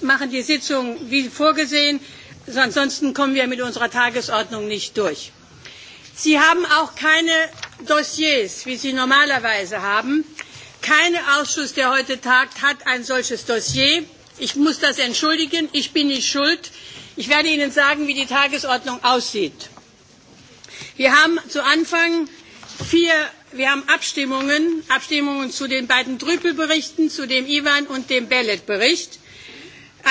wir machen die Sitzung wie vorgesehen. Ansonsten kommen wir mit unserer Tagesordnung nicht durch. Sie haben auch keine Dossiers, wie Sie normalerweise haben. Kein Ausschuss, der heute tagt, hat ein solches Dossier. Ich muss das entschuldigen. Ich bin nicht schuld. Ich werde Ihnen sagen, wie die Tagesordnung aussieht. Wir haben zu Anfang vier, wir haben Abstimmungen, Abstimmungen zu den beiden Drüppel-Berichten, zu dem Iwan und dem Bellet-Bericht.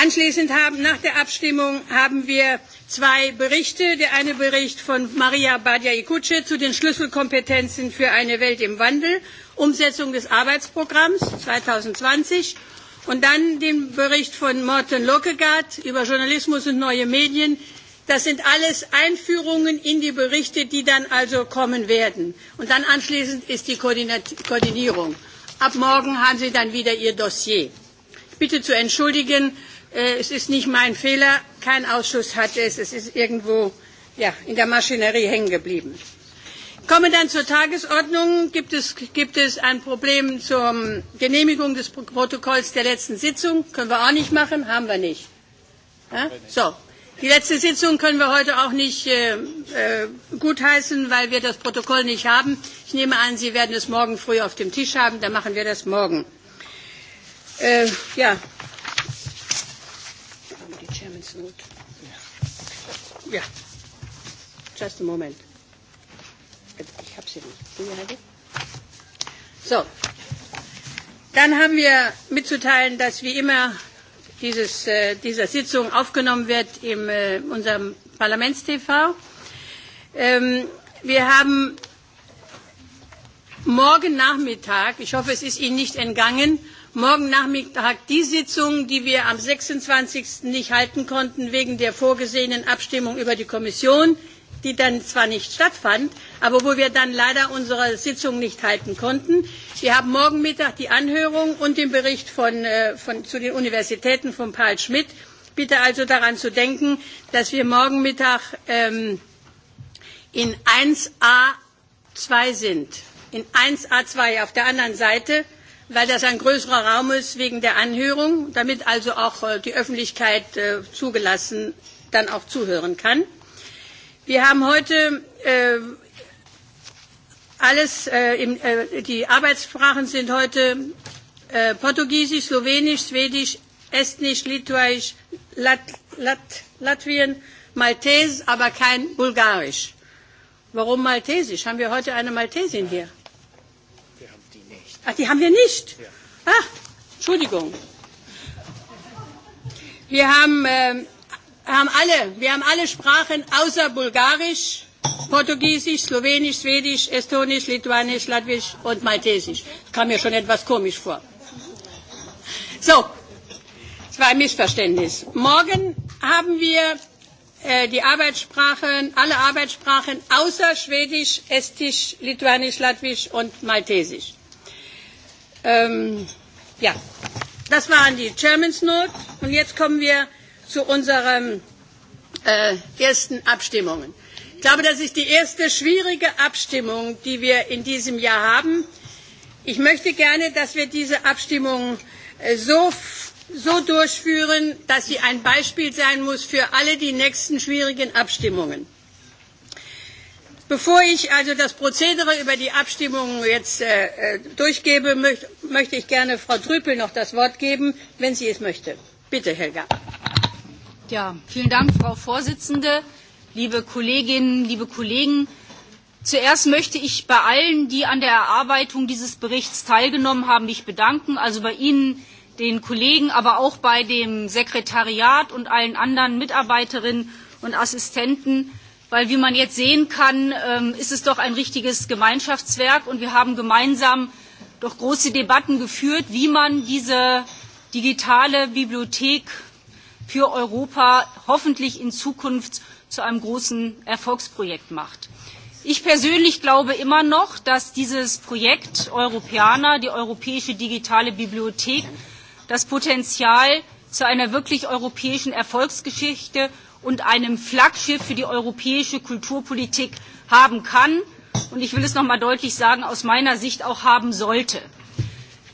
Anschließend haben nach der Abstimmung haben wir zwei Berichte. Der eine Bericht von Maria Badia-Ikuce zu den Schlüsselkompetenzen für eine Welt im Wandel, Umsetzung des Arbeitsprogramms 2020. Und dann den Bericht von Morten Lockegaard über Journalismus und neue Medien. Das sind alles Einführungen in die Berichte, die dann also kommen werden. Und dann anschließend ist die Koordinierung. Ab morgen haben Sie dann wieder Ihr Dossier. Ich bitte zu entschuldigen, Äh, es ist nicht mein Fehler, kein Ausschuss hat es, es ist irgendwo ja, in der Maschinerie hängen geblieben. Kommen dann zur Tagesordnung. Gibt es, gibt es ein Problem zur ähm, Genehmigung des Protokolls der letzten Sitzung? Können wir auch nicht machen, haben wir nicht. Ja? So. Die letzte Sitzung können wir heute auch nicht äh, äh, gutheißen, weil wir das Protokoll nicht haben. Ich nehme an, Sie werden es morgen früh auf dem Tisch haben, dann machen wir das morgen. Äh, ja, Yeah. Just a moment. Ich habe sie nicht. Du, Heide? So. Dann haben wir mitzuteilen, dass wie immer dieses, äh, dieser Sitzung aufgenommen wird in äh, unserem Parlaments-TV. Ähm, wir haben morgen Nachmittag, ich hoffe, es ist Ihnen nicht entgangen, morgen Nachmittag die Sitzung, die wir am 26. nicht halten konnten wegen der vorgesehenen Abstimmung über die Kommission, die dann zwar nicht stattfand, aber wo wir dann leider unsere Sitzung nicht halten konnten. Wir haben morgen Mittag die Anhörung und den Bericht von, äh, von, zu den Universitäten von Paul Schmidt. Bitte also daran zu denken, dass wir morgen Mittag ähm, in 1a2 sind. In 1a2 auf der anderen Seite weil das ein größerer Raum ist wegen der Anhörung, damit also auch äh, die Öffentlichkeit äh, zugelassen dann auch zuhören kann. Wir haben heute äh, alles, äh, im, äh, die Arbeitssprachen sind heute äh, Portugiesisch, Slowenisch, Schwedisch, Estnisch, Litauisch, Lat, Lat, Latvien, Maltes, aber kein Bulgarisch. Warum Maltesisch? Haben wir heute eine Maltesin hier? Ach, die haben wir nicht. Ach, ah, Entschuldigung. Wir haben, äh, haben alle, wir haben alle Sprachen außer Bulgarisch, Portugiesisch, Slowenisch, Schwedisch, Estonisch, Lituanisch, Latvisch und Maltesisch. Das kam mir schon etwas komisch vor. So, es war ein Missverständnis. Morgen haben wir äh, die Arbeitssprachen, alle Arbeitssprachen außer Schwedisch, Estisch, Lituanisch, Latvisch und Maltesisch. Ähm, ja, das waren die Chairman's Note. Und jetzt kommen wir zu unseren äh, ersten Abstimmungen. Ich glaube, das ist die erste schwierige Abstimmung, die wir in diesem Jahr haben. Ich möchte gerne, dass wir diese Abstimmung äh, so so durchführen, dass sie ein Beispiel sein muss für alle die nächsten schwierigen Abstimmungen. Bevor ich also das Prozedere über die Abstimmung jetzt äh, äh durchgebe, möcht, möchte ich gerne Frau Trüpel noch das Wort geben, wenn sie es möchte. Bitte, Helga. Ja, vielen Dank, Frau Vorsitzende, liebe Kolleginnen, liebe Kollegen. Zuerst möchte ich bei allen, die an der Erarbeitung dieses Berichts teilgenommen haben, mich bedanken, also bei Ihnen, den Kollegen, aber auch bei dem Sekretariat und allen anderen Mitarbeiterinnen und Assistenten weil wie man jetzt sehen kann, ähm, ist es doch ein richtiges Gemeinschaftswerk und wir haben gemeinsam doch große Debatten geführt, wie man diese digitale Bibliothek für Europa hoffentlich in Zukunft zu einem großen Erfolgsprojekt macht. Ich persönlich glaube immer noch, dass dieses Projekt Europäer, die Europäische Digitale Bibliothek, das Potenzial zu einer wirklich europäischen Erfolgsgeschichte und einem Flaggschiff für die europäische Kulturpolitik haben kann und ich will es noch mal deutlich sagen, aus meiner Sicht auch haben sollte.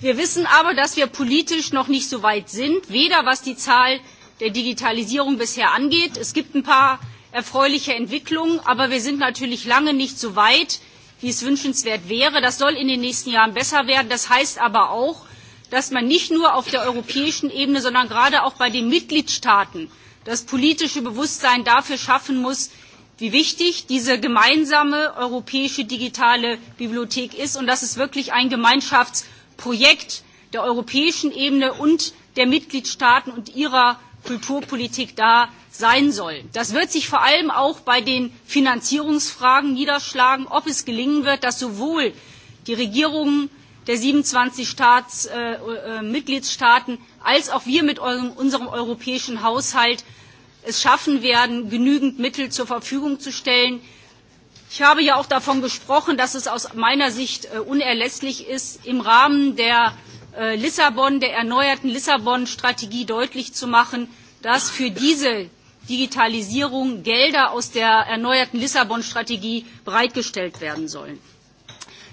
Wir wissen aber, dass wir politisch noch nicht so weit sind, weder was die Zahl der Digitalisierung bisher angeht. Es gibt ein paar erfreuliche Entwicklungen, aber wir sind natürlich lange nicht so weit, wie es wünschenswert wäre. Das soll in den nächsten Jahren besser werden. Das heißt aber auch, dass man nicht nur auf der europäischen Ebene, sondern gerade auch bei den Mitgliedstaaten das politische Bewusstsein dafür schaffen muss, wie wichtig diese gemeinsame europäische digitale Bibliothek ist und dass es wirklich ein Gemeinschaftsprojekt der europäischen Ebene und der Mitgliedstaaten und ihrer Kulturpolitik da sein soll. Das wird sich vor allem auch bei den Finanzierungsfragen niederschlagen, ob es gelingen wird, dass sowohl die Regierungen der 27 Staats, äh, äh, Mitgliedstaaten als auch wir mit eurem, unserem europäischen Haushalt es schaffen werden, genügend Mittel zur Verfügung zu stellen. Ich habe ja auch davon gesprochen, dass es aus meiner Sicht äh, unerlässlich ist, im Rahmen der äh, Lissabon, der erneuerten Lissabon-Strategie deutlich zu machen, dass für diese Digitalisierung Gelder aus der erneuerten Lissabon-Strategie bereitgestellt werden sollen.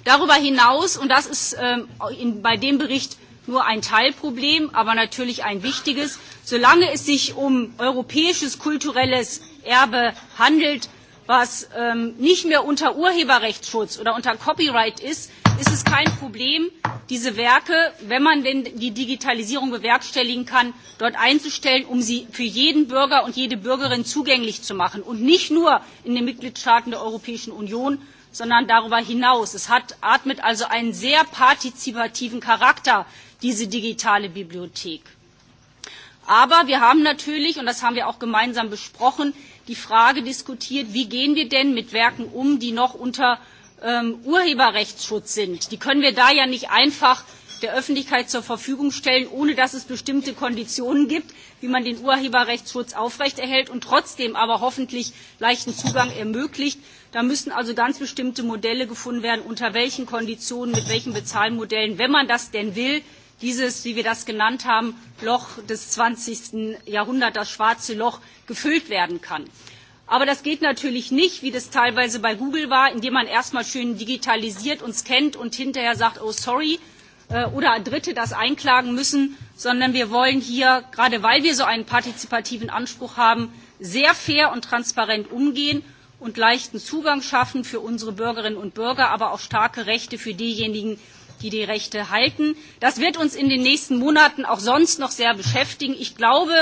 Darüber hinaus, und das ist ähm, in, bei dem Bericht nur ein Teilproblem, aber natürlich ein wichtiges. Solange es sich um europäisches kulturelles Erbe handelt, was ähm, nicht mehr unter Urheberrechtsschutz oder unter Copyright ist, ist es kein Problem, diese Werke, wenn man denn die Digitalisierung bewerkstelligen kann, dort einzustellen, um sie für jeden Bürger und jede Bürgerin zugänglich zu machen. Und nicht nur in den Mitgliedstaaten der Europäischen Union, sondern darüber hinaus. Es hat, atmet also einen sehr partizipativen Charakter diese digitale Bibliothek. Aber wir haben natürlich, und das haben wir auch gemeinsam besprochen, die Frage diskutiert, wie gehen wir denn mit Werken um, die noch unter ähm, Urheberrechtsschutz sind. Die können wir da ja nicht einfach der Öffentlichkeit zur Verfügung stellen, ohne dass es bestimmte Konditionen gibt, wie man den Urheberrechtsschutz aufrechterhält und trotzdem aber hoffentlich leichten Zugang ermöglicht. Da müssen also ganz bestimmte Modelle gefunden werden, unter welchen Konditionen, mit welchen Bezahlmodellen, wenn man das denn will, dieses, wie wir das genannt haben, Loch des 20. Jahrhunderts, das schwarze Loch, gefüllt werden kann. Aber das geht natürlich nicht, wie das teilweise bei Google war, indem man erstmal schön digitalisiert und scannt und hinterher sagt, oh sorry, äh, oder Dritte das einklagen müssen, sondern wir wollen hier, gerade weil wir so einen partizipativen Anspruch haben, sehr fair und transparent umgehen und leichten Zugang schaffen für unsere Bürgerinnen und Bürger, aber auch starke Rechte für diejenigen, die die Rechte halten. Das wird uns in den nächsten Monaten auch sonst noch sehr beschäftigen. Ich glaube,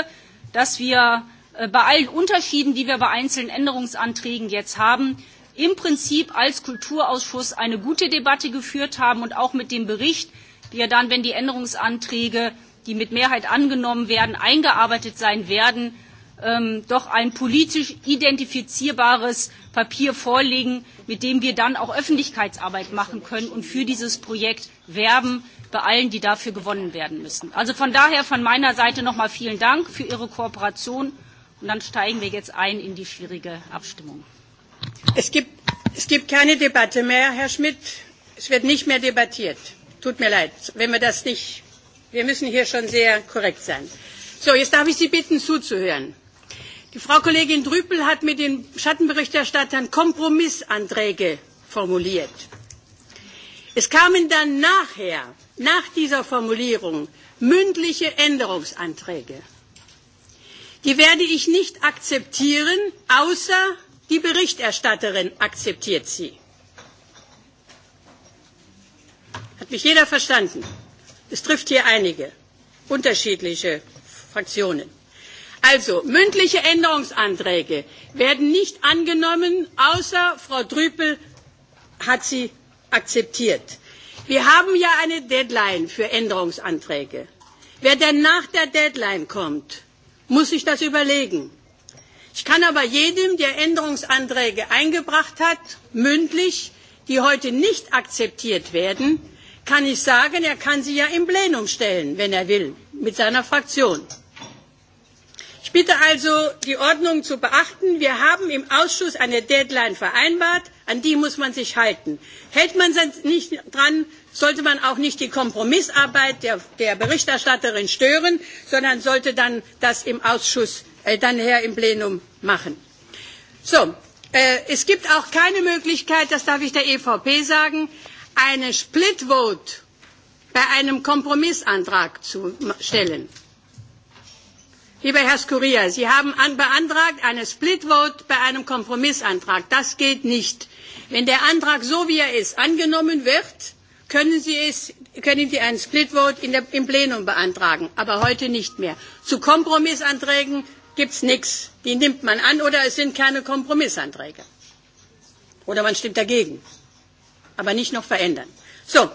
dass wir äh, bei allen Unterschieden, die wir bei einzelnen Änderungsanträgen jetzt haben, im Prinzip als Kulturausschuss eine gute Debatte geführt haben und auch mit dem Bericht, der dann, wenn die Änderungsanträge, die mit Mehrheit angenommen werden, eingearbeitet sein werden, ähm, doch ein politisch identifizierbares Papier vorlegen, mit dem wir dann auch Öffentlichkeitsarbeit machen können und für dieses Projekt werben bei allen, die dafür gewonnen werden müssen. Also von daher von meiner Seite nochmal vielen Dank für Ihre Kooperation und dann steigen wir jetzt ein in die schwierige Abstimmung. Es gibt, es gibt keine Debatte mehr, Herr Schmidt. Es wird nicht mehr debattiert. Tut mir leid, wenn wir das nicht. Wir müssen hier schon sehr korrekt sein. So, jetzt darf ich Sie bitten, zuzuhören. Die Frau Kollegin Drüppel hat mit den Schattenberichterstattern Kompromissanträge formuliert. Es kamen dann nachher, nach dieser Formulierung, mündliche Änderungsanträge. Die werde ich nicht akzeptieren, außer die Berichterstatterin akzeptiert sie. Hat mich jeder verstanden? Es trifft hier einige unterschiedliche Fraktionen. Also, mündliche Änderungsanträge werden nicht angenommen, außer Frau trüpel hat sie akzeptiert. Wir haben ja eine Deadline für Änderungsanträge. Wer denn nach der Deadline kommt, muss sich das überlegen. Ich kann aber jedem, der Änderungsanträge eingebracht hat, mündlich, die heute nicht akzeptiert werden, kann ich sagen, er kann sie ja im Plenum stellen, wenn er will, mit seiner Fraktion. Ich bitte also, die Ordnung zu beachten. Wir haben im Ausschuss eine Deadline vereinbart, an die muss man sich halten. Hält man sich nicht dran, sollte man auch nicht die Kompromissarbeit der, der Berichterstatterin stören, sondern sollte dann das im Ausschuss, äh, dann her im Plenum machen. So, äh, es gibt auch keine Möglichkeit, das darf ich der EVP sagen, eine Split Vote bei einem Kompromissantrag zu stellen. Lieber Herr Skurier, Sie haben an, beantragt eine Split Vote bei einem Kompromissantrag. Das geht nicht. Wenn der Antrag so wie er ist angenommen wird, können Sie, es, können Sie einen Split Vote in der, im Plenum beantragen, aber heute nicht mehr. Zu Kompromissanträgen gibt es nichts. Die nimmt man an oder es sind keine Kompromissanträge. Oder man stimmt dagegen. Aber nicht noch verändern. So,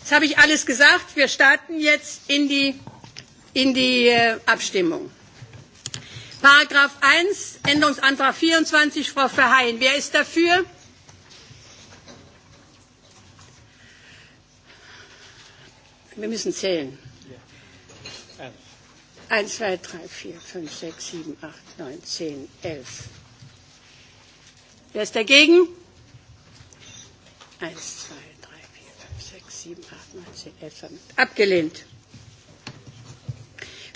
jetzt habe ich alles gesagt. Wir starten jetzt in die, in die äh, Abstimmung. Paragraph 1, Änderungsantrag 24, Frau Verheyen. Wer ist dafür? Wir müssen zählen. 1, 2, 3, 4, 5, 6, 7, 8, 9, 10, 11. Wer ist dagegen? 1, 2, 3, 4, 5, 6, 7, 8, 9, 10, 11. Abgelehnt.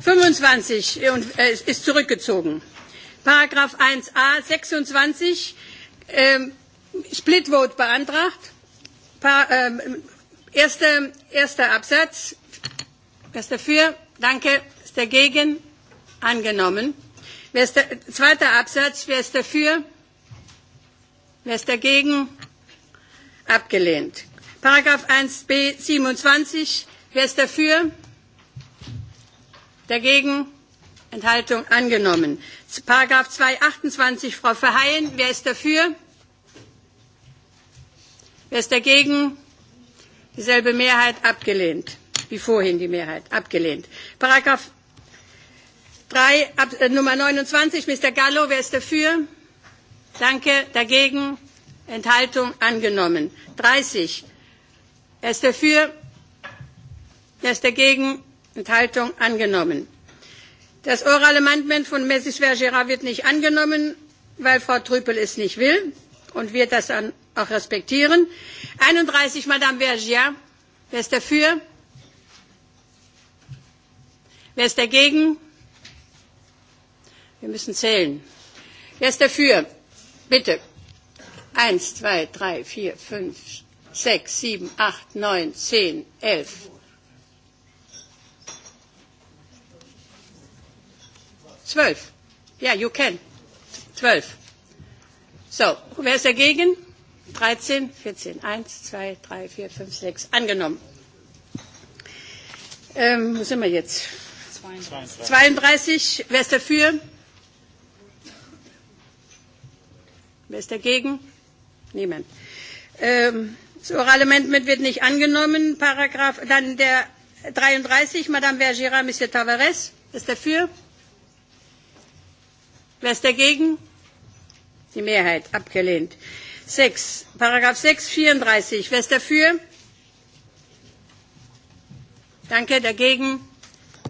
25 äh, ist zurückgezogen. Paragraph 1a 26 ähm, Split Vote beantragt. Par, ähm, erster, erster Absatz. Wer ist dafür? Danke. Ist dagegen? Angenommen. Wer ist der, zweiter Absatz. Wer ist dafür? Wer ist dagegen? Abgelehnt. Paragraph 1b 27. Wer ist dafür? Dagegen? Enthaltung angenommen. Paragraph 228, Frau Verheyen. Wer ist dafür? Wer ist dagegen? Dieselbe Mehrheit abgelehnt. Wie vorhin die Mehrheit abgelehnt. Paragraph 3, Ab, äh, Nummer 29, Mr. Gallo. Wer ist dafür? Danke. Dagegen? Enthaltung angenommen. 30. Wer ist dafür? Wer ist dagegen? Enthaltung angenommen. Das Oral Amendment von Mrs. Gerard wird nicht angenommen, weil Frau Trüpel es nicht will und wir das dann auch respektieren. 31, Madame Vergier. Wer ist dafür? Wer ist dagegen? Wir müssen zählen. Wer ist dafür? Bitte. Eins, zwei, drei, vier, fünf, sechs, sieben, acht, neun, zehn, elf, 12. Yeah, you can. 12. So, wer ist dagegen? 13, 14, 1, 2, 3, 4, 5, 6. Angenommen. Ähm, wo sind wir jetzt? 32. 32. Wer ist dafür? Wer ist dagegen? Niemand. Ähm, das orale Amendment wird nicht angenommen. Paragraph, dann der 33, Madame Vergira, Monsieur Tavares. Ist dafür? Wer ist dagegen? Die Mehrheit abgelehnt. 6. Paragraph 6, 34. Wer ist dafür? Danke. Dagegen?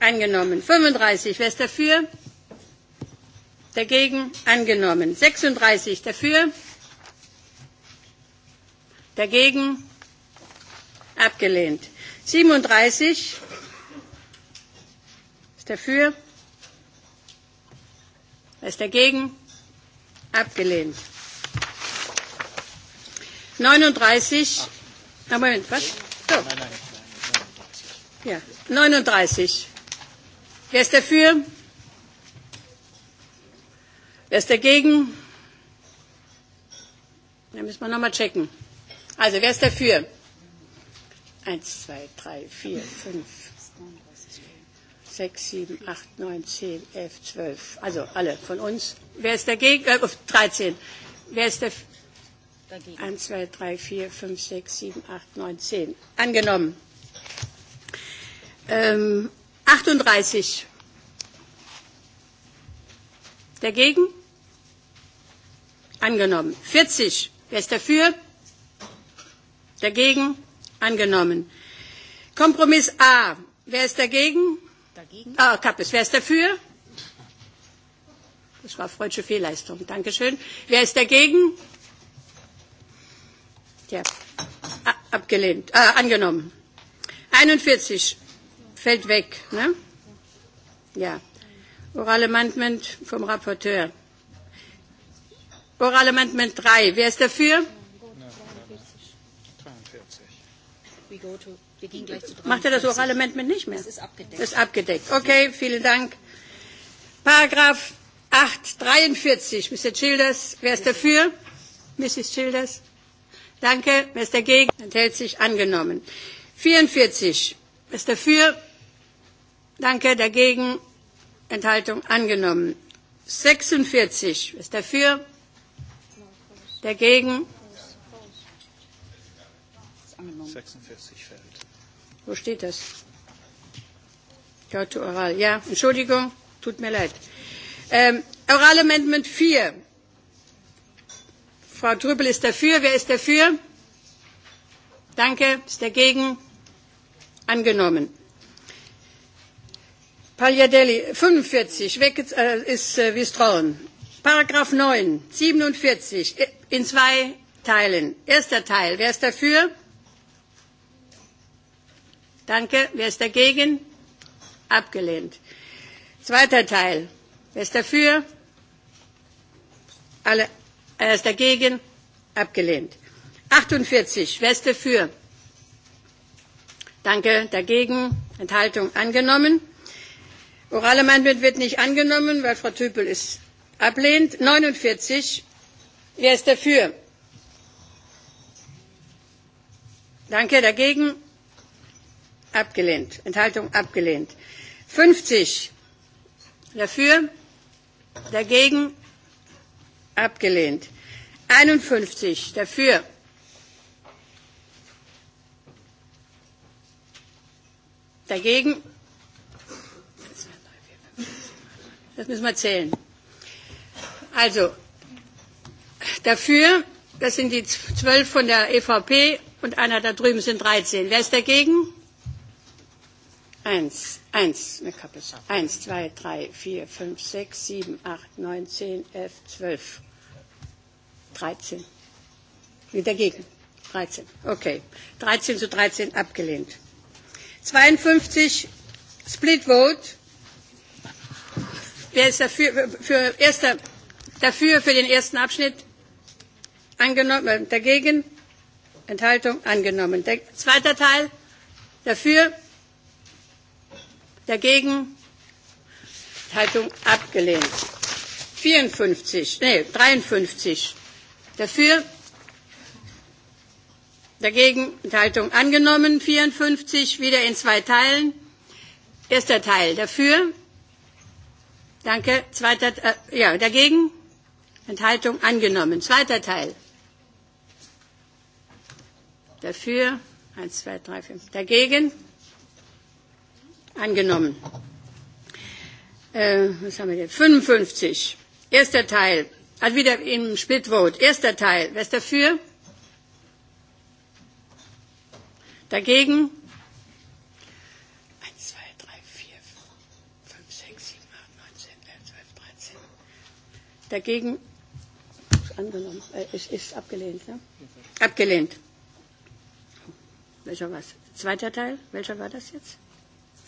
Angenommen. 35. Wer ist dafür? Dagegen? Angenommen. 36. Dafür? Dagegen? Abgelehnt. 37. Ist dafür? Wer ist dagegen? Abgelehnt. 39. Na Moment, was? So. Ja, 39. Wer ist dafür? Wer ist dagegen? Da müssen wir nochmal checken. Also, wer ist dafür? Eins, zwei, drei, vier, fünf. 6, 7, 8, 9, 10, 11, 12. Also alle von uns. Wer ist dagegen? Äh, 13. Wer ist dafür? 1, 2, 3, 4, 5, 6, 7, 8, 9, 10. Angenommen. Ähm, 38. Dagegen? Angenommen. 40. Wer ist dafür? Dagegen? Angenommen. Kompromiss A. Wer ist dagegen? Angenommen. Dagegen? Ah, Kappes. Wer ist dafür? Das war freudsche Fehlleistung. Dankeschön. Wer ist dagegen? Ja, abgelehnt. Äh, angenommen. 41 fällt weg. Ne? Ja. Oral Amendment vom Rapporteur. Oral Amendment 3. Wer ist dafür? 43. We Macht er das orale Amendment nicht mehr? Das ist abgedeckt. Das ist abgedeckt. Okay, vielen Dank. Paragraph 843. Mr. Childers, wer ist dafür? Mrs. Childers? Danke. Wer ist dagegen? Enthält sich angenommen. 44. Wer ist dafür? Danke. Dagegen? Enthaltung angenommen. 46. Wer ist dafür? Dagegen? 46 fällt. Wo steht das? Kautu oral. Ja, Entschuldigung, tut mir leid. Ähm, oral Amendment 4. Frau Trüppel ist dafür. Wer ist dafür? Danke. Ist dagegen? Angenommen. Pagliadelli, 45, weg äh, ist äh, Wistrauen. Paragraph 9, 47, in zwei Teilen. Erster Teil, wer ist dafür? Danke. Wer ist dagegen? Abgelehnt. Zweiter Teil. Wer ist dafür? Alle, Wer ist dagegen? Abgelehnt. 48. Wer ist dafür? Danke. Dagegen? Enthaltung angenommen. Orale Amendment wird nicht angenommen, weil Frau Tüpel ist ablehnt. 49. Wer ist dafür? Danke. Dagegen? Abgelehnt. Enthaltung abgelehnt. 50 dafür, dagegen abgelehnt. 51 dafür. Dagegen. Das müssen wir zählen. Also, dafür, das sind die zwölf von der EVP und einer da drüben sind 13. Wer ist dagegen? Eins, eins, eine Kappe. Eins, zwei, drei, vier, fünf, sechs, sieben, acht, neun, zehn, elf, zwölf, dreizehn. Wie dagegen? Dreizehn. Okay. Dreizehn zu dreizehn abgelehnt. 52 Split Vote. Wer ist dafür, für, erster, dafür für den ersten Abschnitt? Angenommen. Äh, dagegen? Enthaltung? Angenommen. Der, zweiter Teil? Dafür? Dagegen? Enthaltung abgelehnt. 54, nee, 53. Dafür? Dagegen? Enthaltung angenommen. 54, wieder in zwei Teilen. Erster Teil dafür. Danke. Zweiter, äh, ja, dagegen? Enthaltung angenommen. Zweiter Teil. Dafür. Eins, zwei, drei, fünf. Dagegen? Angenommen. Äh, was haben wir denn? 55. Erster Teil. Also wieder im Split Vote. Erster Teil. Wer ist dafür? Dagegen? 1, 2, 3, 4, 5, 6, 7, 8, 9, 10, 11, 12, 13. Dagegen? Ist angenommen. Äh, ist, ist abgelehnt, ne? Abgelehnt. Welcher war es? Zweiter Teil? Welcher war das jetzt?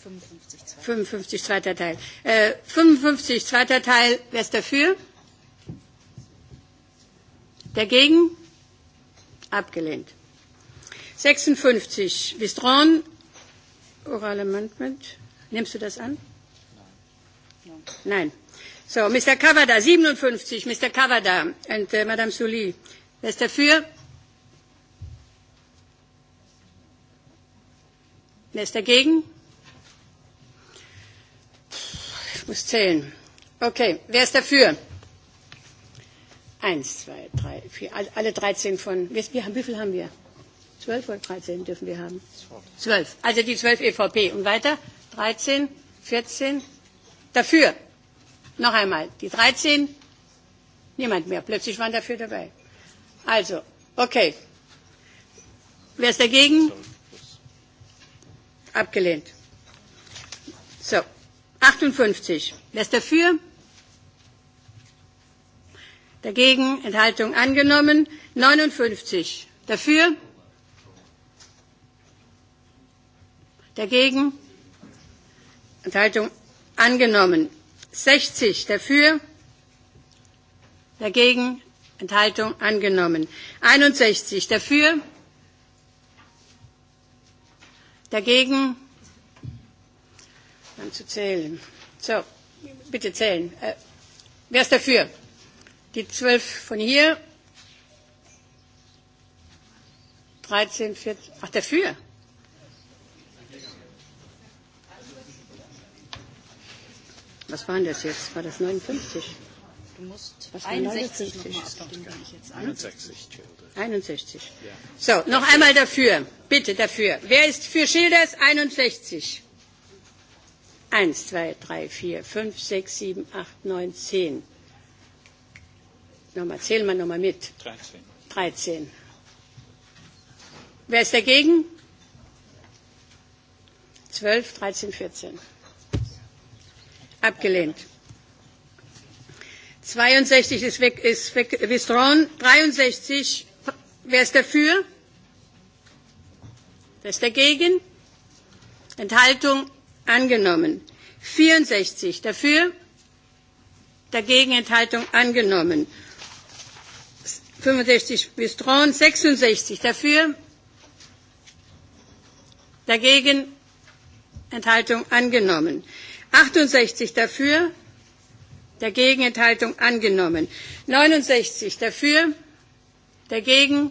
55, zweiter 55 zweiter Teil. Äh, 55 zweiter Teil, wer ist dafür? Dagegen? Abgelehnt. 56, Wistron, Oral Amendment. Nimmst du das an? Nein. Nein. So, Mr. Kavada, 57, Mr. Kavada und äh, Madame Souli. Wer ist dafür? Wer ist dagegen? Ich muss zählen. Okay, wer ist dafür? Eins, zwei, drei, vier, alle 13 von, wir, wir wie viel haben wir? Zwölf oder 13 dürfen wir haben? Zwölf. Also die zwölf EVP. Und weiter? 13, 14, dafür. Noch einmal, die 13, niemand mehr. Plötzlich waren dafür dabei. Also, okay. Wer ist dagegen? Abgelehnt. So, 58. Wer ist dafür? Dagegen Enthaltung angenommen. 59. Dafür? Dagegen Enthaltung angenommen. 60 dafür, dagegen Enthaltung angenommen. 61 dafür, dagegen Dann zu zählen. So, bitte zählen. Äh, wer ist dafür? Die 12 von hier. 13, 14. Ach, dafür? Was waren das jetzt? War das 59? Du musst Was 61 nochmal abstimmen, ich jetzt 61. 61. So, noch einmal dafür. Bitte dafür. Wer ist für Schilders? 61. 1, 2, 3, 4, 5, 6, 7, 8, 9, 10. Nochmal, zähl mal nochmal mit. 13. 13. Wer ist dagegen? 12, 13, 14. Abgelehnt. 62 ist weg, ist weg, withdrawn. 63, wer ist dafür? Wer ist dagegen? Enthaltung angenommen. 64 dafür, dagegen Enthaltung angenommen. 65 bis 66 dafür, dagegen Enthaltung angenommen. 68 dafür, dagegen Enthaltung angenommen. 69 dafür, dagegen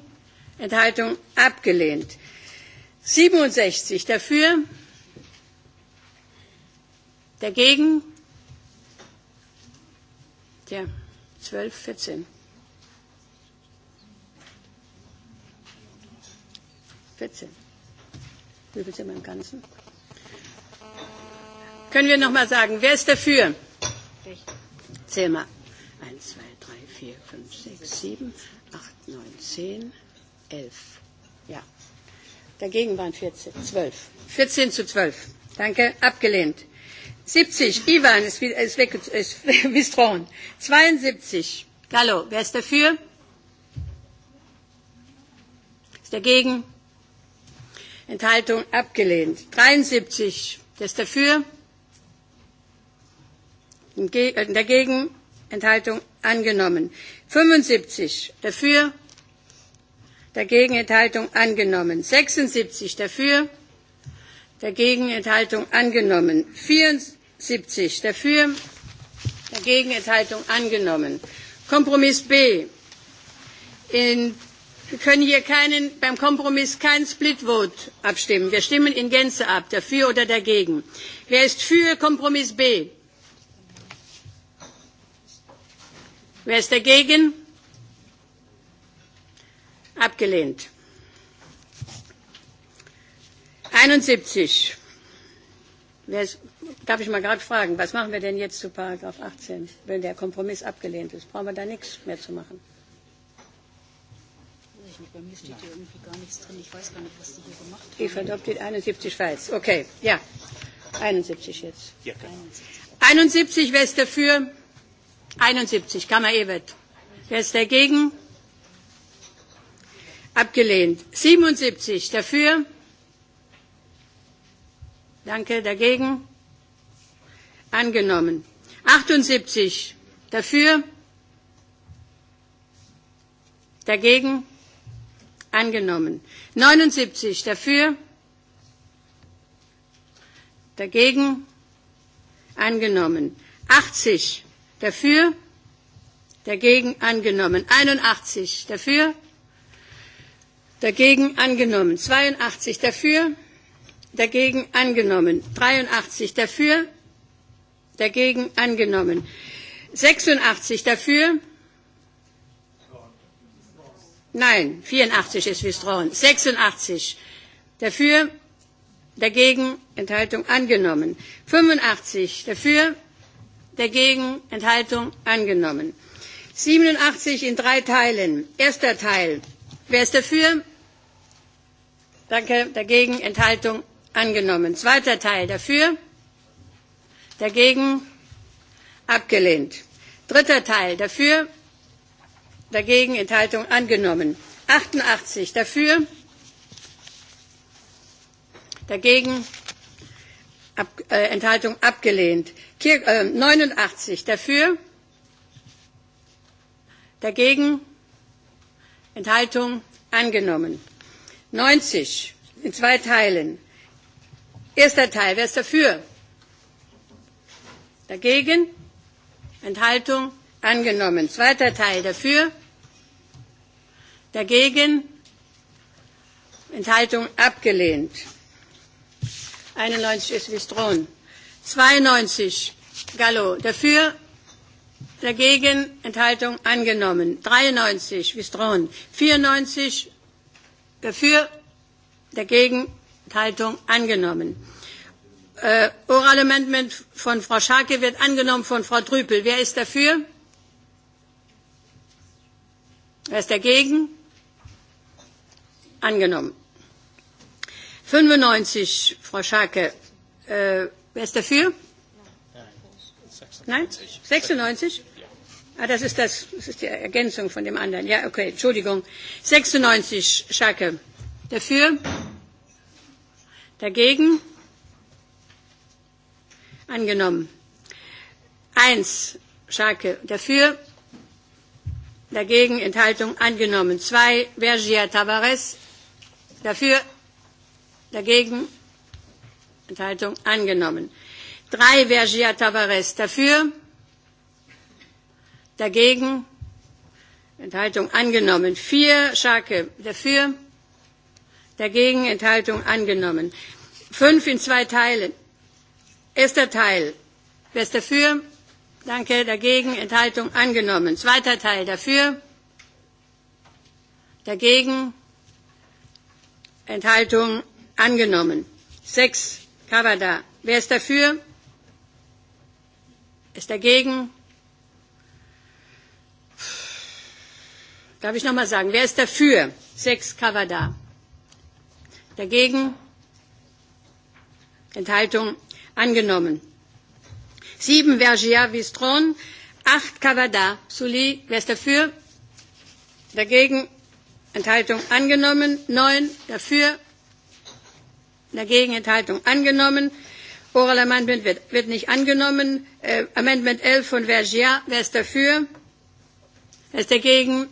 Enthaltung abgelehnt. 67 dafür, Dagegen? Tja, 12, 14. 14. Wie bitte im Ganzen? Können wir mal sagen, wer ist dafür? Zähl mal. 1, 2, 3, 4, 5, 6, 7, 8, 9, 10, 11. Ja. Dagegen waren 14, 12. 14 zu 12. Danke. Abgelehnt. 70, Ivan ist, ist, weg, ist misstrauen. 72, Gallo, wer ist dafür? Ist dagegen? Enthaltung abgelehnt. 73, wer ist äh, dafür? Dagegen? Enthaltung angenommen. 75, dafür? Dagegen? Enthaltung angenommen. 76, dafür? dagegen Enthaltung angenommen. 74 dafür, dagegen Enthaltung angenommen. Kompromiss B. In, wir können hier keinen, beim Kompromiss kein Split Vote abstimmen. Wir stimmen in Gänze ab, dafür oder dagegen. Wer ist für Kompromiss B? Wer ist dagegen? Abgelehnt. 71. Wer darf ich mal gerade fragen, was machen wir denn jetzt zu Paragraph 18, wenn der Kompromiss abgelehnt ist? Brauchen wir da nichts mehr zu machen? Ich nicht, bei mir steht hier irgendwie gar nichts drin. Ich weiß gar nicht, was die hier gemacht haben. Eva Adopted 71 Schweiz. Okay, ja. 71 jetzt. Ja, genau. 71, wer ist dafür? 71, Kammer Ewert. Wer ist dagegen? Abgelehnt. 77, dafür? Danke. Dagegen? Angenommen. 78. Dafür? Dagegen? Angenommen. 79. Dafür? Dagegen? Angenommen. 80. Dafür? Dagegen? Angenommen. 81. Dafür? Dagegen? Angenommen. 82. Dafür? dagegen angenommen. 83 dafür, dagegen angenommen. 86 dafür, nein, 84 ist Wistron, 86 dafür, dagegen Enthaltung angenommen. 85 dafür, dagegen Enthaltung angenommen. 87 in drei Teilen. Erster Teil. Wer ist dafür? Danke. Dagegen Enthaltung Angenommen. Zweiter Teil dafür. Dagegen. Abgelehnt. Dritter Teil dafür. Dagegen. Enthaltung angenommen. 88 dafür. Dagegen. Ab, äh, Enthaltung abgelehnt. Kir äh, 89 dafür. Dagegen. Enthaltung angenommen. 90 in zwei Teilen. Erster Teil. Wer ist dafür? Dagegen? Enthaltung? Angenommen. Zweiter Teil. Dafür? Dagegen? Enthaltung? Abgelehnt. 91 ist Wistron. 92 Gallo. Dafür? Dagegen? Enthaltung? Angenommen. 93 Wistron. 94 dafür? Dagegen? Enthaltung angenommen. Äh, Oral Amendment von Frau Scharke wird angenommen von Frau Trüpel. Wer ist dafür? Wer ist dagegen? Angenommen. 95, Frau Scharke. Äh, wer ist dafür? Nein? 96? Ah, das ist, das, das ist die Ergänzung von dem anderen. Ja, okay, Entschuldigung. 96, Schacke. Dafür? Dagegen? Angenommen. Eins, Schalke, dafür. Dagegen, Enthaltung angenommen. Zwei, Vergia Tavares, dafür. Dagegen, Enthaltung angenommen. Drei, Vergia Tavares, dafür. Dagegen, Enthaltung angenommen. Vier, Scharke, dafür. Dagegen Enthaltung angenommen. Fünf in zwei Teilen. Erster Teil. Wer ist dafür? Danke. Dagegen? Enthaltung angenommen. Zweiter Teil. Dafür? Dagegen? Enthaltung angenommen. Sechs. Kavada. Wer ist dafür? Ist dagegen? Darf ich nochmal sagen? Wer ist dafür? Sechs Kavada. Dagegen? Enthaltung angenommen. Sieben Vergia Vistron, acht Cavada Souli, wer ist dafür? Dagegen Enthaltung angenommen. Neun dafür. Dagegen Enthaltung angenommen. Oral Amendment wird, wird nicht angenommen. Äh, Amendment 11 von Vergia, wer ist dafür? Wer ist dagegen?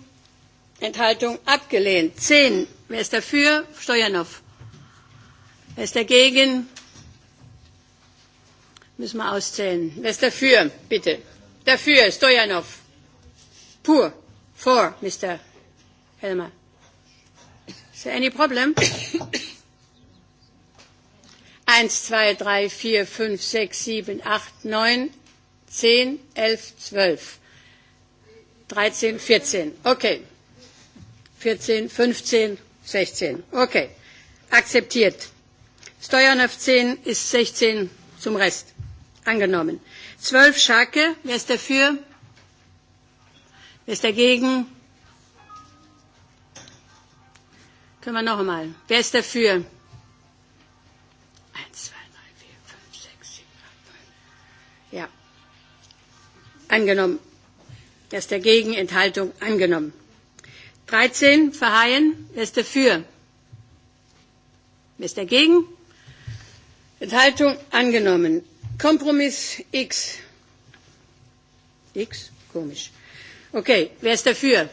Enthaltung abgelehnt. Zehn. Wer ist dafür? Stojanov. Wer ist dagegen? Müssen wir auszählen. Wer ist dafür, bitte? Dafür, Stojanov. Pur. For, Mr. Helmer. Is there any problem? 1, 2, 3, 4, 5, 6, 7, 8, 9, 10, 11, 12, 13, 14. Okay. 14, 15, 16. Okay. Akzeptiert. Steuern auf 10 ist 16 zum Rest. Angenommen. 12 Schacke, Wer ist dafür? Wer ist dagegen? Können wir noch einmal. Wer ist dafür? 1, 2, 3, 4, 5, 6, 7, 8, 9. Ja. Angenommen. Wer ist dagegen? Enthaltung angenommen. 13. Verheyen. Wer ist dafür? Wer ist dagegen? Enthaltung angenommen. Kompromiss X. X? Komisch. Okay, wer ist dafür?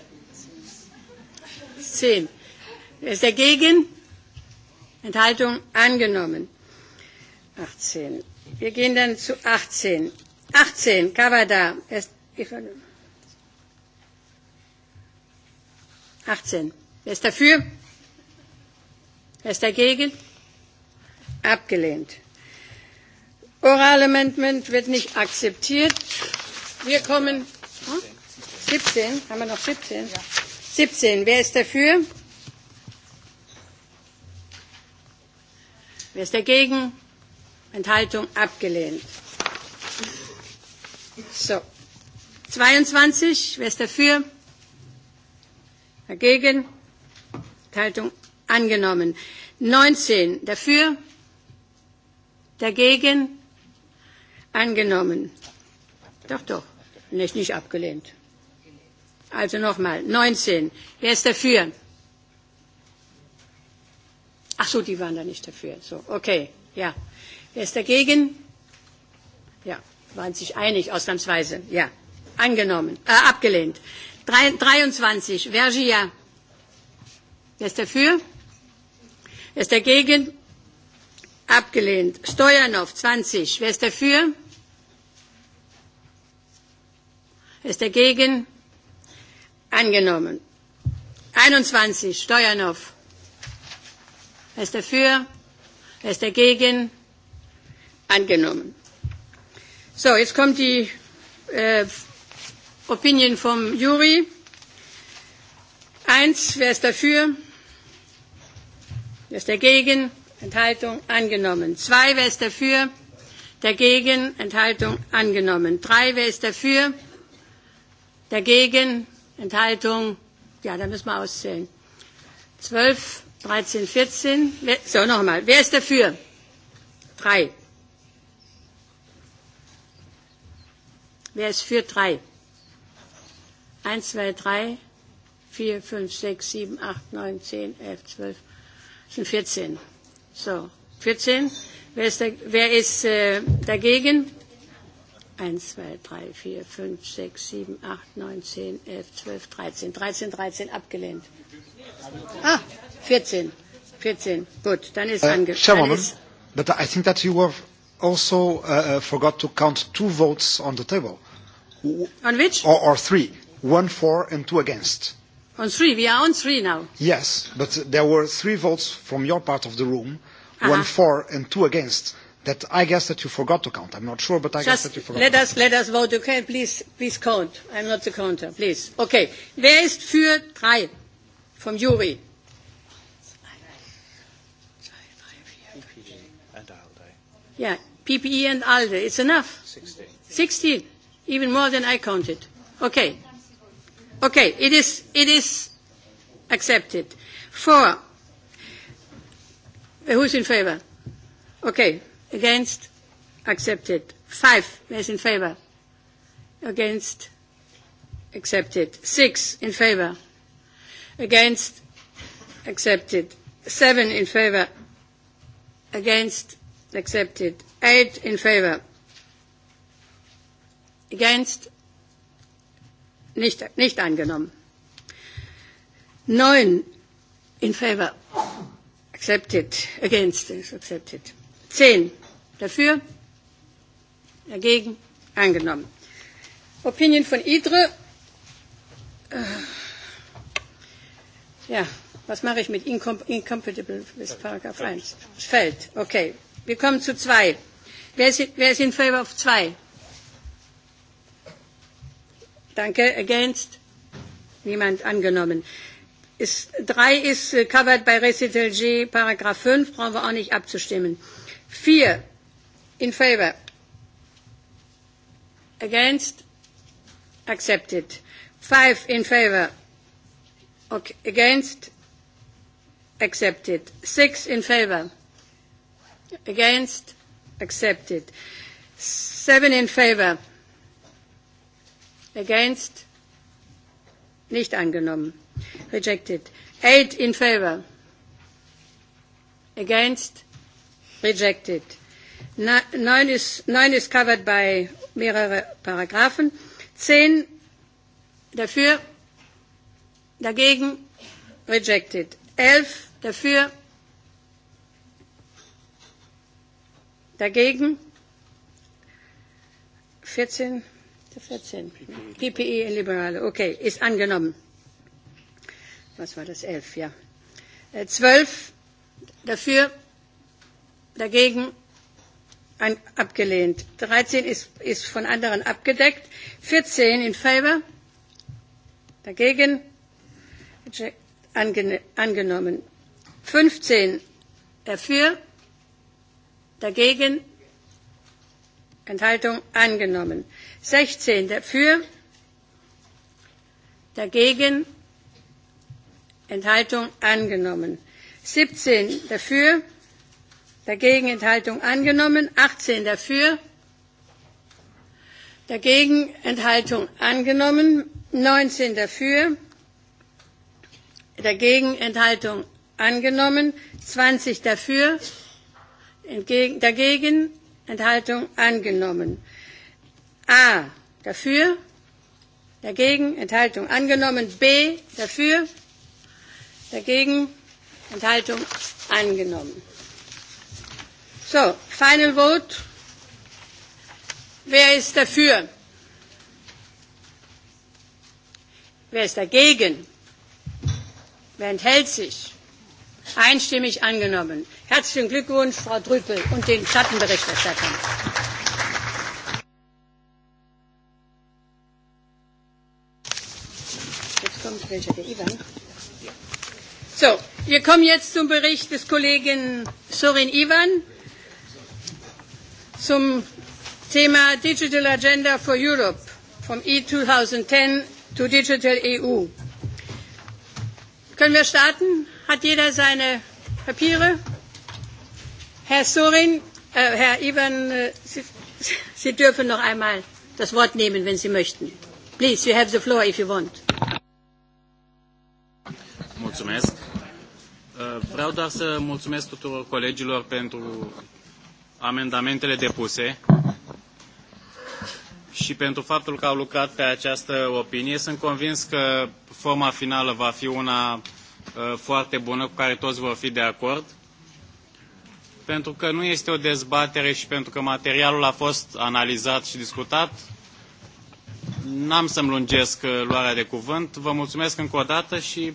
Zehn. Wer ist dagegen? Enthaltung angenommen. 18. Wir gehen dann zu 18. 18, Kavada. 18. Wer ist dafür? Wer ist dagegen? Abgelehnt. Oral Amendment wird nicht akzeptiert. Wir kommen. 17? Hm? Haben wir noch 17? 17. Wer ist dafür? Wer ist dagegen? Enthaltung abgelehnt. So. 22. Wer ist dafür? Dagegen? Enthaltung angenommen. 19. Dafür? Dagegen? Angenommen. Doch, doch. Nicht, nicht abgelehnt. Also nochmal. 19. Wer ist dafür? Ach so, die waren da nicht dafür. So, okay. Ja. Wer ist dagegen? Ja, waren sich einig, ausnahmsweise. Ja. Angenommen. Äh, abgelehnt. 23. Vergia. Wer ist dafür? Wer ist dagegen? Abgelehnt. Steuern auf 20. Wer ist dafür? Wer ist dagegen? Angenommen. 21. Steuern auf. Wer ist dafür? Wer ist dagegen? Angenommen. So, jetzt kommt die äh, Opinion vom Juri. Eins, wer ist dafür? Wer ist dagegen? Enthaltung angenommen. Zwei, wer ist dafür? Dagegen, Enthaltung angenommen. Drei, wer ist dafür? Dagegen, Enthaltung, ja, da müssen wir auszählen. Zwölf, dreizehn, vierzehn. So, nochmal. Wer ist dafür? Drei. Wer ist für drei? Eins, zwei, drei, vier, fünf, sechs, sieben, acht, neun, zehn, elf, zwölf, sind vierzehn. So, 14. Wer ist, da, wer ist äh, dagegen? 1, 2, 3, 4, 5, 6, 7, 8, 9, 10, 11, 12, 13. 13, 13 abgelehnt. Ah, 14. 14. Gut, dann ist Uh, äh, is but I think that you have also uh, uh, forgot to count two votes on the table. On which? Or, or three. One for and two against. On three, we are on three now. Yes, but there were three votes from your part of the room, uh-huh. one for and two against. That I guess that you forgot to count. I'm not sure, but I Just guess that you forgot. Let us let us vote. Okay, please please count. I'm not the counter. Please. Okay. Wer ist für drei? From Juri. E yeah, PPE and ALDE. It's enough. 16. 16. Even more than I counted. Okay. Okay, it is, it is accepted. Four. Uh, who's in favor? Okay. Against? Accepted. Five. Who's in favor? Against? Accepted. Six. In favor? Against? Accepted. Seven. In favor? Against? Accepted. Eight. In favor? Against? Nicht, nicht angenommen. Neun in favor. Accepted. Against is accepted. Zehn dafür. Dagegen angenommen. Opinion von IDRE. Äh, ja, was mache ich mit incom incompatible with paragraph 1? Es Fällt. Okay. Wir kommen zu 2. wer ist in favor of 2? Danke. Against? Niemand angenommen. Ist, drei ist äh, covered bei Recital G, Paragraph 5, brauchen wir auch nicht abzustimmen. Vier, in favor. Against? Accepted. Five, in favor. Okay. Against? Accepted. Six, in favor. Against? Accepted. Seven, in favor Against? Nicht angenommen. Rejected. Eight in favor. Against? Rejected. Nine is, nine is covered by mehrere Paragraphen. Zehn dafür, dagegen, rejected. Elf dafür, dagegen, 14 14. PPE Liberale. Okay, ist angenommen. Was war das? 11, ja. 12 äh, dafür, dagegen ein, abgelehnt. 13 ist, ist von anderen abgedeckt. 14 in favor, dagegen ange, angenommen. 15 dafür, dagegen Enthaltung angenommen. 16 dafür, dagegen, Enthaltung angenommen. 17 dafür, dagegen Enthaltung angenommen, 18 dafür, dagegen Enthaltung angenommen, 19 dafür, dagegen Enthaltung angenommen, 20 dafür, entgegen, dagegen Enthaltung angenommen, a dafür, dagegen, Enthaltung angenommen. B dafür, dagegen, Enthaltung angenommen. So, final vote. Wer ist dafür? Wer ist dagegen? Wer enthält sich? Einstimmig angenommen. Herzlichen Glückwunsch, Frau Drüppel und den Schattenberichterstattern. welcher der Ivan? So, wir kommen jetzt zum Bericht des Kollegen Sorin Ivan zum Thema Digital Agenda for Europe vom E2010 to Digital EU. Können wir starten? Hat jeder seine Papiere? Herr Sorin, äh, Herr Ivan, äh, Sie, Sie dürfen noch einmal das Wort nehmen, wenn Sie möchten. Please, you have the floor if you want. Mulțumesc. Uh, vreau doar să mulțumesc tuturor colegilor pentru amendamentele depuse și pentru faptul că au lucrat pe această opinie. Sunt convins că forma finală va fi una uh, foarte bună cu care toți vor fi de acord. Pentru că nu este o dezbatere și pentru că materialul a fost analizat și discutat, n-am să-mi lungesc uh, luarea de cuvânt. Vă mulțumesc încă o dată și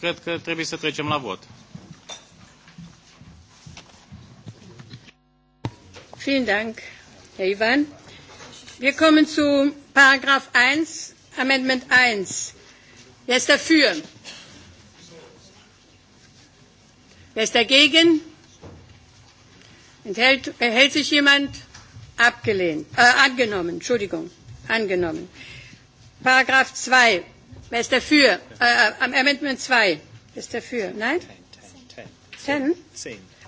cred că trebuie să trecem la vot. Vielen Dank, Herr Ivan. Wir kommen zu Paragraph 1, Amendment 1. Wer ist dafür? Wer ist dagegen? Enthält, erhält sich jemand? Abgelehnt. Äh, angenommen, Entschuldigung, angenommen. Paragraph 2. Wer ist dafür? Äh, äh am Amendment 2. Wer ist dafür? Nein? 10?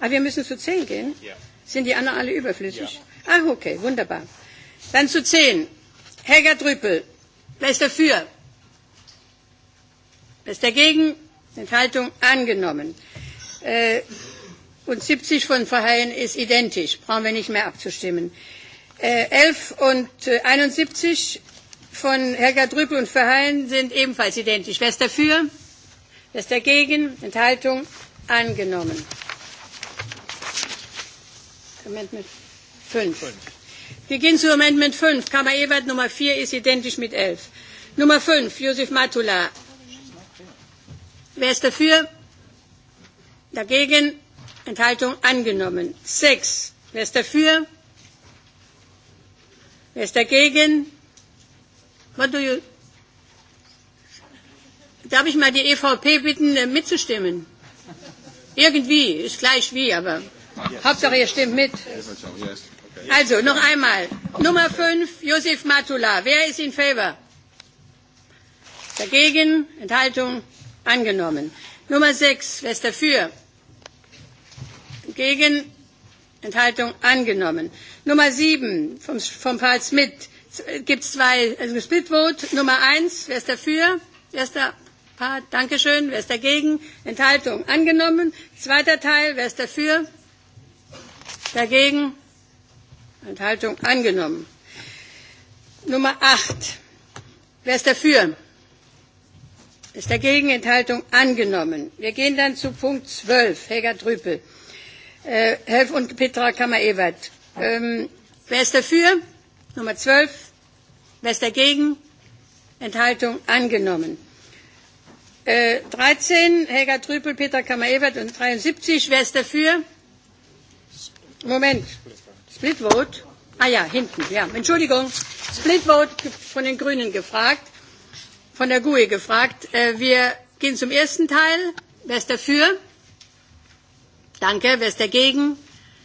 Ah, wir müssen zu 10 gehen? Ja. Sind die anderen alle überflüssig? Ja. Ach, okay, wunderbar. Dann zu 10. Helga Drüppel. Wer ist dafür? Wer ist dagegen? Enthaltung angenommen. Äh, und 70 von Verheyen ist identisch. Brauchen wir nicht mehr abzustimmen. Äh, 11 und äh, 71 von Helga Drüppel und Verheyen sind ebenfalls identisch. Wer ist dafür? Wer ist dagegen? Enthaltung angenommen. Amendment 5. Wir gehen zu Amendment 5. Kammer Ewald Nummer 4 ist identisch mit 11. Nummer 5, Josef Matula. Wer ist dafür? Dagegen? Enthaltung angenommen. 6. Wer ist dafür? Wer ist dagegen? What do you? Darf ich mal die EVP bitten, äh, mitzustimmen? Irgendwie, ist gleich wie, aber yes. Hauptsache ihr stimmt mit. Also, noch einmal. Nummer 5, Josef Matula. Wer ist in favor? Dagegen? Enthaltung? Angenommen. Nummer 6, wer ist dafür? Gegen? Enthaltung? Angenommen. Nummer 7, vom, vom Fall Smith gibt es zwei, also Split Vote. Nummer eins, wer ist dafür? Wer ist da? Part, Dankeschön. Wer ist dagegen? Enthaltung angenommen. Zweiter Teil, wer ist dafür? Dagegen? Enthaltung angenommen. Nummer 8. Wer ist dafür? Ist dagegen? Enthaltung angenommen. Wir gehen dann zu Punkt 12, Helga Trüpel. Äh, Helf und Petra Kammer-Ewert. Ähm, wer ist dafür? Nummer 12. Wer ist dagegen? Enthaltung angenommen. Äh, 13, Helga Trüpel, Peter kammer ebert und 73. Wer ist dafür? Moment. Split Vote. Ah ja, hinten. Ja, Entschuldigung. Split Vote von den Grünen gefragt, von der GUE gefragt. Äh, wir gehen zum ersten Teil. Wer ist dafür? Danke. Wer ist dagegen?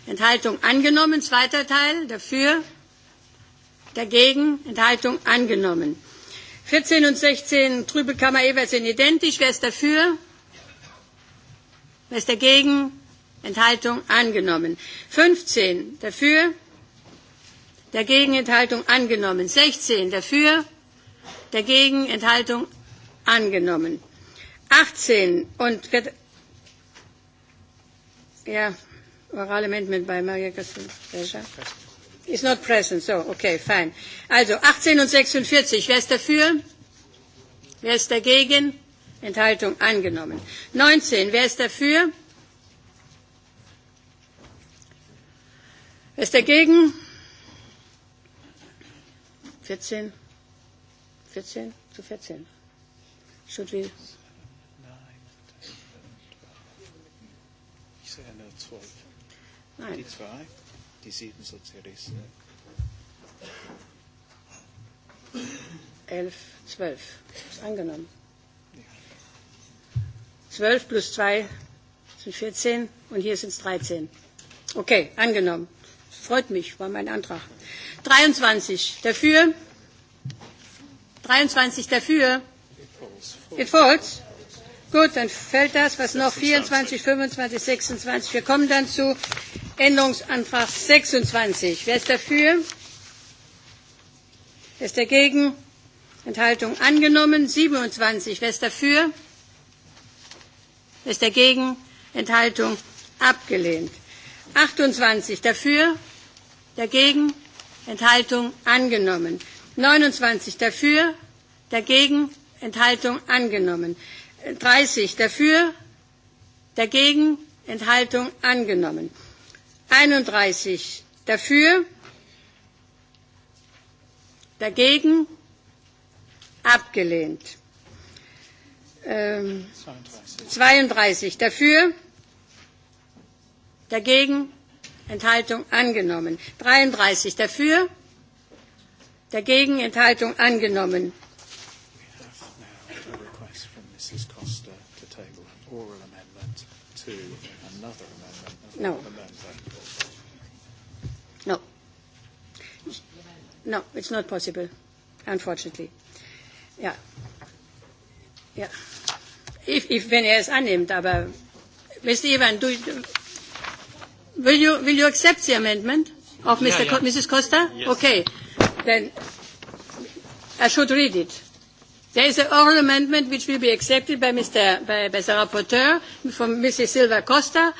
Enthaltung angenommen. Zweiter Teil. Dafür? Dagegen Enthaltung angenommen. 14 und 16 Trübekammer Evers sind identisch. Wer ist dafür? Wer ist dagegen? Enthaltung angenommen. 15 dafür. Dagegen Enthaltung angenommen. 16 dafür. Dagegen Enthaltung angenommen. 18 und ja, Oral Amendment bei Maria Kassel. Is not present, so, okay, fine. Also, 18 und 46, wer ist dafür? Wer ist dagegen? Enthaltung angenommen. 19, wer ist dafür? Wer ist dagegen? 14, 14 zu 14. Should we? Nein kritisierten Sozialisten. Elf, zwölf. Ist angenommen. Zwölf plus zwei sind 14 und hier sind es 13. Okay, angenommen. Freut mich, war mein Antrag. 23 dafür. 23 dafür. It falls. Gut, dann fällt das, was noch 24, 25, 26. Wir kommen dann zu Änderungsantrag 26. Wer ist dafür? Wer ist dagegen? Enthaltung angenommen. 27. Wer ist dafür? Wer ist dagegen? Enthaltung abgelehnt. 28 dafür, dagegen, Enthaltung angenommen. 29 dafür, dagegen, Enthaltung angenommen. 30 dafür, dagegen, Enthaltung angenommen. 31 dafür, dagegen abgelehnt. Ähm, 32. 32 dafür, dagegen Enthaltung angenommen. 33 dafür, dagegen Enthaltung angenommen. No. No, it's not possible, unfortunately. Ja. Ja. If, if, wenn er es annimmt, aber Mr. Ivan, do, will, you, will you accept the amendment of Mr. Yeah, yeah. Co Mrs. Costa? Yes. Okay. Then I should read it. There is an oral amendment which will be accepted by, Mr., by, by the rapporteur from Mrs. Silva Costa,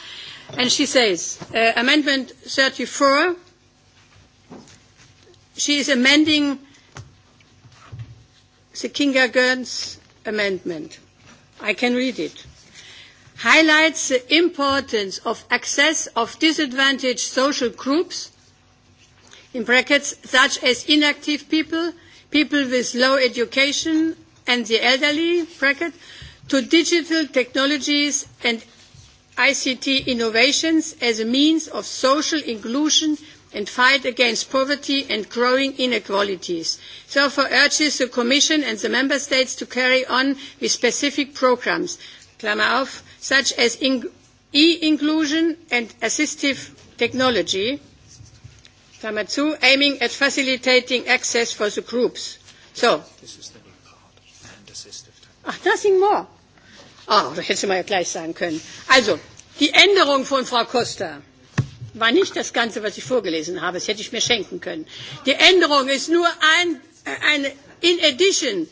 and she says, uh, Amendment 34, She is amending the Kindergarten's amendment. I can read it. Highlights the importance of access of disadvantaged social groups, in brackets, such as inactive people, people with low education, and the elderly, bracket, to digital technologies and ICT innovations as a means of social inclusion and fight against poverty and growing inequalities. Therefore urges the Commission and the Member States to carry on with specific programmes, such as e-inclusion and assistive technology, aiming at facilitating access for the groups. So. Ach, nothing more. Ah, oh, das hätte man ja gleich sagen können. Also, die Änderung von Frau Costa war nicht das Ganze, was ich vorgelesen habe. Das hätte ich mir schenken können. Die Änderung ist nur ein, äh, eine in addition.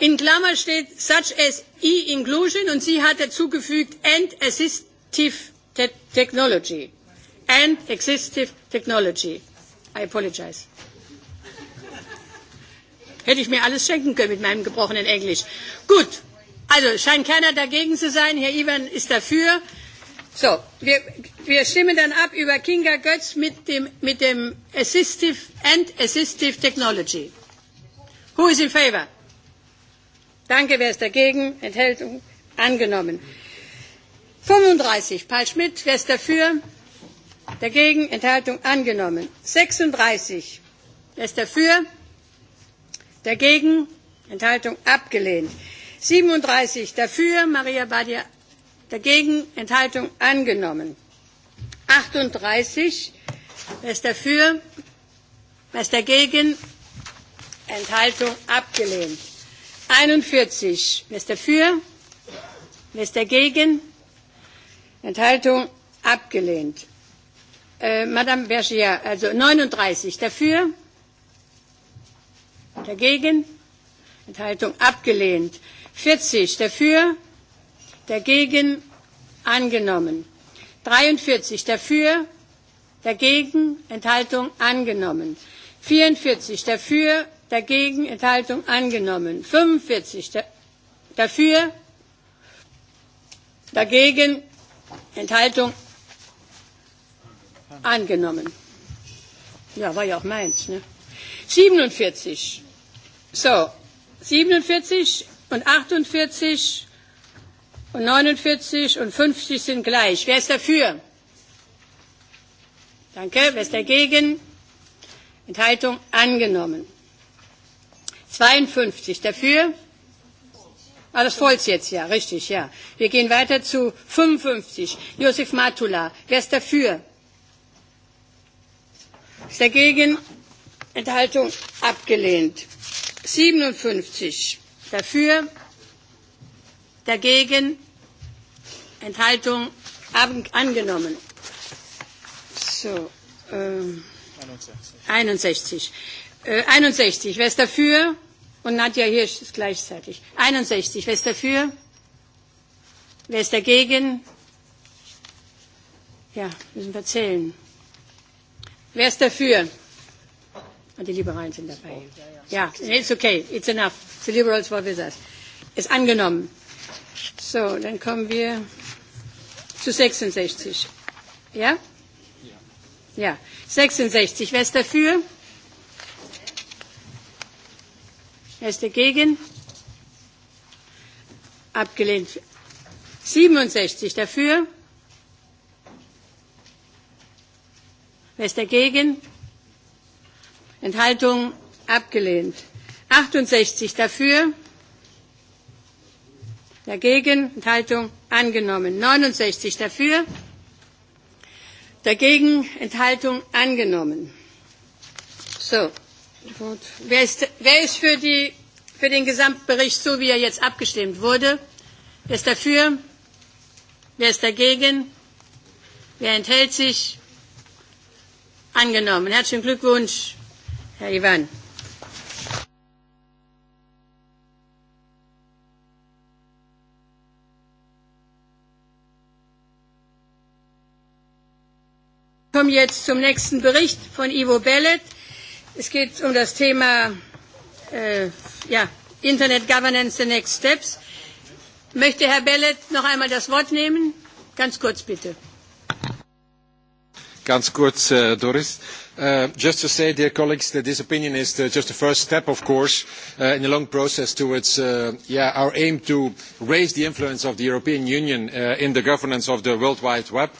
In Klammer steht such as e-inclusion und sie hat dazugefügt and assistive te technology. And assistive technology. I apologize. Hätte ich mir alles schenken können mit meinem gebrochenen Englisch. Gut. Also scheint keiner dagegen zu sein. Herr Ivan ist dafür. So, wir, wir stimmen dann ab über Kinga Götz mit dem, mit dem Assistive and Assistive Technology. Who is in favor? Danke, wer ist dagegen? Enthaltung angenommen. 35, Paul Schmidt, wer ist dafür? Dagegen, Enthaltung angenommen. 36, wer ist dafür? Dagegen, Enthaltung abgelehnt. 37 dafür, Maria Badia Dagegen Enthaltung angenommen. 38. Wer ist dafür? Wer ist dagegen? Enthaltung abgelehnt. 41. Wer ist dafür? Wer ist dagegen? Enthaltung abgelehnt. Äh, Madame Bergier, also 39 dafür, dagegen, Enthaltung abgelehnt. 40 dafür, dagegen angenommen. 43 dafür, dagegen Enthaltung angenommen. 44 dafür, dagegen Enthaltung angenommen. 45 da dafür, dagegen Enthaltung angenommen. Ja, war ja auch meins. Ne? 47. So, 47 und 48 und 49 und 50 sind gleich. Wer ist dafür? Danke. Wer ist dagegen? Enthaltung angenommen. 52 dafür. Ah, das Volz jetzt, ja, richtig, ja. Wir gehen weiter zu 55. Josef Matula. Wer ist dafür? Ist dagegen? Enthaltung abgelehnt. 57 dafür dagegen, Enthaltung angenommen. So, ähm, 61. 61. Äh, 61. Wer ist dafür? Und Nadja Hirsch ist gleichzeitig. 61. Wer ist dafür? Wer ist dagegen? Ja, müssen wir zählen. Wer ist dafür? Und ah, die Liberalen sind dabei. Ja, it's okay. It's enough. The Liberals were with us. Ist angenommen. So, dann kommen wir zu 66. Ja? Ja. 66. Wer ist dafür? Wer ist dagegen? Abgelehnt. 67 dafür. Wer ist dagegen? Enthaltung abgelehnt. 68 dafür. Dagegen Enthaltung angenommen. 69 dafür. Dagegen Enthaltung angenommen. So. Wer ist, wer ist für, die, für den Gesamtbericht so, wie er jetzt abgestimmt wurde? Wer ist dafür? Wer ist dagegen? Wer enthält sich? Angenommen. Herzlichen Glückwunsch, Herr Ivan. komme jetzt zum nächsten Bericht von Ivo Bellet. Es geht um das Thema äh, ja, Internet Governance, the next steps. Möchte Herr Bellet noch einmal das Wort nehmen? Ganz kurz bitte. Ganz kurz, äh, Doris Uh, just to say, dear colleagues, that this opinion is the, uh, just the first step, of course, uh, in a long process towards uh, yeah, our aim to raise the influence of the European Union uh, in the governance of the World Wide Web.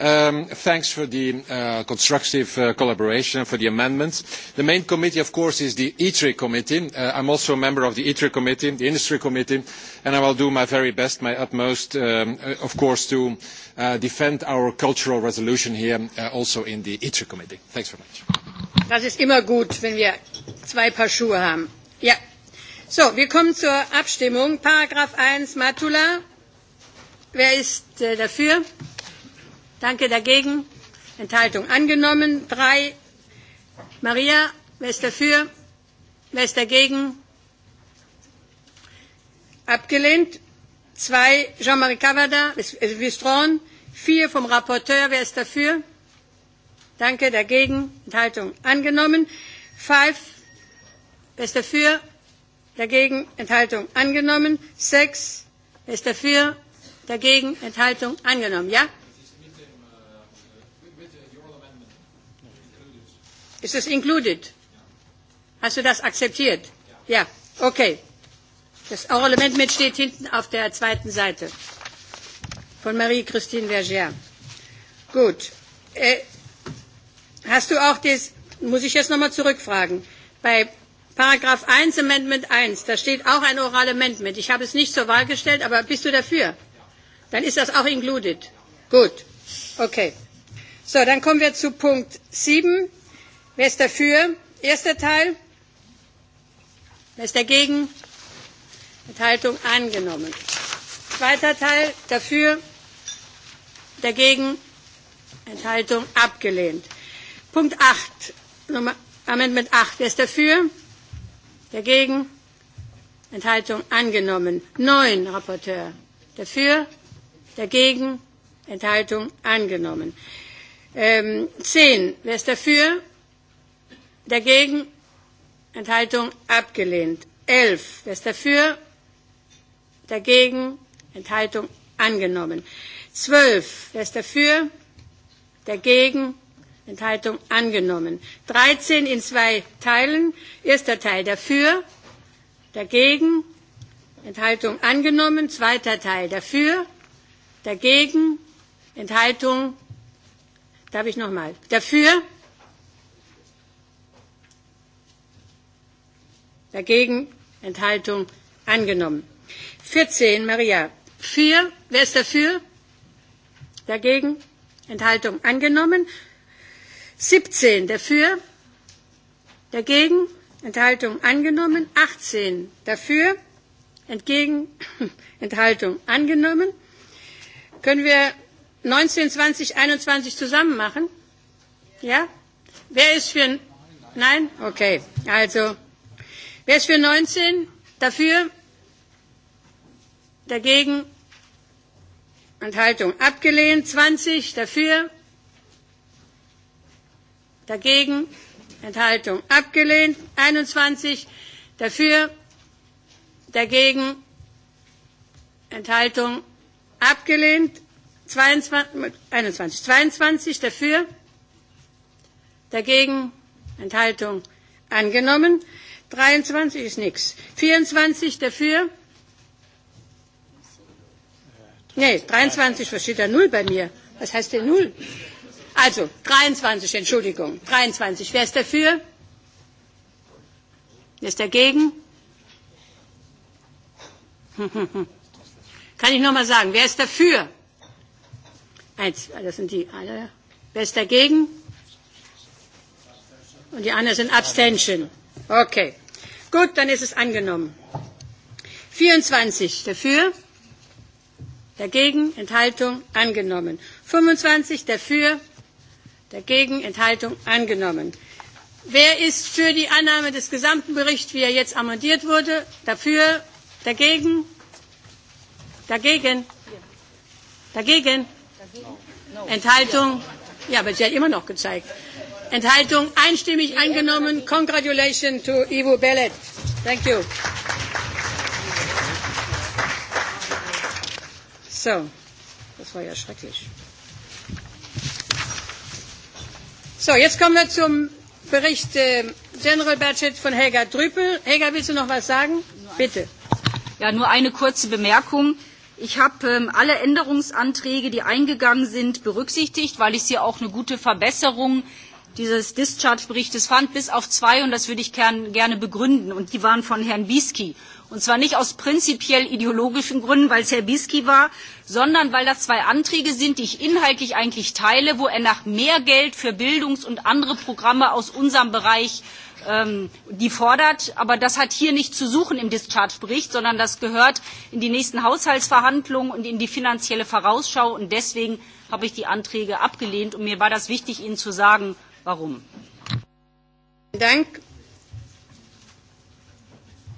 Um, thanks for the uh, constructive uh, collaboration, for the amendments. The main committee, of course, is the ITRE committee. Uh, I'm also a member of the ITRE committee, the industry committee, and I will do my very best, my utmost, um, of course, to defend our cultural resolution here also in the ITRE committee. Thanks so much. Das ist immer gut, wenn wir zwei Paar Schuhe haben. Ja. So, wir kommen zur Abstimmung. Paragraph 1, Matula. Wer ist äh, dafür? Danke dagegen. Enthaltung angenommen. 3, Maria. Wer ist dafür? Wer ist dagegen? Abgelehnt. 2, Jean-Marie Cavada, Wistron. Äh, 4 vom Rapporteur. Wer ist dafür? Danke. Dagegen? Enthaltung angenommen. 5. Wer ist dafür? Dagegen? Enthaltung angenommen. 6. Wer ist dafür? Dagegen? Enthaltung angenommen. Ja? Ist das included? Hast du das akzeptiert? Ja. ja. Okay. Das Oral Amendment steht hinten auf der zweiten Seite von Marie-Christine Vergier. Gut. Äh, Hast du auch das, muss ich jetzt nochmal zurückfragen, bei Paragraph 1, Amendment 1, da steht auch ein Oral Amendment. Ich habe es nicht zur Wahl gestellt, aber bist du dafür? Dann ist das auch included. Gut. Okay. So, dann kommen wir zu Punkt 7. Wer ist dafür? Erster Teil. Wer ist dagegen? Enthaltung angenommen. Zweiter Teil dafür, dagegen, Enthaltung abgelehnt. Punkt 8, Nummer, Amendment 8. Wer ist dafür? Dagegen? Enthaltung angenommen. 9, Rapporteur. Dafür? Dagegen? Enthaltung angenommen. Ähm, 10. Wer ist dafür? Dagegen? Enthaltung abgelehnt. 11. Wer ist dafür? Dagegen? Enthaltung angenommen. 12. Wer ist dafür? Dagegen? Enthaltung angenommen. 13 in zwei Teilen. Erster Teil dafür, dagegen, Enthaltung angenommen. Zweiter Teil dafür, dagegen, Enthaltung. Darf ich nochmal? Dafür, dagegen, Enthaltung angenommen. 14, Maria. 4, wer ist dafür? Dagegen, Enthaltung angenommen. 17 dafür, dagegen, Enthaltung angenommen. 18 dafür, entgegen, Enthaltung angenommen. Können wir 19, 20, 21 zusammen machen? Ja? Wer ist für, nein? Okay. Also, wer ist für 19? Dafür? Dagegen? Enthaltung abgelehnt. 20 dafür? dagegen, Enthaltung abgelehnt, 21 dafür, dagegen, Enthaltung abgelehnt, 22, 21, 22 dafür, dagegen, Enthaltung angenommen, 23 ist nichts, 24 dafür, nee, 23 versteht da null bei mir. Was heißt denn null? Also 23, Entschuldigung, 23. Wer ist dafür? Wer ist dagegen? Kann ich nochmal sagen, wer ist dafür? Eins, das sind die alle. Wer ist dagegen? Und die anderen sind Abstention. Okay. Gut, dann ist es angenommen. 24 dafür, dagegen, Enthaltung angenommen. 25 dafür, Dagegen Enthaltung angenommen. Wer ist für die Annahme des gesamten Berichts, wie er jetzt amendiert wurde? Dafür? Dagegen? Dagegen? Dagegen? Enthaltung? Ja, aber sie hat immer noch gezeigt. Enthaltung einstimmig angenommen. Congratulations to Ivo Bellet. Thank you. So, das war ja schrecklich. So, jetzt kommen wir zum Bericht äh, General Budget von Helga Drüppel. Helga, willst du noch was sagen? Bitte. Ja, nur eine kurze Bemerkung. Ich habe ähm, alle Änderungsanträge, die eingegangen sind, berücksichtigt, weil ich sie auch eine gute Verbesserung dieses Discharge-Berichtes fand, bis auf zwei, und das würde ich gern, gerne begründen, und die waren von Herrn Wieski. Und zwar nicht aus prinzipiell ideologischen Gründen, weil es Herr Biski war, sondern weil das zwei Anträge sind, die ich inhaltlich eigentlich teile, wo er nach mehr Geld für Bildungs- und andere Programme aus unserem Bereich ähm, die fordert. Aber das hat hier nicht zu suchen im Discharge-Bericht, sondern das gehört in die nächsten Haushaltsverhandlungen und in die finanzielle Vorausschau. Und deswegen habe ich die Anträge abgelehnt. Und mir war das wichtig, Ihnen zu sagen, warum. Dank.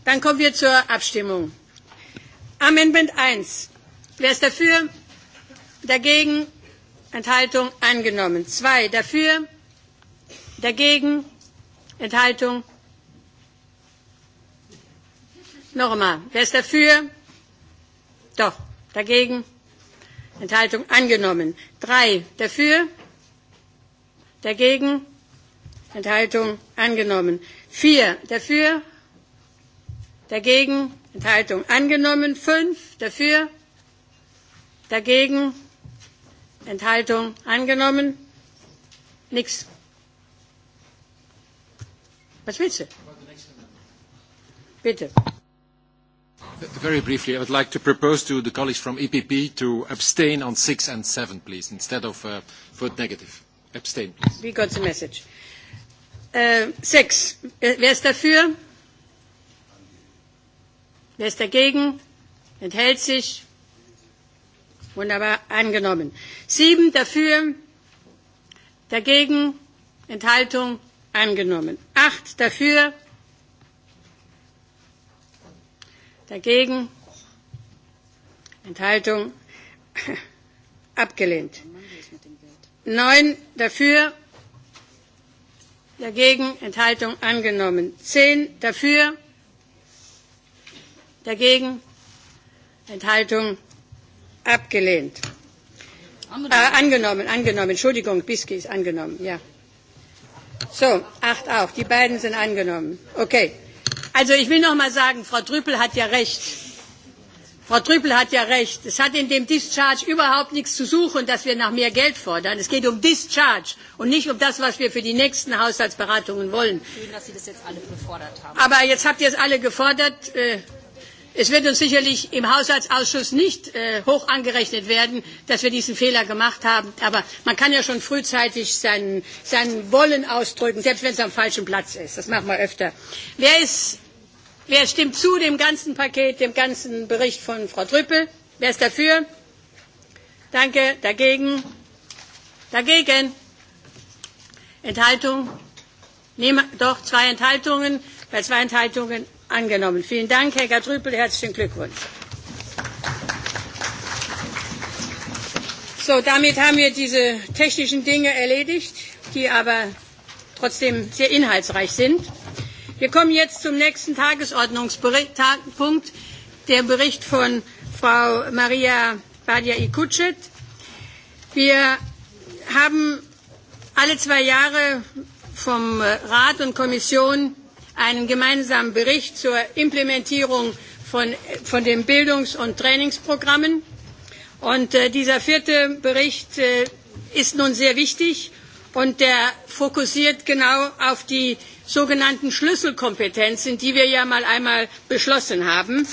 Dann kommen wir zur Abstimmung. Amendment 1. Wer ist dafür? Dagegen? Enthaltung angenommen. 2 dafür? Dagegen? Enthaltung? Noch einmal. Wer ist dafür? Doch. Dagegen? Enthaltung angenommen. 3 dafür? Dagegen? Enthaltung angenommen. 4 dafür? Dagegen Enthaltung angenommen. fünf dafür. Dagegen Enthaltung angenommen. Nix. Was willst du? Bitte. Very briefly, I would like to propose to the colleagues from EPP to abstain on 6 and 7, please, instead of uh, vote negative. Abstain, please. We got the message. Uh, six. Uh, wer ist dafür? Wer ist dagegen? Enthält sich? Wunderbar, angenommen. Sieben dafür, dagegen, Enthaltung, angenommen. Acht dafür, dagegen, Enthaltung, abgelehnt. Neun dafür, dagegen, Enthaltung, angenommen. Zehn dafür, Dagegen? Enthaltung? Abgelehnt. Äh, angenommen, angenommen. Entschuldigung, Biski ist angenommen, ja. So, acht auf. Die beiden sind angenommen. Okay. Also ich will noch mal sagen, Frau Trüppel hat ja recht. Frau Trüppel hat ja recht. Es hat in dem Discharge überhaupt nichts zu suchen, dass wir nach mehr Geld fordern. Es geht um Discharge und nicht um das, was wir für die nächsten Haushaltsberatungen wollen. Schön, dass Sie das jetzt alle gefordert haben. Aber jetzt habt ihr es alle gefordert. Äh, Es wird uns sicherlich im Haushaltsausschuss nicht äh, hoch angerechnet werden, dass wir diesen Fehler gemacht haben. Aber man kann ja schon frühzeitig sein, sein Wollen ausdrücken, selbst wenn es am falschen Platz ist. Das machen wir öfter. Wer, ist, wer stimmt zu dem ganzen Paket, dem ganzen Bericht von Frau Trüppel? Wer ist dafür? Danke. Dagegen? Dagegen? Enthaltung? Nehm, doch, zwei Enthaltungen. Bei zwei Enthaltungen Angenommen. Vielen Dank, Herr Gadrüppel. Herzlichen Glückwunsch. So, damit haben wir diese technischen Dinge erledigt, die aber trotzdem sehr inhaltsreich sind. Wir kommen jetzt zum nächsten Tagesordnungspunkt, der Bericht von Frau Maria Badia Ikutschet. Wir haben alle zwei Jahre vom Rat und Kommission einen gemeinsamen Bericht zur Implementierung von, von den Bildungs- und Trainingsprogrammen. Und äh, dieser vierte Bericht äh, ist nun sehr wichtig und der fokussiert genau auf die sogenannten Schlüsselkompetenzen, die wir ja mal einmal beschlossen haben.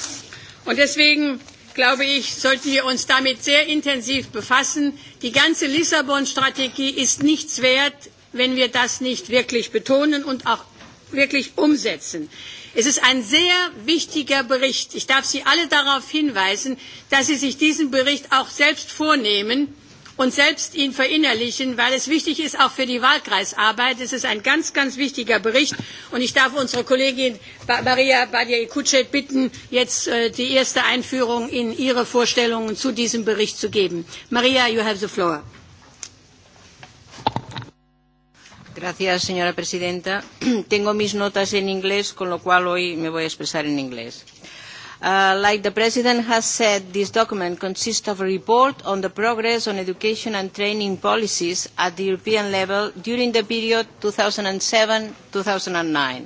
Und deswegen glaube ich, sollten wir uns damit sehr intensiv befassen. Die ganze Lissabon-Strategie ist nichts wert, wenn wir das nicht wirklich betonen und auch wirklich umsetzen. Es ist ein sehr wichtiger Bericht. Ich darf Sie alle darauf hinweisen, dass Sie sich diesen Bericht auch selbst vornehmen und selbst ihn verinnerlichen, weil es wichtig ist auch für die Wahlkreisarbeit. Es ist ein ganz, ganz wichtiger Bericht und ich darf unsere Kollegin Maria Badia-Ikucet bitten, jetzt äh, die erste Einführung in ihre Vorstellungen zu diesem Bericht zu geben. Maria, you have the floor. Gracias, señora presidenta. Tengo mis notas en inglés, con lo cual hoy me voy a expresar en inglés. Uh, like the President has said, this document consists of a report on the progress on education and training policies at the European level during the period 2007-2009.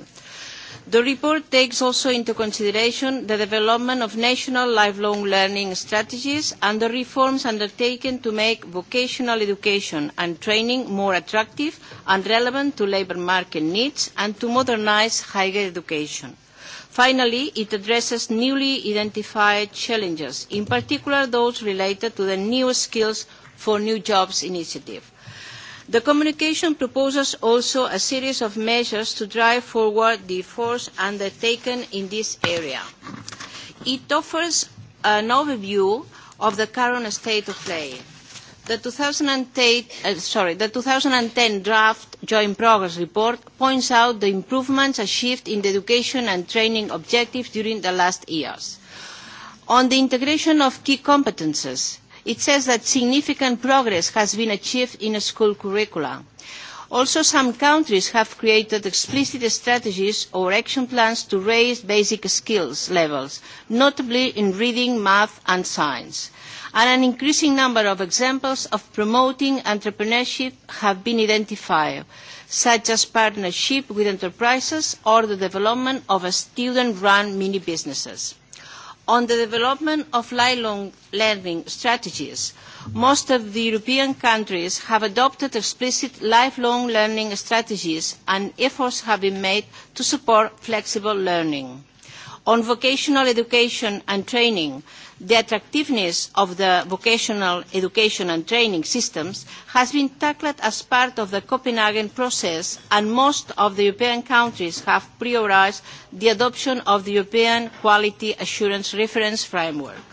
The report takes also into consideration the development of national lifelong learning strategies and the reforms undertaken to make vocational education and training more attractive and relevant to labour market needs and to modernise higher education. Finally, it addresses newly identified challenges, in particular those related to the New Skills for New Jobs initiative. The communication proposes also a series of measures to drive forward the efforts undertaken in this area. It offers an overview of the current state of play. The 2010, uh, sorry, the 2010 draft Joint Progress Report points out the improvements achieved in the education and training objectives during the last years. On the integration of key competences, it says that significant progress has been achieved in school curricula. Also, some countries have created explicit strategies or action plans to raise basic skills levels, notably in reading, math and science. And an increasing number of examples of promoting entrepreneurship have been identified, such as partnership with enterprises or the development of student-run mini-businesses. On the development of lifelong learning strategies, most of the European countries have adopted explicit lifelong learning strategies and efforts have been made to support flexible learning. On vocational education and training, the attractiveness of the vocational education and training systems has been tackled as part of the Copenhagen process and most of the European countries have prioritised the adoption of the European Quality Assurance Reference Framework.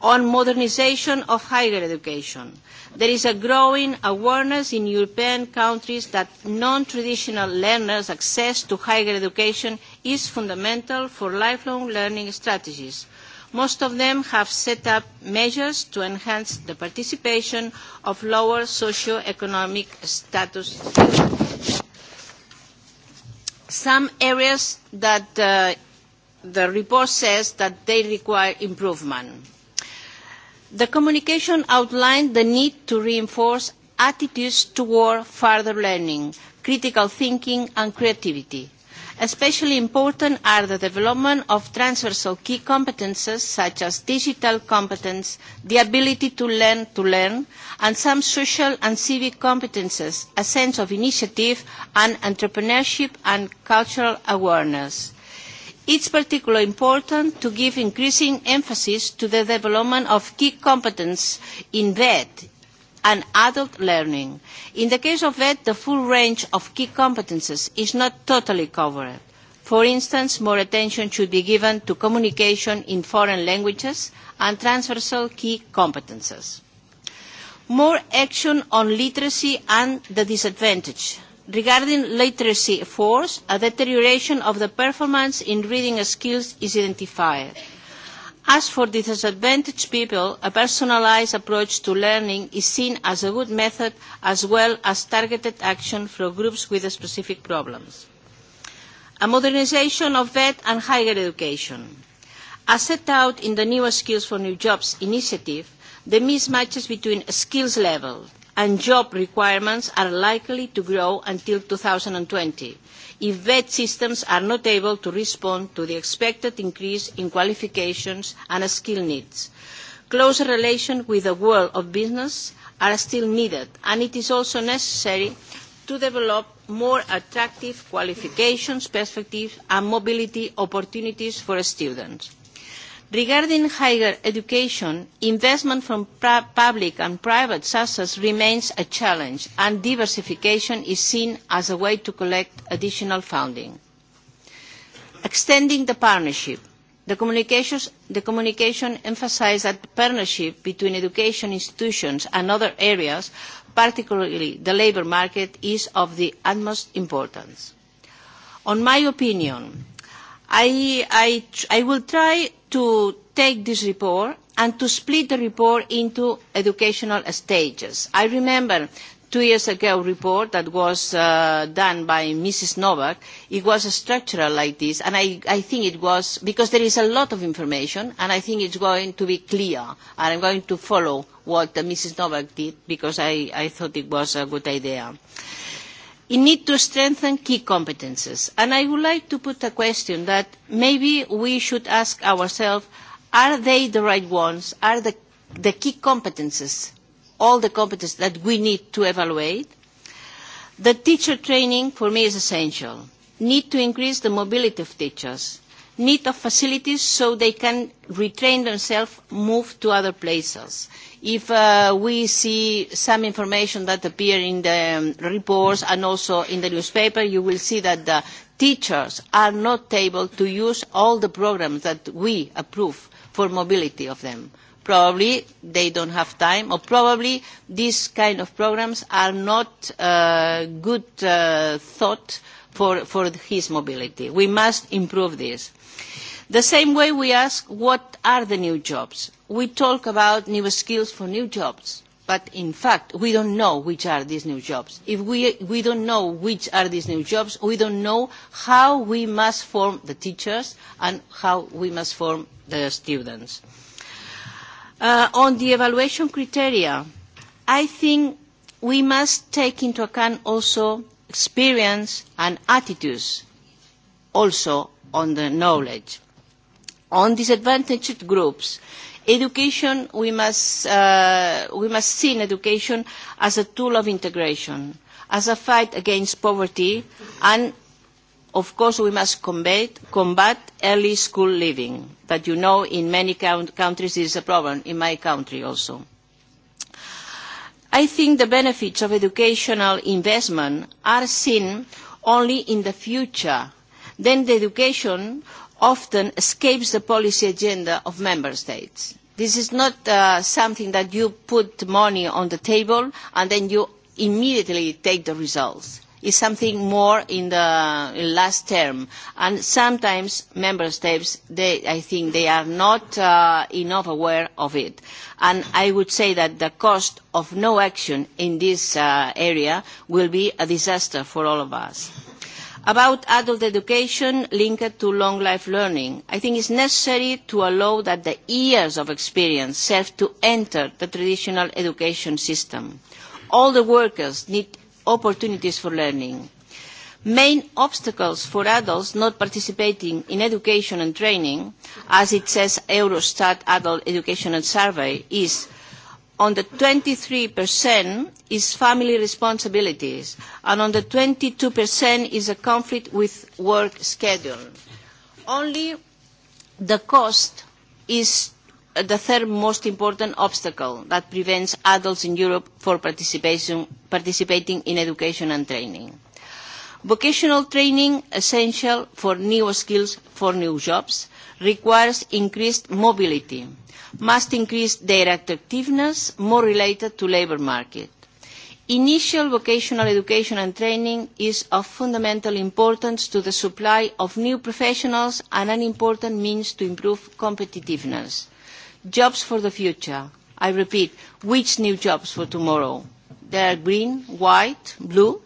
On modernization of higher education, there is a growing awareness in European countries that non-traditional learners' access to higher education is fundamental for lifelong learning strategies. Most of them have set up measures to enhance the participation of lower socio-economic status. Some areas that uh, the report says that they require improvement. The communication outlined the need to reinforce attitudes toward further learning, critical thinking and creativity. Especially important are the development of transversal key competences such as digital competence, the ability to learn to learn, and some social and civic competences, a sense of initiative and entrepreneurship and cultural awareness. It's particularly important to give increasing emphasis to the development of key competence in that and adult learning. In the case of VET, the full range of key competences is not totally covered. For instance, more attention should be given to communication in foreign languages and transversal key competences. More action on literacy and the disadvantage. Regarding literacy efforts, a deterioration of the performance in reading skills is identified As for the disadvantaged people, a personalised approach to learning is seen as a good method as well as targeted action for groups with specific problems. A modernisation of VET and higher education. As set out in the New Skills for New Jobs initiative, the mismatches between skills level and job requirements are likely to grow until 2020 if vet systems are not able to respond to the expected increase in qualifications and skill needs. Closer relations with the world of business are still needed, and it is also necessary to develop more attractive qualifications, perspectives and mobility opportunities for students. Regarding higher education, investment from public and private sources remains a challenge, and diversification is seen as a way to collect additional funding. Extending the partnership. The, communications, the communication emphasised that the partnership between education institutions and other areas, particularly the labour market, is of the utmost importance. On my opinion, I, I, I will try to take this report and to split the report into educational stages. I remember two years ago a report that was uh, done by Mrs. Novak. It was a structural like this, and I, I think it was because there is a lot of information, and I think it's going to be clear. And I'm going to follow what Mrs. Novak did because I, I thought it was a good idea. Uh, you need to strengthen key competences. And I would like to put a question that maybe we should ask ourselves, are they the right ones? Are the, the key competences, all the competences that we need to evaluate? The teacher training for me is essential. Need to increase the mobility of teachers. Need of facilities so they can retrain themselves, move to other places if uh, we see some information that appear in the um, reports and also in the newspaper, you will see that the teachers are not able to use all the programs that we approve for mobility of them. Probably they don't have time, or probably these kind of programs are not a uh, good uh, thought for his mobility. We must improve this. The same way we ask what are the new jobs. We talk about new skills for new jobs, but in fact we don't know which are these new jobs. If we, we don't know which are these new jobs, we don't know how we must form the teachers and how we must form the students. Uh, on the evaluation criteria, I think we must take into account also experience and attitudes also on the knowledge on disadvantaged groups. Education, we must, uh, we must see education as a tool of integration, as a fight against poverty, and of course we must combat, combat early school leaving, that you know in many count countries is a problem, in my country also. I think the benefits of educational investment are seen only in the future. Then the education often escapes the policy agenda of member states. This is not uh, something that you put money on the table and then you immediately take the results. It's something more in the in last term. And sometimes member states, they, I think they are not uh, enough aware of it. And I would say that the cost of no action in this uh, area will be a disaster for all of us. About adult education linked to long life learning, I think it's necessary to allow that the years of experience serve to enter the traditional education system. All the workers need opportunities for learning. Main obstacles for adults not participating in education and training, as it says Eurostat Adult Education and Survey, is on the 23% is family responsibilities, and on the 22% is a conflict with work schedule. Only the cost is the third most important obstacle that prevents adults in Europe from participating in education and training. Vocational training, essential for new skills for new jobs, requires increased mobility must increase their attractiveness more related to labour market. Initial vocational education and training is of fundamental importance to the supply of new professionals and an important means to improve competitiveness. Jobs for the future. I repeat, which new jobs for tomorrow? They are green, white, blue.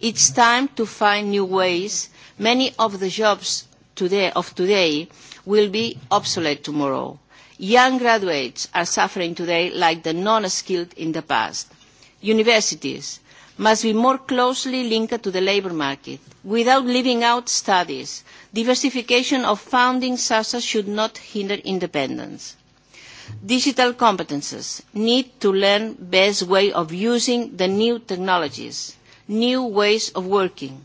It's time to find new ways. Many of the jobs today, of today will be obsolete tomorrow Young graduates are suffering today like the non-skilled in the past. Universities must be more closely linked to the labour market without leaving out studies. Diversification of funding sources should not hinder independence. Digital competences need to learn best way of using the new technologies, new ways of working.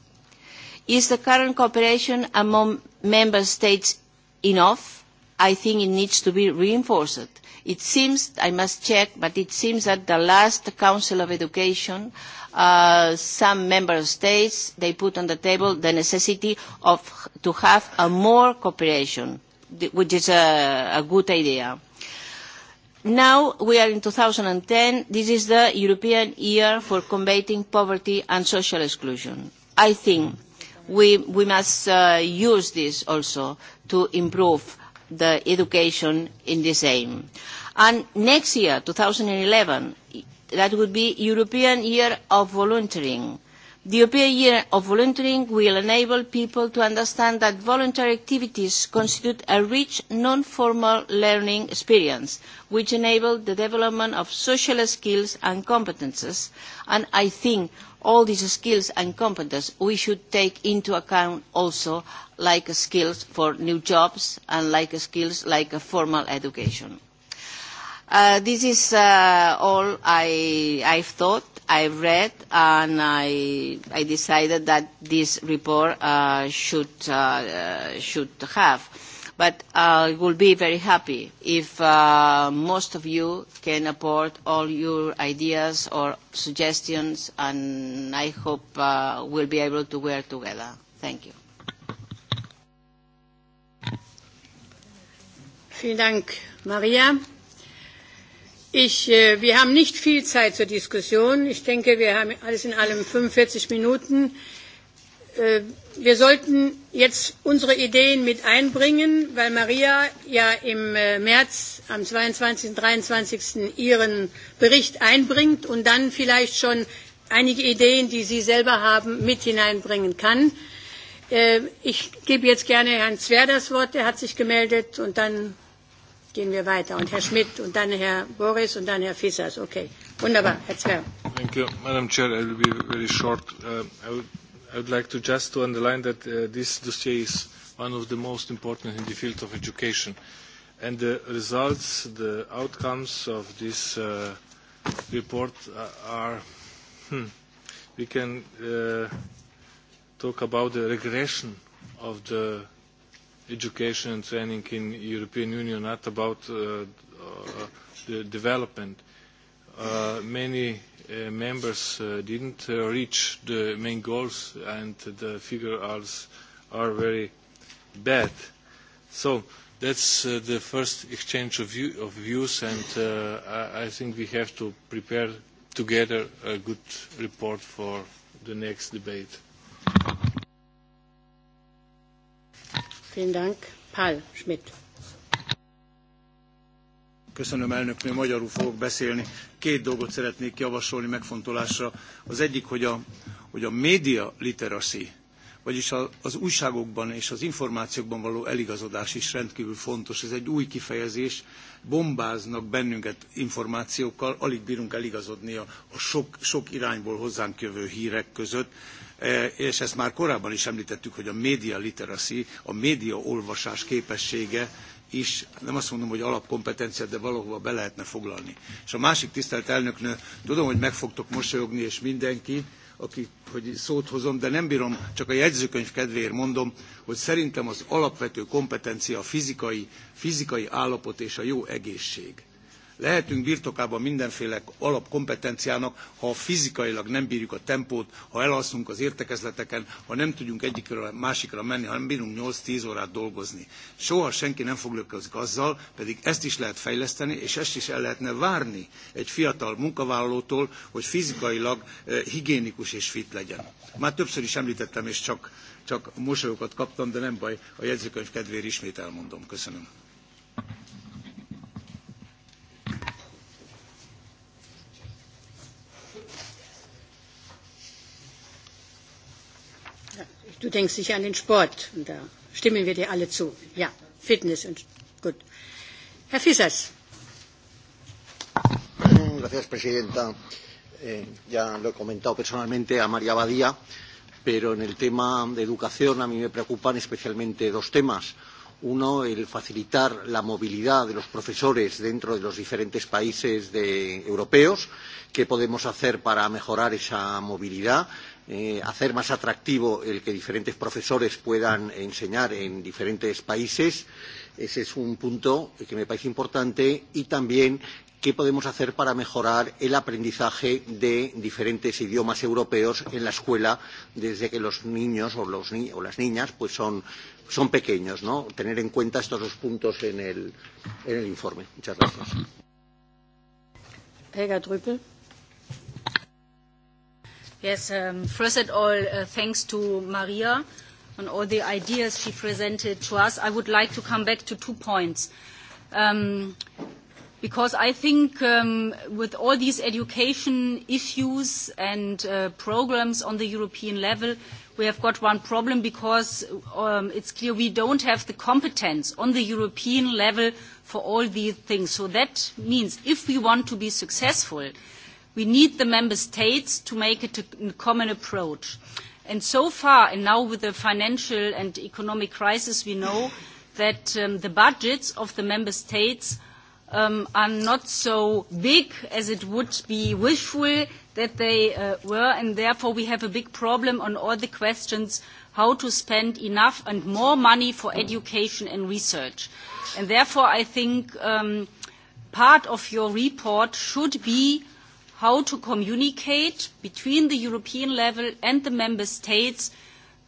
Is the current cooperation among member states enough? I think it needs to be reinforced. It seems, I must check, but it seems that the last Council of Education, uh, some member states, they put on the table the necessity of, to have a more cooperation, which is a, a good idea. Now we are in 2010. This is the European year for combating poverty and social exclusion. I think we, we must uh, use this also to improve the education in the same. And next year, 2011, that would be European Year of Volunteering. The European Year of Volunteering will enable people to understand that voluntary activities constitute a rich, non-formal learning experience, which enable the development of social skills and competences. And I think all these skills and competences we should take into account also like skills for new jobs and like skills like a formal education. Uh, this is uh, all I, I've thought, I've read, and I, I decided that this report uh, should, uh, uh should have. But I uh, will be very happy if uh, most of you can support all your ideas or suggestions, and I hope uh, we'll be able to work together. Thank you. Vielen Dank, Maria. Ich, äh, wir haben nicht viel Zeit zur Diskussion. Ich denke, wir haben alles in allem 45 Minuten. Äh, wir sollten jetzt unsere Ideen mit einbringen, weil Maria ja im äh, März am 22. und 23. ihren Bericht einbringt und dann vielleicht schon einige Ideen, die Sie selber haben, mit hineinbringen kann. Äh, ich gebe jetzt gerne Herrn Zwer das Wort, der hat sich gemeldet, und dann gehen wir weiter. Und Herr Schmidt und dann Herr Boris und dann Herr Fissers. Okay, wunderbar, Herr Zwerg. Thank you, Madam Chair. I will be very short. Uh, I, would, I would like to just to underline that uh, this dossier is one of the most important in the field of education. And the results, the outcomes of this uh, report uh, are, hmm, we can uh, talk about the regression of the education and training in European Union, not about uh, uh, the development. Uh, many uh, members uh, didn't uh, reach the main goals and the figures are very bad. So that's uh, the first exchange of, view, of views and uh, I, I think we have to prepare together a good report for the next debate. Vielen Dank. Schmidt. Köszönöm elnöknő, magyarul fogok beszélni. Két dolgot szeretnék javasolni megfontolásra. Az egyik, hogy a, hogy a média literacy, vagyis az újságokban és az információkban való eligazodás is rendkívül fontos. Ez egy új kifejezés, bombáznak bennünket információkkal, alig bírunk eligazodni a, sok, sok irányból hozzánk jövő hírek között E, és ezt már korábban is említettük, hogy a média literacy, a média olvasás képessége is, nem azt mondom, hogy alapkompetenciát, de valahova be lehetne foglalni. És a másik tisztelt elnöknő, tudom, hogy meg fogtok mosolyogni, és mindenki, aki, hogy szót hozom, de nem bírom, csak a jegyzőkönyv kedvéért mondom, hogy szerintem az alapvető kompetencia a fizikai, fizikai állapot és a jó egészség Lehetünk birtokában mindenféle alapkompetenciának, ha fizikailag nem bírjuk a tempót, ha elalszunk az értekezleteken, ha nem tudjunk egyikről a másikra menni, ha nem bírunk 8-10 órát dolgozni. Soha senki nem foglalkozik azzal, pedig ezt is lehet fejleszteni, és ezt is el lehetne várni egy fiatal munkavállalótól, hogy fizikailag eh, higiénikus és fit legyen. Már többször is említettem, és csak, csak mosolyokat kaptam, de nem baj, a jegyzőkönyv kedvéért ismét elmondom. Köszönöm. Du denkst sicher an den Sport. Und da stimmen wir dir alle zu. Ja, Fitness und gut. Herr Fissers. Mm, gracias, Presidenta. Eh, ya lo he comentado personalmente a María Badía, pero en el tema de educación a mí me preocupan especialmente dos temas. Uno, el facilitar la movilidad de los profesores dentro de los diferentes países de, europeos. ¿Qué podemos hacer para mejorar esa movilidad? eh, hacer más atractivo el que diferentes profesores puedan enseñar en diferentes países. Ese es un punto que me parece importante y también qué podemos hacer para mejorar el aprendizaje de diferentes idiomas europeos en la escuela desde que los niños o, los ni o las niñas pues son, son pequeños. ¿no? Tener en cuenta estos dos puntos en el, en el informe. Muchas gracias. Helga Drüppel. Yes, um, first of all, uh, thanks to Maria on all the ideas she presented to us. I would like to come back to two points. Um, because I think um, with all these education issues and uh, programs on the European level, we have got one problem because um, it's clear we don't have the competence on the European level for all these things. So that means if we want to be successful, We need the member states to make it a common approach. And so far, and now with the financial and economic crisis, we know that um, the budgets of the member states um, are not so big as it would be wishful that they uh, were, and therefore we have a big problem on all the questions how to spend enough and more money for education and research. And therefore I think um, part of your report should be how to communicate between the European level and the member states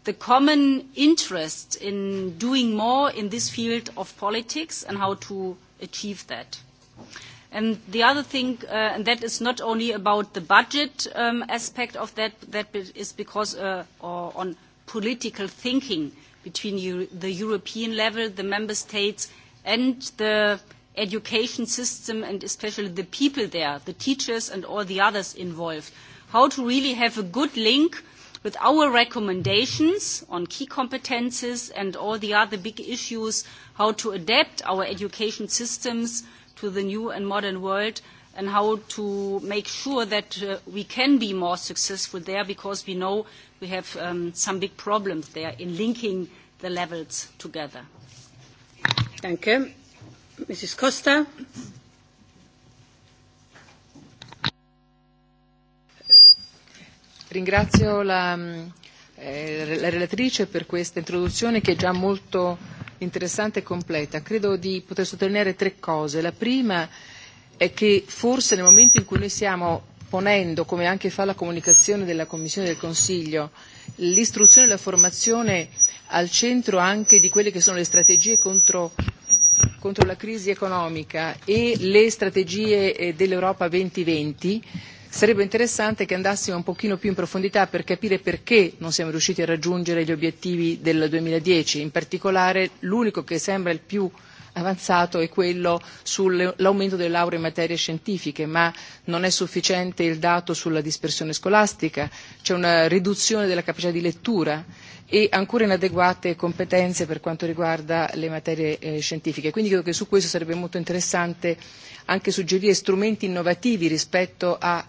the common interest in doing more in this field of politics and how to achieve that. And the other thing, uh, and that is not only about the budget um, aspect of that, that is because uh, or on political thinking between Euro the European level, the member states, and the education system and especially the people there, the teachers and all the others involved, how to really have a good link with our recommendations on key competences and all the other big issues, how to adapt our education systems to the new and modern world and how to make sure that uh, we can be more successful there because we know we have um, some big problems there in linking the levels together. Thank you. Mrs. Costa. Ringrazio la, eh, la relatrice per questa introduzione che è già molto interessante e completa. Credo di poter sottolineare tre cose. La prima è che forse nel momento in cui noi stiamo ponendo, come anche fa la comunicazione della Commissione del Consiglio, l'istruzione e la formazione al centro anche di quelle che sono le strategie contro contro la crisi economica e le strategie eh, dell'Europa 2020, sarebbe interessante che andassimo un pochino più in profondità per capire perché non siamo riusciti a raggiungere gli obiettivi del 2010, in particolare l'unico che sembra il più avanzato è quello sull'aumento delle lauree in materie scientifiche, ma non è sufficiente il dato sulla dispersione scolastica, c'è una riduzione della capacità di lettura e ancora inadeguate competenze per quanto riguarda le materie eh, scientifiche. Quindi credo che su questo sarebbe molto interessante anche suggerire strumenti innovativi rispetto a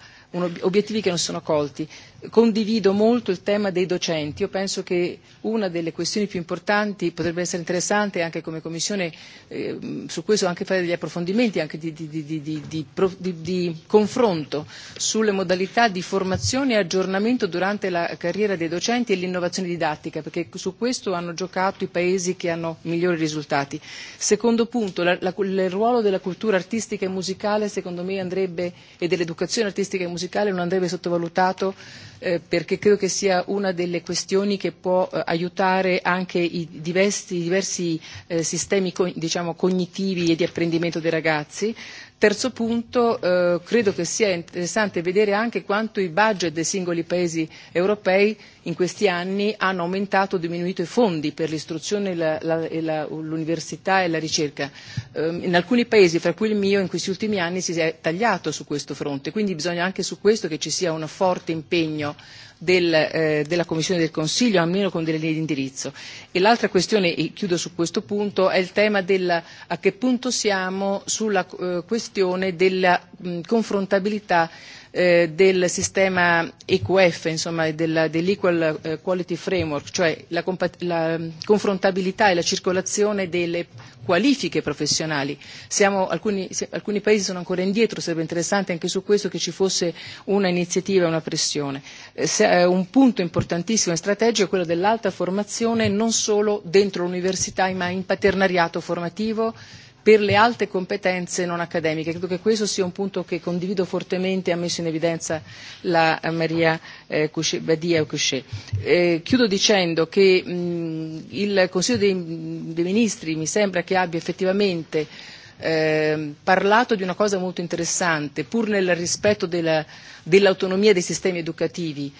obiettivi che non sono colti condivido molto il tema dei docenti. Io penso che una delle questioni più importanti potrebbe essere interessante anche come Commissione eh, su questo anche fare degli approfondimenti, anche di, di, di, di, di, di, di confronto sulle modalità di formazione e aggiornamento durante la carriera dei docenti e l'innovazione didattica, perché su questo hanno giocato i paesi che hanno migliori risultati. Secondo punto, la, la, il ruolo della cultura artistica e musicale secondo me andrebbe, e dell'educazione artistica e musicale non andrebbe sottovalutato Eh, perché credo che sia una delle questioni che può eh, aiutare anche i diversi, diversi eh, sistemi co- diciamo, cognitivi e di apprendimento dei ragazzi. Terzo punto, eh, credo che sia interessante vedere anche quanto i budget dei singoli paesi europei in questi anni hanno aumentato o diminuito i fondi per l'istruzione, e la, la, e la, l'università e la ricerca. Eh, in alcuni paesi, fra cui il mio, in questi ultimi anni si è tagliato su questo fronte, quindi bisogna anche su questo che ci sia un forte impegno del, eh, della Commissione del Consiglio, almeno con delle linee di indirizzo. E l'altra questione, e chiudo su questo punto, è il tema del a che punto siamo sulla eh, questione della mh, confrontabilità Eh, del sistema EQF, insomma e della, dell'Equal eh, Quality Framework, cioè la, la confrontabilità e la circolazione delle qualifiche professionali. Siamo, alcuni, alcuni paesi sono ancora indietro, sarebbe interessante anche su questo che ci fosse una iniziativa, e una pressione. Eh, un punto importantissimo e strategico è quello dell'alta formazione non solo dentro l'università ma in paternariato formativo, per le alte competenze non accademiche. Credo che questo sia un punto che condivido fortemente e ha messo in evidenza la eh, Maria eh, Badia Couchet. Eh, chiudo dicendo che mh, mm, il Consiglio dei, dei Ministri mi sembra che abbia effettivamente eh, parlato di una cosa molto interessante, pur nel rispetto della, dell'autonomia dei sistemi educativi,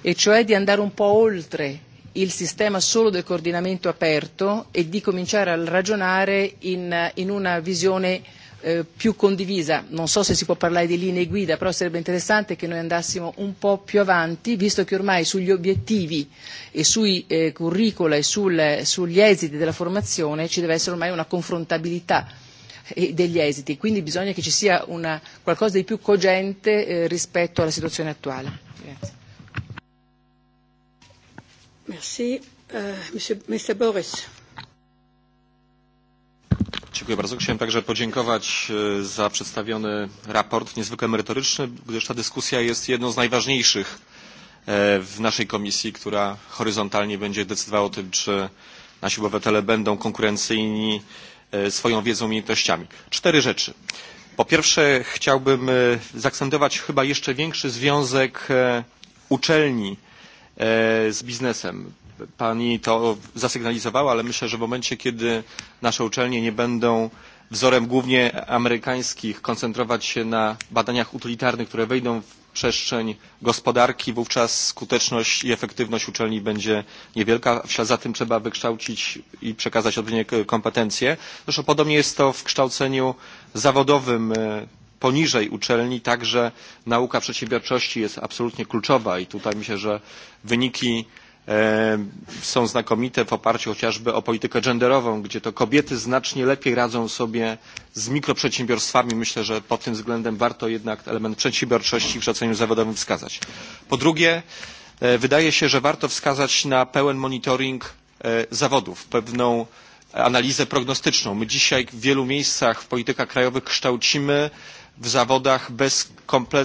e cioè di andare un po' oltre il sistema solo del coordinamento aperto e di cominciare a ragionare in, in una visione eh, più condivisa. Non so se si può parlare di linee guida, però sarebbe interessante che noi andassimo un po' più avanti, visto che ormai sugli obiettivi e sui eh, curricula e sul, sugli esiti della formazione ci deve essere ormai una confrontabilità e degli esiti, quindi bisogna che ci sia una, qualcosa di più cogente eh, rispetto alla situazione attuale. Grazie. Merci. Euh, monsieur, Mr. Boris. Dziękuję bardzo. Chciałem także podziękować e, za przedstawiony raport, niezwykle merytoryczny, gdyż ta dyskusja jest jedną z najważniejszych e, w naszej komisji, która horyzontalnie będzie decydowała o tym, czy nasi obywatele będą konkurencyjni e, swoją wiedzą i umiejętnościami. Cztery rzeczy. Po pierwsze, chciałbym zaakcentować chyba jeszcze większy związek uczelni E, z biznesem. Pani to zasygnalizowała, ale myślę, że w momencie, kiedy nasze uczelnie nie będą wzorem głównie amerykańskich koncentrować się na badaniach utylitarnych, które wejdą w przestrzeń gospodarki, wówczas skuteczność i efektywność uczelni będzie niewielka. W ślad za tym trzeba wykształcić i przekazać odpowiednie kompetencje. Zresztą podobnie jest to w kształceniu zawodowym e, poniżej uczelni także nauka przedsiębiorczości jest absolutnie kluczowa i tutaj myślę, że wyniki e, są znakomite w oparciu chociażby o politykę genderową, gdzie to kobiety znacznie lepiej radzą sobie z mikroprzedsiębiorstwami. Myślę, że pod tym względem warto jednak element przedsiębiorczości w szaceniu zawodowym wskazać. Po drugie, e, wydaje się, że warto wskazać na pełen monitoring e, zawodów, pewną analizę prognostyczną. My dzisiaj w wielu miejscach w politykach krajowych kształcimy w zawodach bez, komple,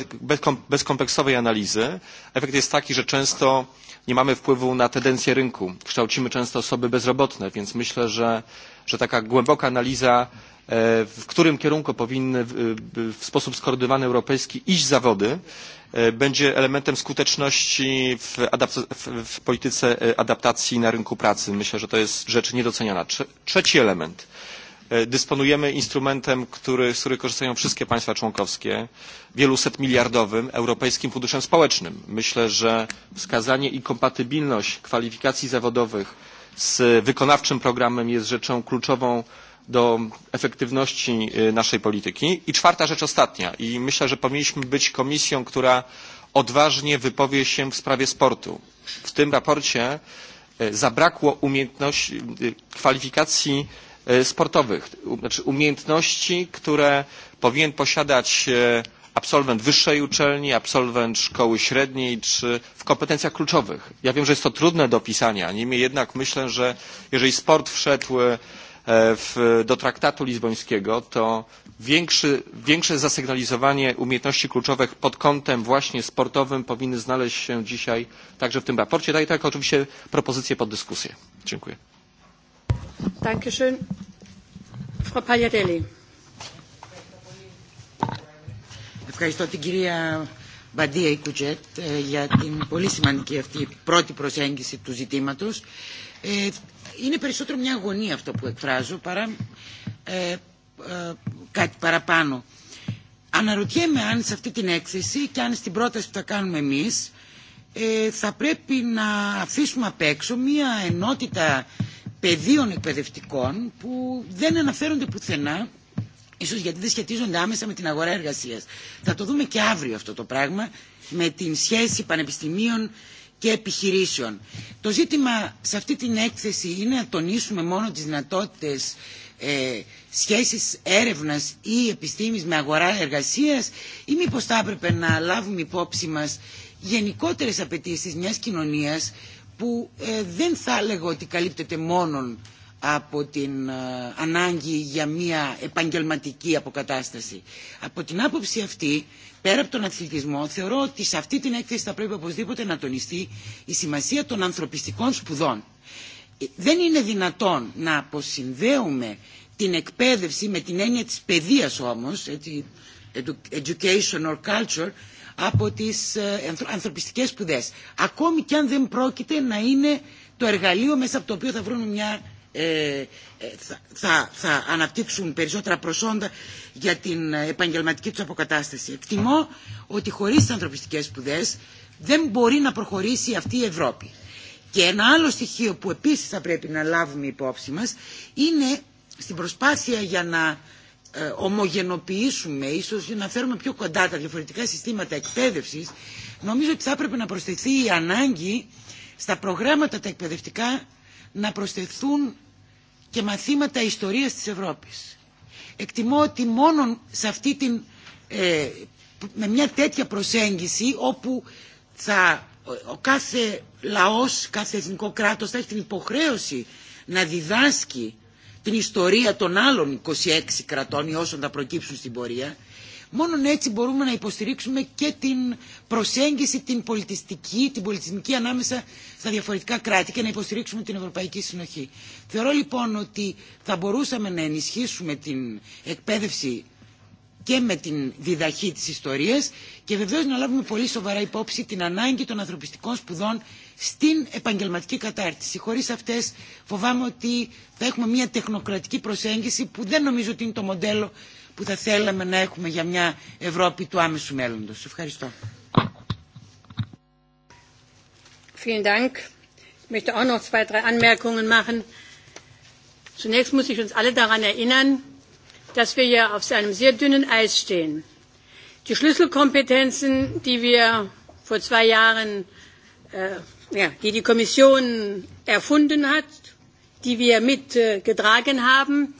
bez, kompleksowej analizy. Efekt jest taki, że często nie mamy wpływu na tendencje rynku. Kształcimy często osoby bezrobotne, więc myślę, że, że taka głęboka analiza, e, w którym kierunku powinny w sposób skoordynowany europejski iść zawody, e, będzie elementem skuteczności w, w, w polityce e, adaptacji na rynku pracy. Myślę, że to jest rzecz niedoceniana. Trzeci element E, dysponujemy instrumentem, który, z którego korzystają wszystkie państwa członkowskie, wieluset miliardowym Europejskim Funduszem Społecznym. Myślę, że wskazanie i kompatybilność kwalifikacji zawodowych z wykonawczym programem jest rzeczą kluczową do efektywności e, naszej polityki. I czwarta rzecz ostatnia. I myślę, że powinniśmy być komisją, która odważnie wypowie się w sprawie sportu. W tym raporcie e, zabrakło umiejętności, kwalifikacji E, sportowych, znaczy umiejętności, które powinien posiadać e, absolwent wyższej uczelni, absolwent szkoły średniej czy w kompetencjach kluczowych. Ja wiem, że jest to trudne do pisania, niemniej jednak myślę, że jeżeli sport wszedł e, w, do traktatu lizbońskiego, to większy, większe zasygnalizowanie umiejętności kluczowych pod kątem właśnie sportowym powinny znaleźć się dzisiaj także w tym raporcie. Daję tak oczywiście propozycję pod dyskusję. Dziękuję. Dankeschön. Frau Pagliarelli. Ευχαριστώ την κυρία Μπαντία Ικουτζέτ για την πολύ σημαντική αυτή πρώτη προσέγγιση του ζητήματος. Ε, είναι περισσότερο μια αγωνία αυτό που εκφράζω παρά ε, ε, κάτι παραπάνω. Αναρωτιέμαι αν σε αυτή την έκθεση και αν στην πρόταση που θα κάνουμε εμείς ε, θα πρέπει να αφήσουμε απ' έξω μια ενότητα πεδίων εκπαιδευτικών που δεν αναφέρονται πουθενά ίσως γιατί δεν σχετίζονται άμεσα με την αγορά εργασίας. Θα το δούμε και αύριο αυτό το πράγμα με την σχέση πανεπιστημίων και επιχειρήσεων. Το ζήτημα σε αυτή την έκθεση είναι να τονίσουμε μόνο τις δυνατότητες ε, σχέσεις έρευνας ή επιστήμης με αγορά εργασίας ή μήπως θα έπρεπε να λάβουμε υπόψη μας γενικότερες απαιτήσεις μιας κοινωνίας που ε, δεν θα έλεγα ότι καλύπτεται μόνον από την ε, ανάγκη για μια επαγγελματική αποκατάσταση. Από την άποψη αυτή, πέρα από τον αθλητισμό, θεωρώ ότι σε αυτή την έκθεση θα πρέπει οπωσδήποτε να τονιστεί η σημασία των ανθρωπιστικών σπουδών. Δεν είναι δυνατόν να αποσυνδέουμε την εκπαίδευση με την έννοια της παιδείας όμως, education or culture, από τις ανθρωπιστικές σπουδές. Ακόμη και αν δεν πρόκειται να είναι το εργαλείο μέσα από το οποίο θα βρουν μια ε, θα, θα θα αναπτύξουν περισσότερα προσόντα για την επαγγελματική τους αποκατάσταση. Εκτιμώ ότι χωρίς τις ανθρωπιστικές σπουδές δεν μπορεί να προχωρήσει αυτή η Ευρώπη. Και ένα άλλο στοιχείο που επίσης θα πρέπει να λάβουμε υπόψη μας είναι στην προσπάθεια για να ομογενοποιήσουμε, ίσως να φέρουμε πιο κοντά τα διαφορετικά συστήματα εκπαίδευσης, νομίζω ότι θα έπρεπε να προσθεθεί η ανάγκη στα προγράμματα τα εκπαιδευτικά να προσθεθούν και μαθήματα ιστορίας της Ευρώπης. Εκτιμώ ότι μόνο σε αυτή την, ε, με μια τέτοια προσέγγιση όπου θα, ο κάθε λαός, κάθε εθνικό κράτος θα έχει την υποχρέωση να διδάσκει την ιστορία των άλλων 26 κρατών ή όσων θα προκύψουν στην πορεία, μόνο έτσι μπορούμε να υποστηρίξουμε και την προσέγγιση την πολιτιστική, την πολιτισμική ανάμεσα στα διαφορετικά κράτη και να υποστηρίξουμε την Ευρωπαϊκή Συνοχή. Θεωρώ λοιπόν ότι θα μπορούσαμε να ενισχύσουμε την εκπαίδευση και με την διδαχή της ιστορίας και βεβαίως να λάβουμε πολύ σοβαρά υπόψη την ανάγκη των ανθρωπιστικών σπουδών στην επαγγελματική κατάρτιση. Χωρίς αυτές φοβάμαι ότι θα έχουμε μια τεχνοκρατική προσέγγιση που δεν νομίζω ότι είναι το μοντέλο που θα θέλαμε να έχουμε για μια Ευρώπη του άμεσου μέλλοντος. Ευχαριστώ. Vielen Dank. Ich möchte auch noch zwei, drei Anmerkungen machen. Zunächst muss ich uns alle daran erinnern, dass wir hier auf einem sehr dünnen Eis stehen. Die Schlüsselkompetenzen, die wir vor zwei Jahren äh, ja, die die Kommission erfunden hat, die wir mitgetragen äh, haben,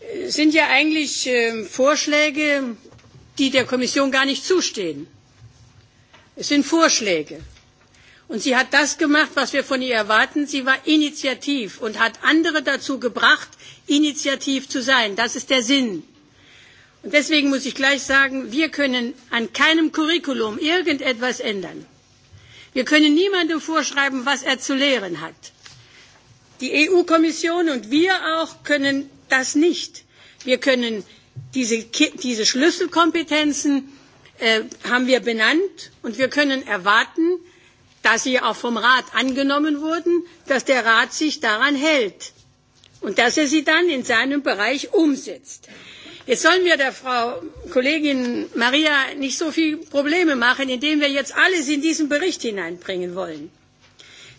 äh, sind ja eigentlich ähm, Vorschläge, die der Kommission gar nicht zustehen. Es sind Vorschläge. Und sie hat das gemacht, was wir von ihr erwarten. Sie war initiativ und hat andere dazu gebracht, initiativ zu sein. Das ist der Sinn. Und deswegen muss ich gleich sagen, wir können an keinem Curriculum irgendetwas ändern. Wir können niemandem vorschreiben, was er zu lehren hat. Die EU-Kommission und wir auch können das nicht. Wir können diese, diese Schlüsselkompetenzen äh, haben wir benannt und wir können erwarten, dass sie auch vom Rat angenommen wurden, dass der Rat sich daran hält und dass er sie dann in seinem Bereich umsetzt. Jetzt sollen wir der Frau Kollegin Maria nicht so viele Probleme machen, indem wir jetzt alles in diesen Bericht hineinbringen wollen.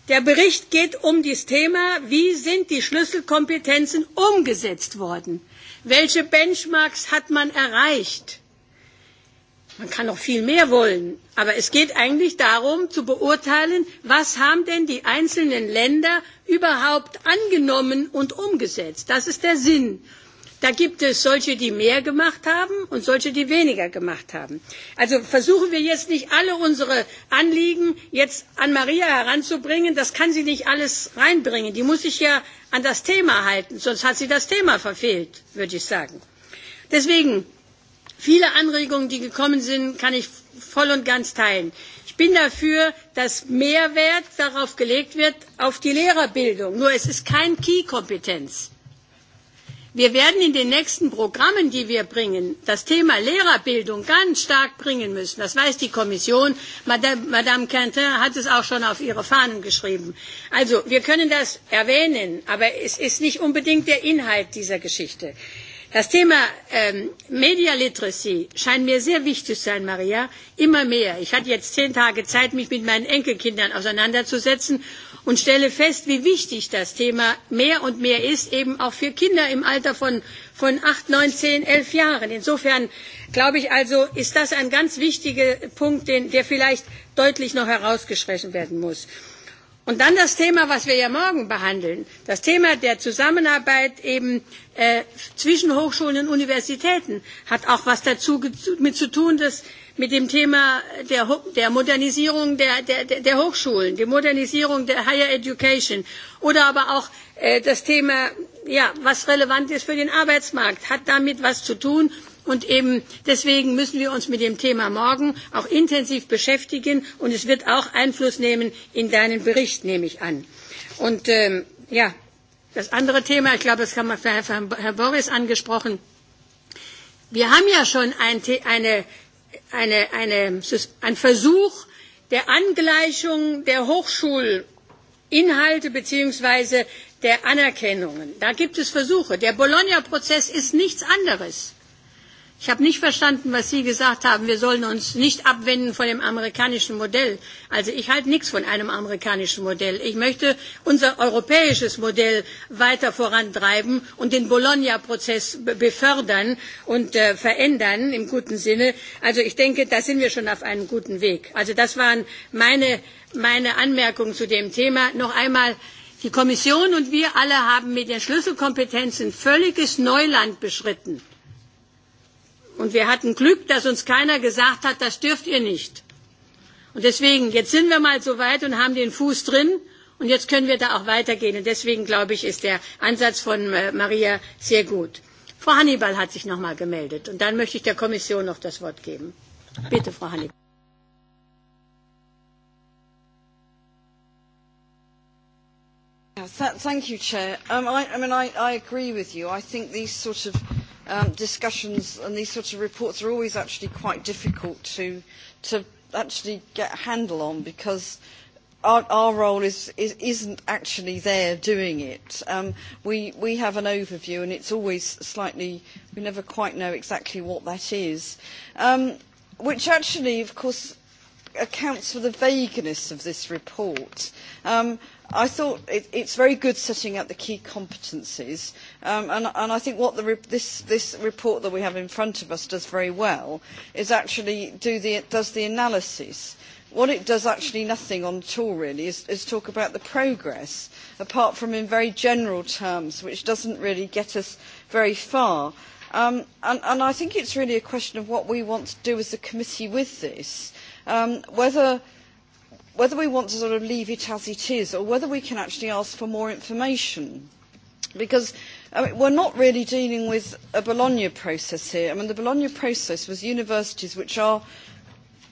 Der Bericht geht um das Thema, wie sind die Schlüsselkompetenzen umgesetzt worden? Welche Benchmarks hat man erreicht? Man kann noch viel mehr wollen, aber es geht eigentlich darum zu beurteilen, was haben denn die einzelnen Länder überhaupt angenommen und umgesetzt. Das ist der Sinn. Da gibt es solche, die mehr gemacht haben und solche, die weniger gemacht haben. Also versuchen wir jetzt nicht alle unsere Anliegen jetzt an Maria heranzubringen. Das kann sie nicht alles reinbringen. Die muss sich ja an das Thema halten, sonst hat sie das Thema verfehlt, würde ich sagen. Deswegen, viele Anregungen, die gekommen sind, kann ich voll und ganz teilen. Ich bin dafür, dass Mehrwert darauf gelegt wird, auf die Lehrerbildung. Nur es ist kein Key-Kompetenz. Wir werden in den nächsten Programmen, die wir bringen, das Thema Lehrerbildung ganz stark bringen müssen. Das weiß die Kommission. Madame, Madame Quentin hat es auch schon auf ihre Fahnen geschrieben. Also wir können das erwähnen, aber es ist nicht unbedingt der Inhalt dieser Geschichte. Das Thema ähm, Media Literacy scheint mir sehr wichtig zu sein, Maria. Immer mehr. Ich hatte jetzt zehn Tage Zeit, mich mit meinen Enkelkindern auseinanderzusetzen und stelle fest, wie wichtig das Thema mehr und mehr ist, eben auch für Kinder im Alter von, von acht, neun, zehn, elf Jahren. Insofern glaube ich also, ist das ein ganz wichtiger Punkt, den, der vielleicht deutlich noch herausgestrichen werden muss. Und dann das Thema, was wir ja morgen behandeln, das Thema der Zusammenarbeit eben äh, zwischen Hochschulen und Universitäten hat auch was dazu mit zu tun, dass mit dem Thema der, der Modernisierung der, der, der Hochschulen, die Modernisierung der Higher Education oder aber auch äh, das Thema, ja, was relevant ist für den Arbeitsmarkt, hat damit was zu tun Und eben deswegen müssen wir uns mit dem Thema morgen auch intensiv beschäftigen und es wird auch Einfluss nehmen in deinen Bericht, nehme ich an. Und ähm, ja, das andere Thema, ich glaube, das kann haben Herr, Herr Boris angesprochen. Wir haben ja schon ein, eine, eine, eine, ein Versuch der Angleichung der Hochschulinhalte beziehungsweise der Anerkennungen. Da gibt es Versuche. Der Bologna-Prozess ist nichts anderes. Ich habe nicht verstanden, was Sie gesagt haben, wir sollen uns nicht abwenden von dem amerikanischen Modell. Also ich halte nichts von einem amerikanischen Modell. Ich möchte unser europäisches Modell weiter vorantreiben und den Bologna-Prozess befördern und äh, verändern im guten Sinne. Also ich denke, da sind wir schon auf einem guten Weg. Also das waren meine, meine Anmerkungen zu dem Thema. Noch einmal, die Kommission und wir alle haben mit den Schlüsselkompetenzen völliges Neuland beschritten. Und wir hatten Glück, dass uns keiner gesagt hat, das dürft ihr nicht. Und deswegen, jetzt sind wir mal so weit und haben den Fuß drin. Und jetzt können wir da auch weitergehen. Und deswegen, glaube ich, ist der Ansatz von äh, Maria sehr gut. Frau Hannibal hat sich noch mal gemeldet. Und dann möchte ich der Kommission noch das Wort geben. Bitte, Frau Hannibal. thank you, Chair. Um, I, I mean, I, I agree with you. I think these sort of um, discussions and these sorts of reports are always actually quite difficult to, to actually get a handle on because our, our role is, is, isn't actually there doing it. Um, we, we have an overview and it's always slightly, we never quite know exactly what that is, um, which actually, of course, accounts for the vagueness of this report. Um, I thought it, it's very good setting out the key competencies, um, and, and I think what the re- this, this report that we have in front of us does very well is actually do the, does the analysis. What it does actually nothing on at all really is, is talk about the progress, apart from in very general terms, which doesn't really get us very far. Um, and, and I think it's really a question of what we want to do as a committee with this, um, whether whether we want to sort of leave it as it is or whether we can actually ask for more information. Because I mean, we're not really dealing with a Bologna process here. I mean, the Bologna process was universities which are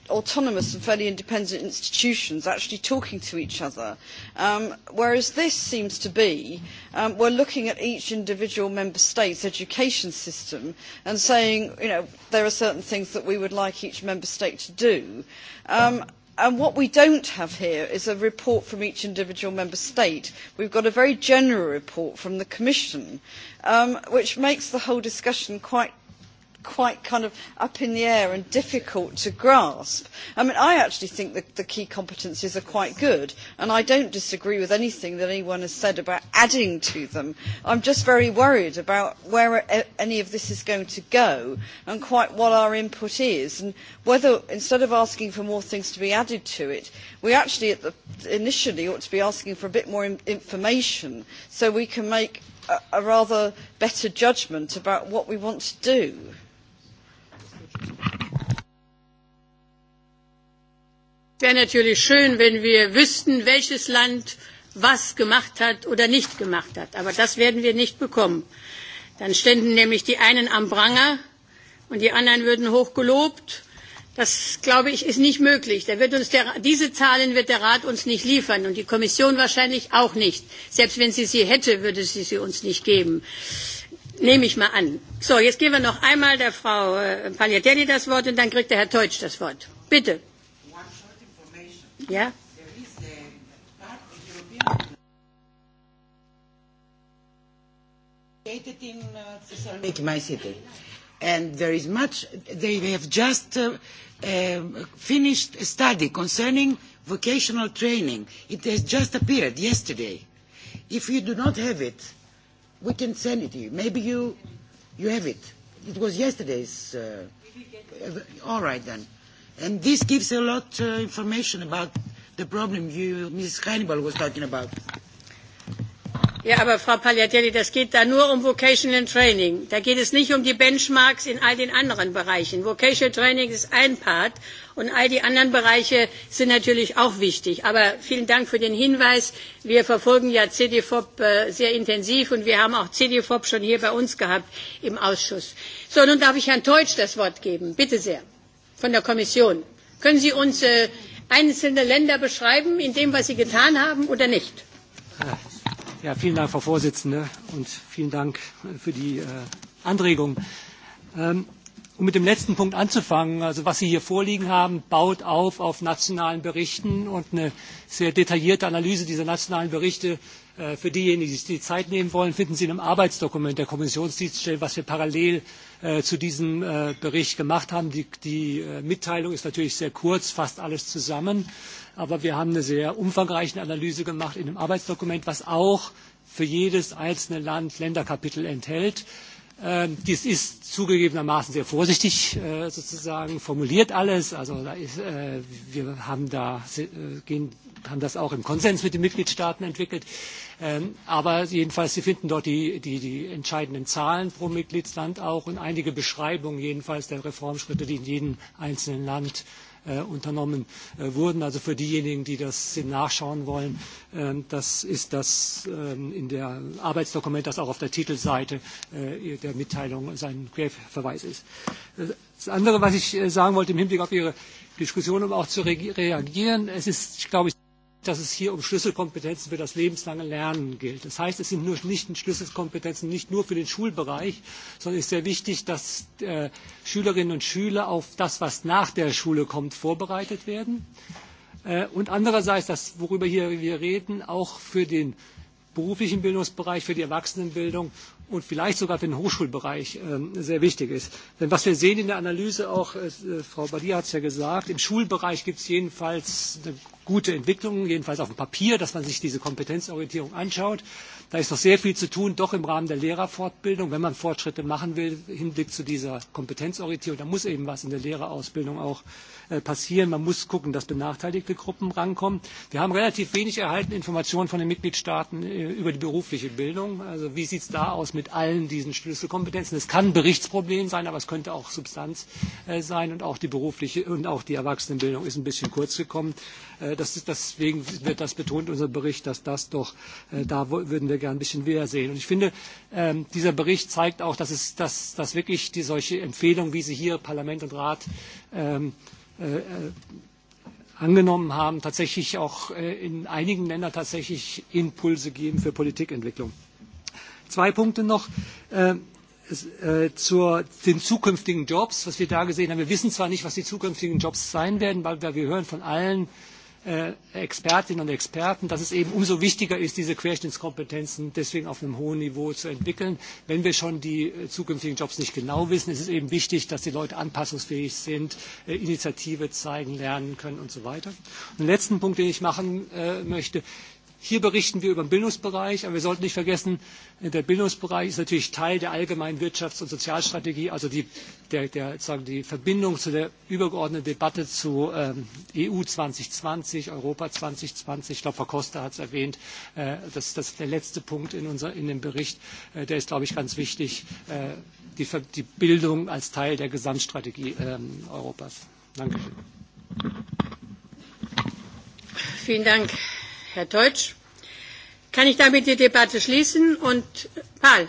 autonomous and fairly independent institutions actually talking to each other. Um, whereas this seems to be, um, we're looking at each individual member state's education system and saying, you know, there are certain things that we would like each member state to do. Um, And what we don't have here is a report from each individual member state. We've got a very general report from the Commission, um, which makes the whole discussion quite quite kind of up in the air and difficult to grasp. I mean, I actually think that the key competencies are quite good, and I don't disagree with anything that anyone has said about adding to them. I'm just very worried about where any of this is going to go and quite what our input is, and whether instead of asking for more things to be added to it, we actually at the, initially ought to be asking for a bit more information so we can make a, a rather better judgment about what we want to do wäre natürlich schön, wenn wir wüssten, welches Land was gemacht hat oder nicht gemacht hat. Aber das werden wir nicht bekommen. Dann ständen nämlich die einen am Pranger und die anderen würden hochgelobt. Das, glaube ich, ist nicht möglich. Da wird uns der, diese Zahlen wird der Rat uns nicht liefern und die Kommission wahrscheinlich auch nicht. Selbst wenn sie sie hätte, würde sie sie uns nicht geben. Äh, Nehme ich mal an. So, jetzt geben wir noch einmal der Frau äh, Pagliatelli das Wort und dann kriegt der Herr Teutsch das Wort. Bitte. Ja? Located in uh, Thessaloniki, my city, and there is much. They have just uh, uh, finished a study concerning vocational training. It has just appeared yesterday. If you do not have it, We can send it to you. Maybe you, you have it. It was yesterday's. Uh, all right then. And this gives a lot of uh, information about the problem you, Mrs. Hannibal was talking about. Ja, aber Frau Pagliatelli, das geht da nur um Vocational Training. Da geht es nicht um die Benchmarks in all den anderen Bereichen. Vocational Training ist ein Part Und all die anderen Bereiche sind natürlich auch wichtig. Aber vielen Dank für den Hinweis. Wir verfolgen ja CDFOP äh, sehr intensiv und wir haben auch CDFOP schon hier bei uns gehabt im Ausschuss. So, nun darf ich Herrn Teutsch das Wort geben. Bitte sehr. Von der Kommission. Können Sie uns äh, einzelne Länder beschreiben in dem, was Sie getan haben oder nicht? Ah, ja, vielen Dank, Frau Vorsitzende, und vielen Dank für die äh, Anregung. Ähm, Um mit dem letzten Punkt anzufangen, also was Sie hier vorliegen haben, baut auf auf nationalen Berichten und eine sehr detaillierte Analyse dieser nationalen Berichte äh, für diejenigen, die sich die Zeit nehmen wollen, finden Sie in einem Arbeitsdokument der Kommissionsdienststelle, was wir parallel äh, zu diesem äh, Bericht gemacht haben. Die, die Mitteilung ist natürlich sehr kurz, fasst alles zusammen, aber wir haben eine sehr umfangreiche Analyse gemacht in dem Arbeitsdokument, was auch für jedes einzelne Land Länderkapitel enthält. Ähm, dies ist zugegebenermaßen sehr vorsichtig äh, sozusagen formuliert alles. Also da ist, äh, wir haben, da, äh, haben das auch im Konsens mit den Mitgliedstaaten entwickelt. Ähm, aber jedenfalls, Sie finden dort die, die, die entscheidenden Zahlen pro Mitgliedsland auch und einige Beschreibungen jedenfalls der Reformschritte, die in jedem einzelnen Land Äh, unternommen äh, wurden. Also für diejenigen, die das nachschauen wollen, ähm, das ist das ähm, in der Arbeitsdokument, das auch auf der Titelseite äh, der Mitteilung sein Querverweis ist. Das andere, was ich sagen wollte im Hinblick auf Ihre Diskussion, um auch zu reagieren, es ist, glaube ich, dass es hier um Schlüsselkompetenzen für das lebenslange Lernen gilt. Das heißt, es sind nur nicht Schlüsselkompetenzen nicht nur für den Schulbereich, sondern es ist sehr wichtig, dass äh, Schülerinnen und Schüler auf das, was nach der Schule kommt, vorbereitet werden. Äh, und andererseits, das, worüber hier wir reden, auch für den beruflichen Bildungsbereich, für die Erwachsenenbildung und vielleicht sogar für den Hochschulbereich äh, sehr wichtig ist. Denn was wir sehen in der Analyse auch, äh, Frau Badia hat es ja gesagt, im Schulbereich gibt es jedenfalls eine gute Entwicklung, jedenfalls auf dem Papier, dass man sich diese Kompetenzorientierung anschaut. Da ist noch sehr viel zu tun, doch im Rahmen der Lehrerfortbildung, wenn man Fortschritte machen will, im Hinblick zu dieser Kompetenzorientierung. Da muss eben was in der Lehrerausbildung auch äh, passieren. Man muss gucken, dass benachteiligte Gruppen rankommen. Wir haben relativ wenig erhalten Informationen von den Mitgliedstaaten äh, über die berufliche Bildung. Also wie sieht es da aus mit allen diesen Schlüsselkompetenzen? Es kann ein Berichtsproblem sein, aber es könnte auch Substanz äh, sein und auch die berufliche und auch die Erwachsenenbildung ist ein bisschen kurz gekommen. Äh, das ist, deswegen wird das betont in unserem Bericht, dass das doch, äh, da würden wir gern ein bisschen mehr sehen. Und ich finde, ähm, dieser Bericht zeigt auch, dass, es, dass, dass wirklich die solche Empfehlungen, wie sie hier Parlament und Rat ähm, äh, äh angenommen haben, tatsächlich auch in einigen Ländern tatsächlich Impulse geben für Politikentwicklung. Zwei Punkte noch ähm, äh, zu den zukünftigen Jobs, was wir da gesehen haben. Wir wissen zwar nicht, was die zukünftigen Jobs sein werden, weil wir hören von allen Äh, Expertinnen und Experten, dass es eben umso wichtiger ist, diese Querschnittskompetenzen deswegen auf einem hohen Niveau zu entwickeln. Wenn wir schon die äh, zukünftigen Jobs nicht genau wissen, ist es eben wichtig, dass die Leute anpassungsfähig sind, äh, Initiative zeigen, lernen können und so weiter. Und den letzten Punkt, den ich machen möchte, Hier berichten wir über den Bildungsbereich, aber wir sollten nicht vergessen, der Bildungsbereich ist natürlich Teil der allgemeinen Wirtschafts- und Sozialstrategie, also die, der, der, sagen, die Verbindung zu der übergeordneten Debatte zu ähm, EU 2020, Europa 2020. Ich glaube, Frau Costa hat es erwähnt. Äh, das, das ist der letzte Punkt in, unser, in dem Bericht. Äh, der ist, glaube ich, ganz wichtig. Äh, die, die Bildung als Teil der Gesamtstrategie ähm, Europas. Danke. Vielen Dank. Herr Deutsch. Kann ich damit die Debatte schließen? Und Paul,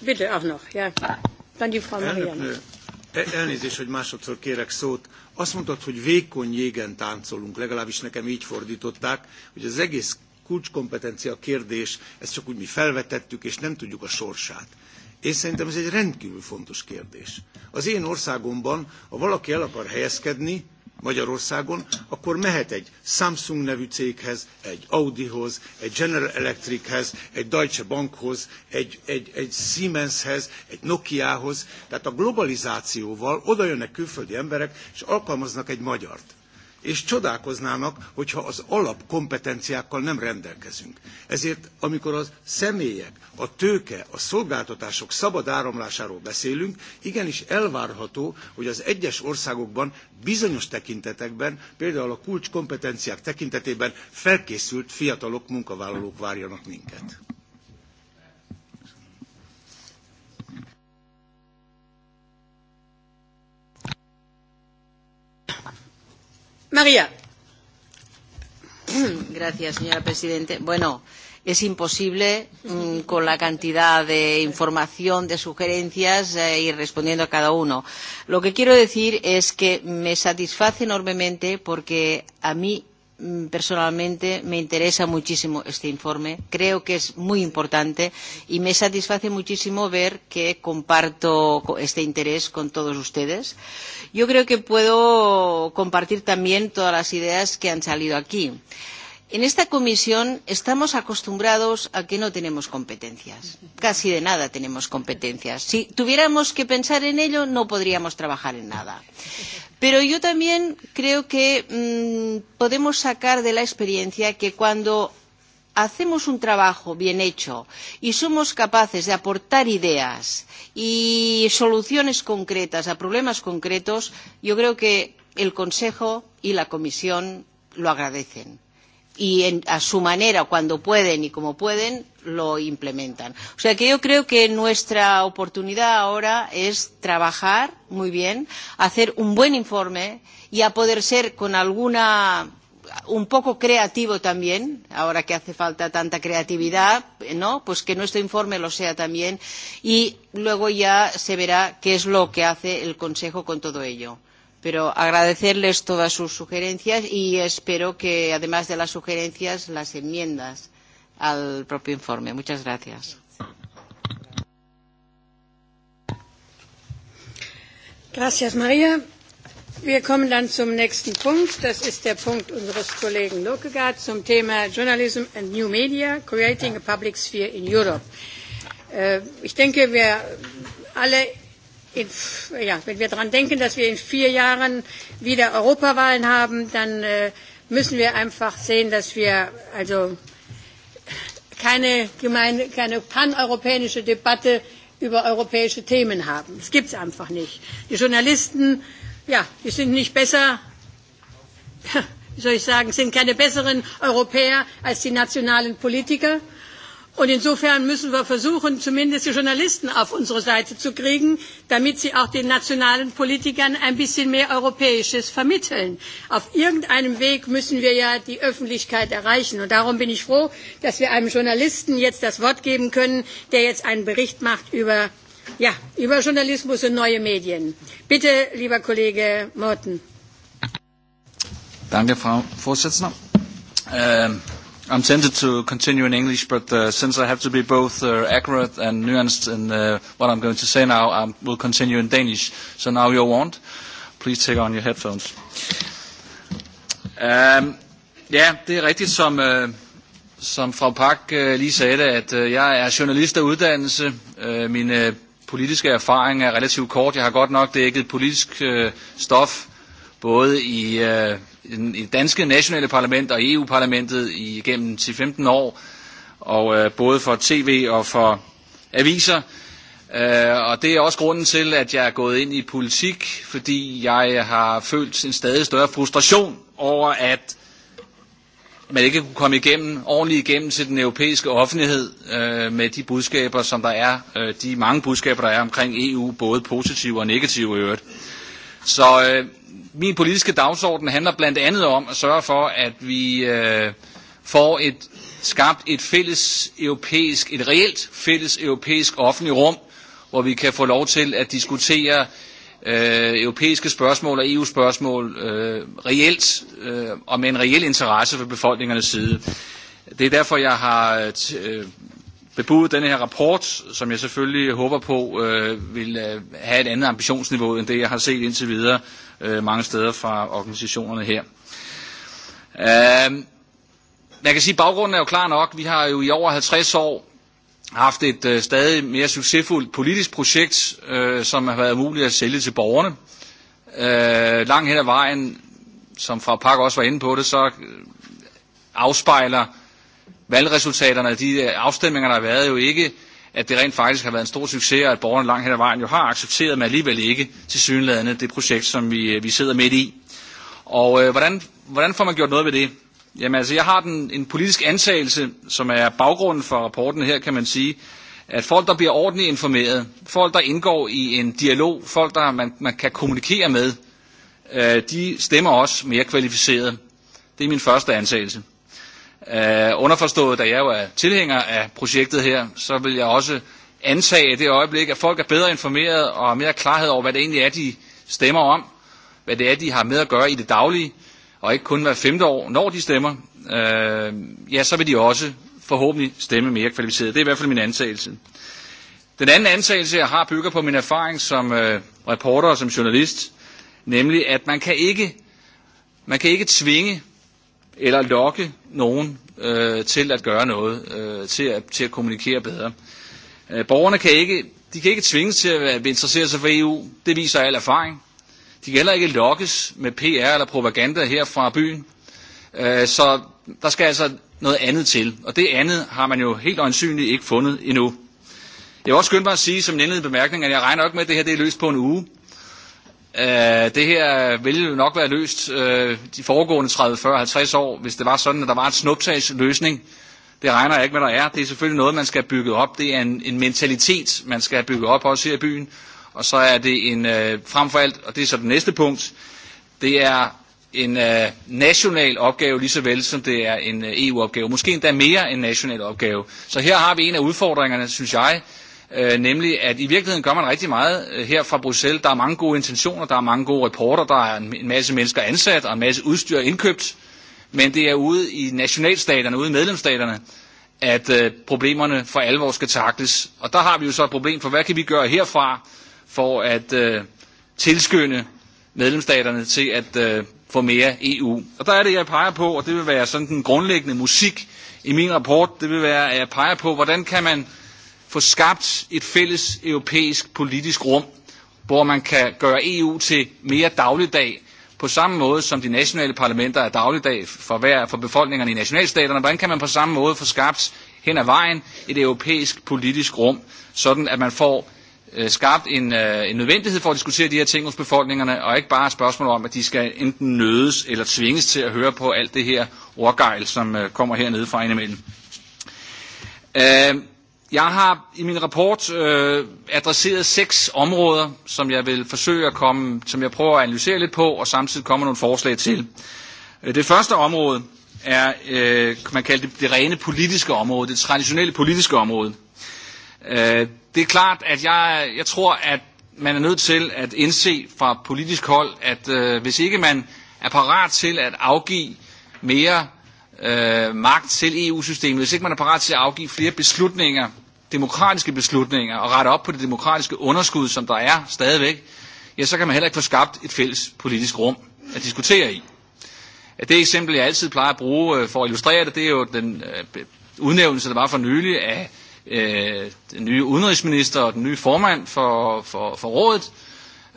bitte auch noch. Ja. Dann die Frau Elnézést, hogy másodszor kérek szót. Azt mondtad, hogy vékony jégen táncolunk, legalábbis nekem így fordították, hogy az egész kulcskompetencia kérdés, ezt csak úgy mi felvetettük, és nem tudjuk a sorsát. Én szerintem ez egy rendkívül fontos kérdés. Az én országomban, ha valaki el akar helyezkedni, Magyarországon, akkor mehet egy Samsung nevű céghez, egy Audihoz, egy General Electrichez, egy Deutsche Bankhoz, egy, egy, egy Siemenshez, egy Nokiahoz. Tehát a globalizációval odajönnek külföldi emberek, és alkalmaznak egy magyart és csodálkoznának, hogyha az alapkompetenciákkal nem rendelkezünk. Ezért, amikor a személyek, a tőke, a szolgáltatások szabad áramlásáról beszélünk, igenis elvárható, hogy az egyes országokban bizonyos tekintetekben, például a kulcskompetenciák tekintetében felkészült fiatalok, munkavállalók várjanak minket. María. Gracias, señora presidente. Bueno, es imposible mmm, con la cantidad de información, de sugerencias, eh, ir respondiendo a cada uno. Lo que quiero decir es que me satisface enormemente porque a mí Mm, personalmente me interesa muchísimo este informe. Creo que es muy importante y me satisface muchísimo ver que comparto este interés con todos ustedes. Yo creo que puedo compartir también todas las ideas que han salido aquí. En esta comisión estamos acostumbrados a que no tenemos competencias. Casi de nada tenemos competencias. Si tuviéramos que pensar en ello, no podríamos trabajar en nada. Pero yo también creo que mmm, podemos sacar de la experiencia que cuando hacemos un trabajo bien hecho y somos capaces de aportar ideas y soluciones concretas a problemas concretos, yo creo que el Consejo y la Comisión lo agradecen y en, a su manera, cuando pueden y como pueden, lo implementan. O sea que yo creo que nuestra oportunidad ahora es trabajar muy bien, hacer un buen informe y a poder ser con alguna un poco creativo también, ahora que hace falta tanta creatividad, ¿no? Pues que nuestro informe lo sea también y luego ya se verá qué es lo que hace el Consejo con todo ello pero agradecerles todas sus sugerencias y espero que, además de las sugerencias, las enmiendas al propio informe. Muchas gracias. Gracias, María. Wir kommen dann zum nächsten Punkt. Das ist der Punkt unseres Kollegen Lokegaard zum Thema Journalism and New Media, Creating a Public Sphere in Europe. Äh, ich denke, wir alle in, ja, wenn wir daran denken, dass wir in vier Jahren wieder Europawahlen haben, dann äh, müssen wir einfach sehen, dass wir also keine, gemeine, keine paneuropäische Debatte über europäische Themen haben. Das gibt es einfach nicht. Die Journalisten, ja, die sind nicht besser, wie soll ich sagen, sind keine besseren Europäer als die nationalen Politiker Und insofern müssen wir versuchen, zumindest die Journalisten auf unsere Seite zu kriegen, damit sie auch den nationalen Politikern ein bisschen mehr Europäisches vermitteln. Auf irgendeinem Weg müssen wir ja die Öffentlichkeit erreichen. Und darum bin ich froh, dass wir einem Journalisten jetzt das Wort geben können, der jetzt einen Bericht macht über, ja, über Journalismus und neue Medien. Bitte, lieber Kollege Morten. Danke, Frau Vorsitzende. Ähm I'm tempted to continue in English, but uh, since I have to be both uh, accurate and nuanced in uh, what I'm going to say now, I will continue in Danish. So now you're warned. Please take on your headphones. Um, ja, det er rigtigt, som, uh, som Frau Park uh, lige sagde det, at uh, jeg er journalist af uddannelse. Uh, min uh, politiske erfaring er relativt kort. Jeg har godt nok dækket politisk uh, stof, både i uh, i det danske nationale parlament og EU-parlamentet igennem 10-15 år, og øh, både for tv og for aviser. Øh, og det er også grunden til, at jeg er gået ind i politik, fordi jeg har følt en stadig større frustration over, at man ikke kunne komme igennem, ordentligt igennem til den europæiske offentlighed øh, med de budskaber, som der er, øh, de mange budskaber, der er omkring EU, både positive og negative i øvrigt. Så øh, min politiske dagsorden handler blandt andet om at sørge for, at vi øh, får et skabt et fælles europæisk, et reelt fælles europæisk offentligt rum, hvor vi kan få lov til at diskutere øh, europæiske spørgsmål og EU-spørgsmål øh, reelt øh, og med en reel interesse for befolkningernes side. Det er derfor, jeg har øh, øh bebudet den her rapport, som jeg selvfølgelig håber på øh, vil øh, have et andet ambitionsniveau end det, jeg har set indtil videre øh, mange steder fra organisationerne her. Øh, jeg kan sige, at baggrunden er jo klar nok. Vi har jo i over 50 år haft et øh, stadig mere succesfuldt politisk projekt, øh, som har været muligt at sælge til borgerne. Øh, langt hen ad vejen, som fra Park også var inde på det, så øh, afspejler øh, valgresultaterne og de øh, afstemninger, der har været, jo ikke, at det rent faktisk har været en stor succes, og at borgerne langt hen ad vejen jo har accepteret, men alligevel ikke til synlædende det projekt, som vi, øh, vi sidder midt i. Og øh, hvordan, hvordan får man gjort noget ved det? Jamen altså, jeg har den, en politisk antagelse, som er baggrunden for rapporten her, kan man sige, at folk, der bliver ordentligt informeret, folk, der indgår i en dialog, folk, der man, man kan kommunikere med, øh, de stemmer også mere kvalificeret. Det er min første antagelse. Øh, underforstået, da jeg jo er tilhænger af projektet her, så vil jeg også antage i det øjeblik, at folk er bedre informeret og har mere klarhed over, hvad det egentlig er, de stemmer om, hvad det er, de har med at gøre i det daglige, og ikke kun hver femte år, når de stemmer, øh, ja, så vil de også forhåbentlig stemme mere kvalificeret. Det er i hvert fald min antagelse. Den anden antagelse, jeg har, bygger på min erfaring som øh, reporter og som journalist, nemlig at man kan ikke, man kan ikke tvinge eller lokke nogen øh, til at gøre noget, øh, til, at, til at kommunikere bedre. Øh, borgerne kan ikke, de kan ikke tvinges til at interessere sig for EU. Det viser al erfaring. De kan heller ikke lokkes med PR eller propaganda her fra byen. Øh, så der skal altså noget andet til, og det andet har man jo helt øjensynligt ikke fundet endnu. Jeg vil også skynde mig at sige som en indledende bemærkning, at jeg regner nok med, at det her det er løst på en uge. Øh, det her ville jo nok være løst øh, de foregående 30, 40, 50 år, hvis det var sådan, at der var en snuptagsløsning. Det regner jeg ikke med, der er. Det er selvfølgelig noget, man skal have bygget op. Det er en, en mentalitet, man skal have bygget op også her i byen. Og så er det en, øh, frem for alt, og det er så det næste punkt, det er en øh, national opgave lige så vel som det er en øh, EU-opgave. Måske endda mere en national opgave. Så her har vi en af udfordringerne, synes jeg, øh, nemlig at i virkeligheden gør man rigtig meget øh, her fra Bruxelles. Der er mange gode intentioner, der er mange gode reporter, der er en masse mennesker ansat og en masse udstyr indkøbt, men det er ude i nationalstaterne, ude i medlemsstaterne, at øh, problemerne for alvor skal takles. Og der har vi jo så et problem, for hvad kan vi gøre herfra for at øh, tilskynde medlemsstaterne til at øh, få mere EU. Og der er det, jeg peger på, og det vil være sådan den grundlæggende musik i min rapport, det vil være, at jeg peger på, hvordan kan man øh, få skabt et fælles europæisk politisk rum, hvor man kan gøre EU til mere dagligdag, på samme måde som de nationale parlamenter er dagligdag for, hver, for befolkningerne i nationalstaterne. Hvordan kan man på samme måde få skabt hen ad vejen et europæisk politisk rum, sådan at man får øh, skabt en, øh, en nødvendighed for at diskutere de her ting hos befolkningerne, og ikke bare et spørgsmål om, at de skal enten nødes eller tvinges til at høre på alt det her ordgejl, som øh, kommer hernede fra indimellem. Øh, Jeg har i min rapport øh, adresseret seks områder, som jeg vil forsøge at komme, som jeg prøver at analysere lidt på, og samtidig kommer nogle forslag til. Øh, det første område er, øh, man kalder det det rene politiske område, det traditionelle politiske område. Øh, det er klart, at jeg, jeg tror, at man er nødt til at indse fra politisk hold, at øh, hvis ikke man er parat til at afgive mere øh, magt til EU-systemet, hvis ikke man er parat til at afgive flere beslutninger, demokratiske beslutninger, og rette op på det demokratiske underskud, som der er stadigvæk, ja, så kan man heller ikke få skabt et fælles politisk rum at diskutere i. Det eksempel, jeg altid plejer at bruge øh, for at illustrere det, det er jo den øh, udnævnelse, der var for nylig af øh, den nye udenrigsminister og den nye formand for, for, for rådet, øh,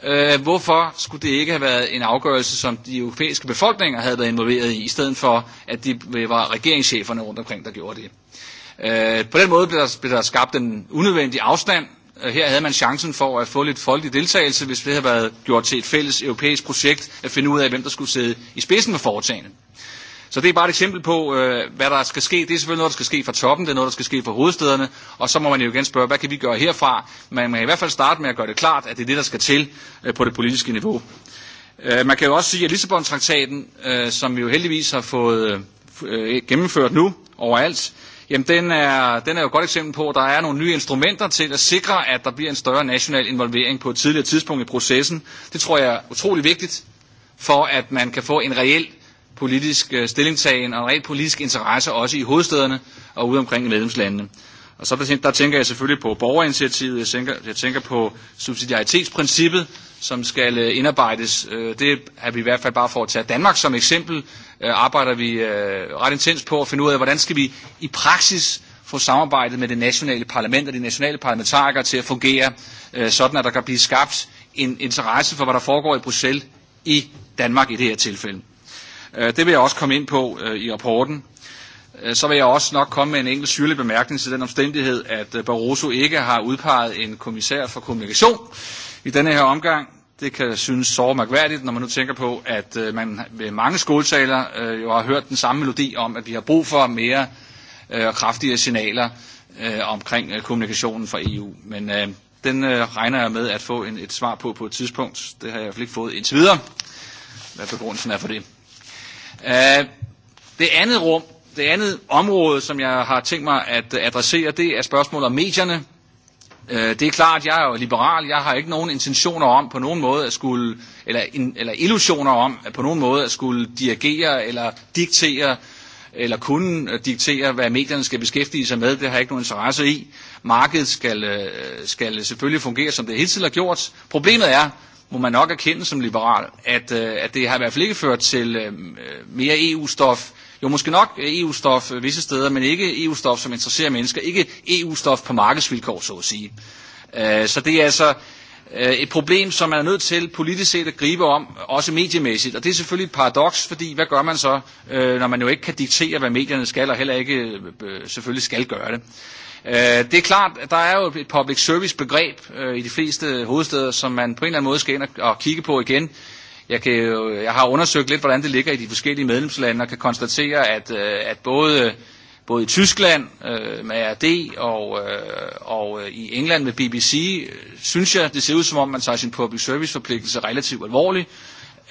øh, hvorfor skulle det ikke have været en afgørelse, som de europæiske befolkninger havde været involveret i, i stedet for, at det øh, var regeringscheferne rundt omkring, der gjorde det. Øh, på den måde blev der, blev der skabt en unødvendig afstand. Øh, her havde man chancen for at få lidt folkelig deltagelse, hvis det havde været gjort til et fælles europæisk projekt at finde ud af, hvem der skulle sidde i spidsen for foretagene. Så det er bare et eksempel på, øh, hvad der skal ske. Det er selvfølgelig noget, der skal ske fra toppen, det er noget, der skal ske fra hovedstederne, og så må man jo igen spørge, hvad kan vi gøre herfra? Man kan i hvert fald starte med at gøre det klart, at det er det, der skal til øh, på det politiske niveau. Øh, man kan jo også sige, at Lissabon-traktaten, øh, som vi jo heldigvis har fået øh, øh, gennemført nu overalt, jamen den er, den er jo et godt eksempel på, at der er nogle nye instrumenter til at sikre, at der bliver en større national involvering på et tidligere tidspunkt i processen. Det tror jeg er utrolig vigtigt for, at man kan få en reel politisk øh, stillingtagen og rent politisk interesse også i hovedstederne og ude omkring i medlemslandene. Og så der tænker jeg selvfølgelig på borgerinitiativet, jeg tænker, jeg tænker på subsidiaritetsprincippet, som skal øh, indarbejdes. Øh, det er vi i hvert fald bare for at tage Danmark som eksempel, arbejder vi ret intens på at finde ud af, hvordan skal vi i praksis få samarbejdet med det nationale parlament og de nationale parlamentarikere til at fungere, sådan at der kan blive skabt en interesse for, hvad der foregår i Bruxelles i Danmark i det her tilfælde. Øh, det vil jeg også komme ind på øh, i rapporten. Øh, så vil jeg også nok komme med en enkelt syrlig bemærkning til den omstændighed, at Barroso ikke har udpeget en kommissær for kommunikation i denne her omgang. Det kan synes så mærkværdigt, når man nu tænker på, at man ved mange skoletaler jo har hørt den samme melodi om, at vi har brug for mere kraftige signaler omkring kommunikationen fra EU. Men den regner jeg med at få et svar på på et tidspunkt. Det har jeg i hvert fald ikke fået indtil videre, hvad begrundelsen er for det. Øh, det andet rum, det andet område, som jeg har tænkt mig at øh, adressere, det er spørgsmålet om medierne. Øh, det er klart, jeg er jo liberal. Jeg har ikke nogen intentioner om på nogen måde at skulle, eller, eller illusioner om at på nogen måde at skulle dirigere eller diktere eller kunne diktere, hvad medierne skal beskæftige sig med. Det har jeg ikke nogen interesse i. Markedet skal, skal selvfølgelig fungere, som det hele tiden har gjort. Problemet er, må man nok erkende som liberal, at, øh, at det har i hvert fald ikke ført til øh, mere EU-stof. Jo, måske nok EU-stof visse steder, men ikke EU-stof, som interesserer mennesker. Ikke EU-stof på markedsvilkår, så at sige. Øh, så det er altså øh, et problem, som man er nødt til politisk set at gribe om, også mediemæssigt. Og det er selvfølgelig et paradoks, fordi hvad gør man så, øh, når man jo ikke kan diktere, hvad medierne skal, og heller ikke øh, selvfølgelig skal gøre det. Øh, det er klart, at der er jo et public service begreb øh, i de fleste hovedsteder, som man på en eller anden måde skal ind og kigge på igen. Jeg, kan jo, jeg har undersøgt lidt, hvordan det ligger i de forskellige medlemslande, og kan konstatere, at, øh, at både, både i Tyskland øh, med RD og, øh, og i England med BBC, synes jeg, det ser ud som om, man tager sin public service forpligtelse relativt alvorligt,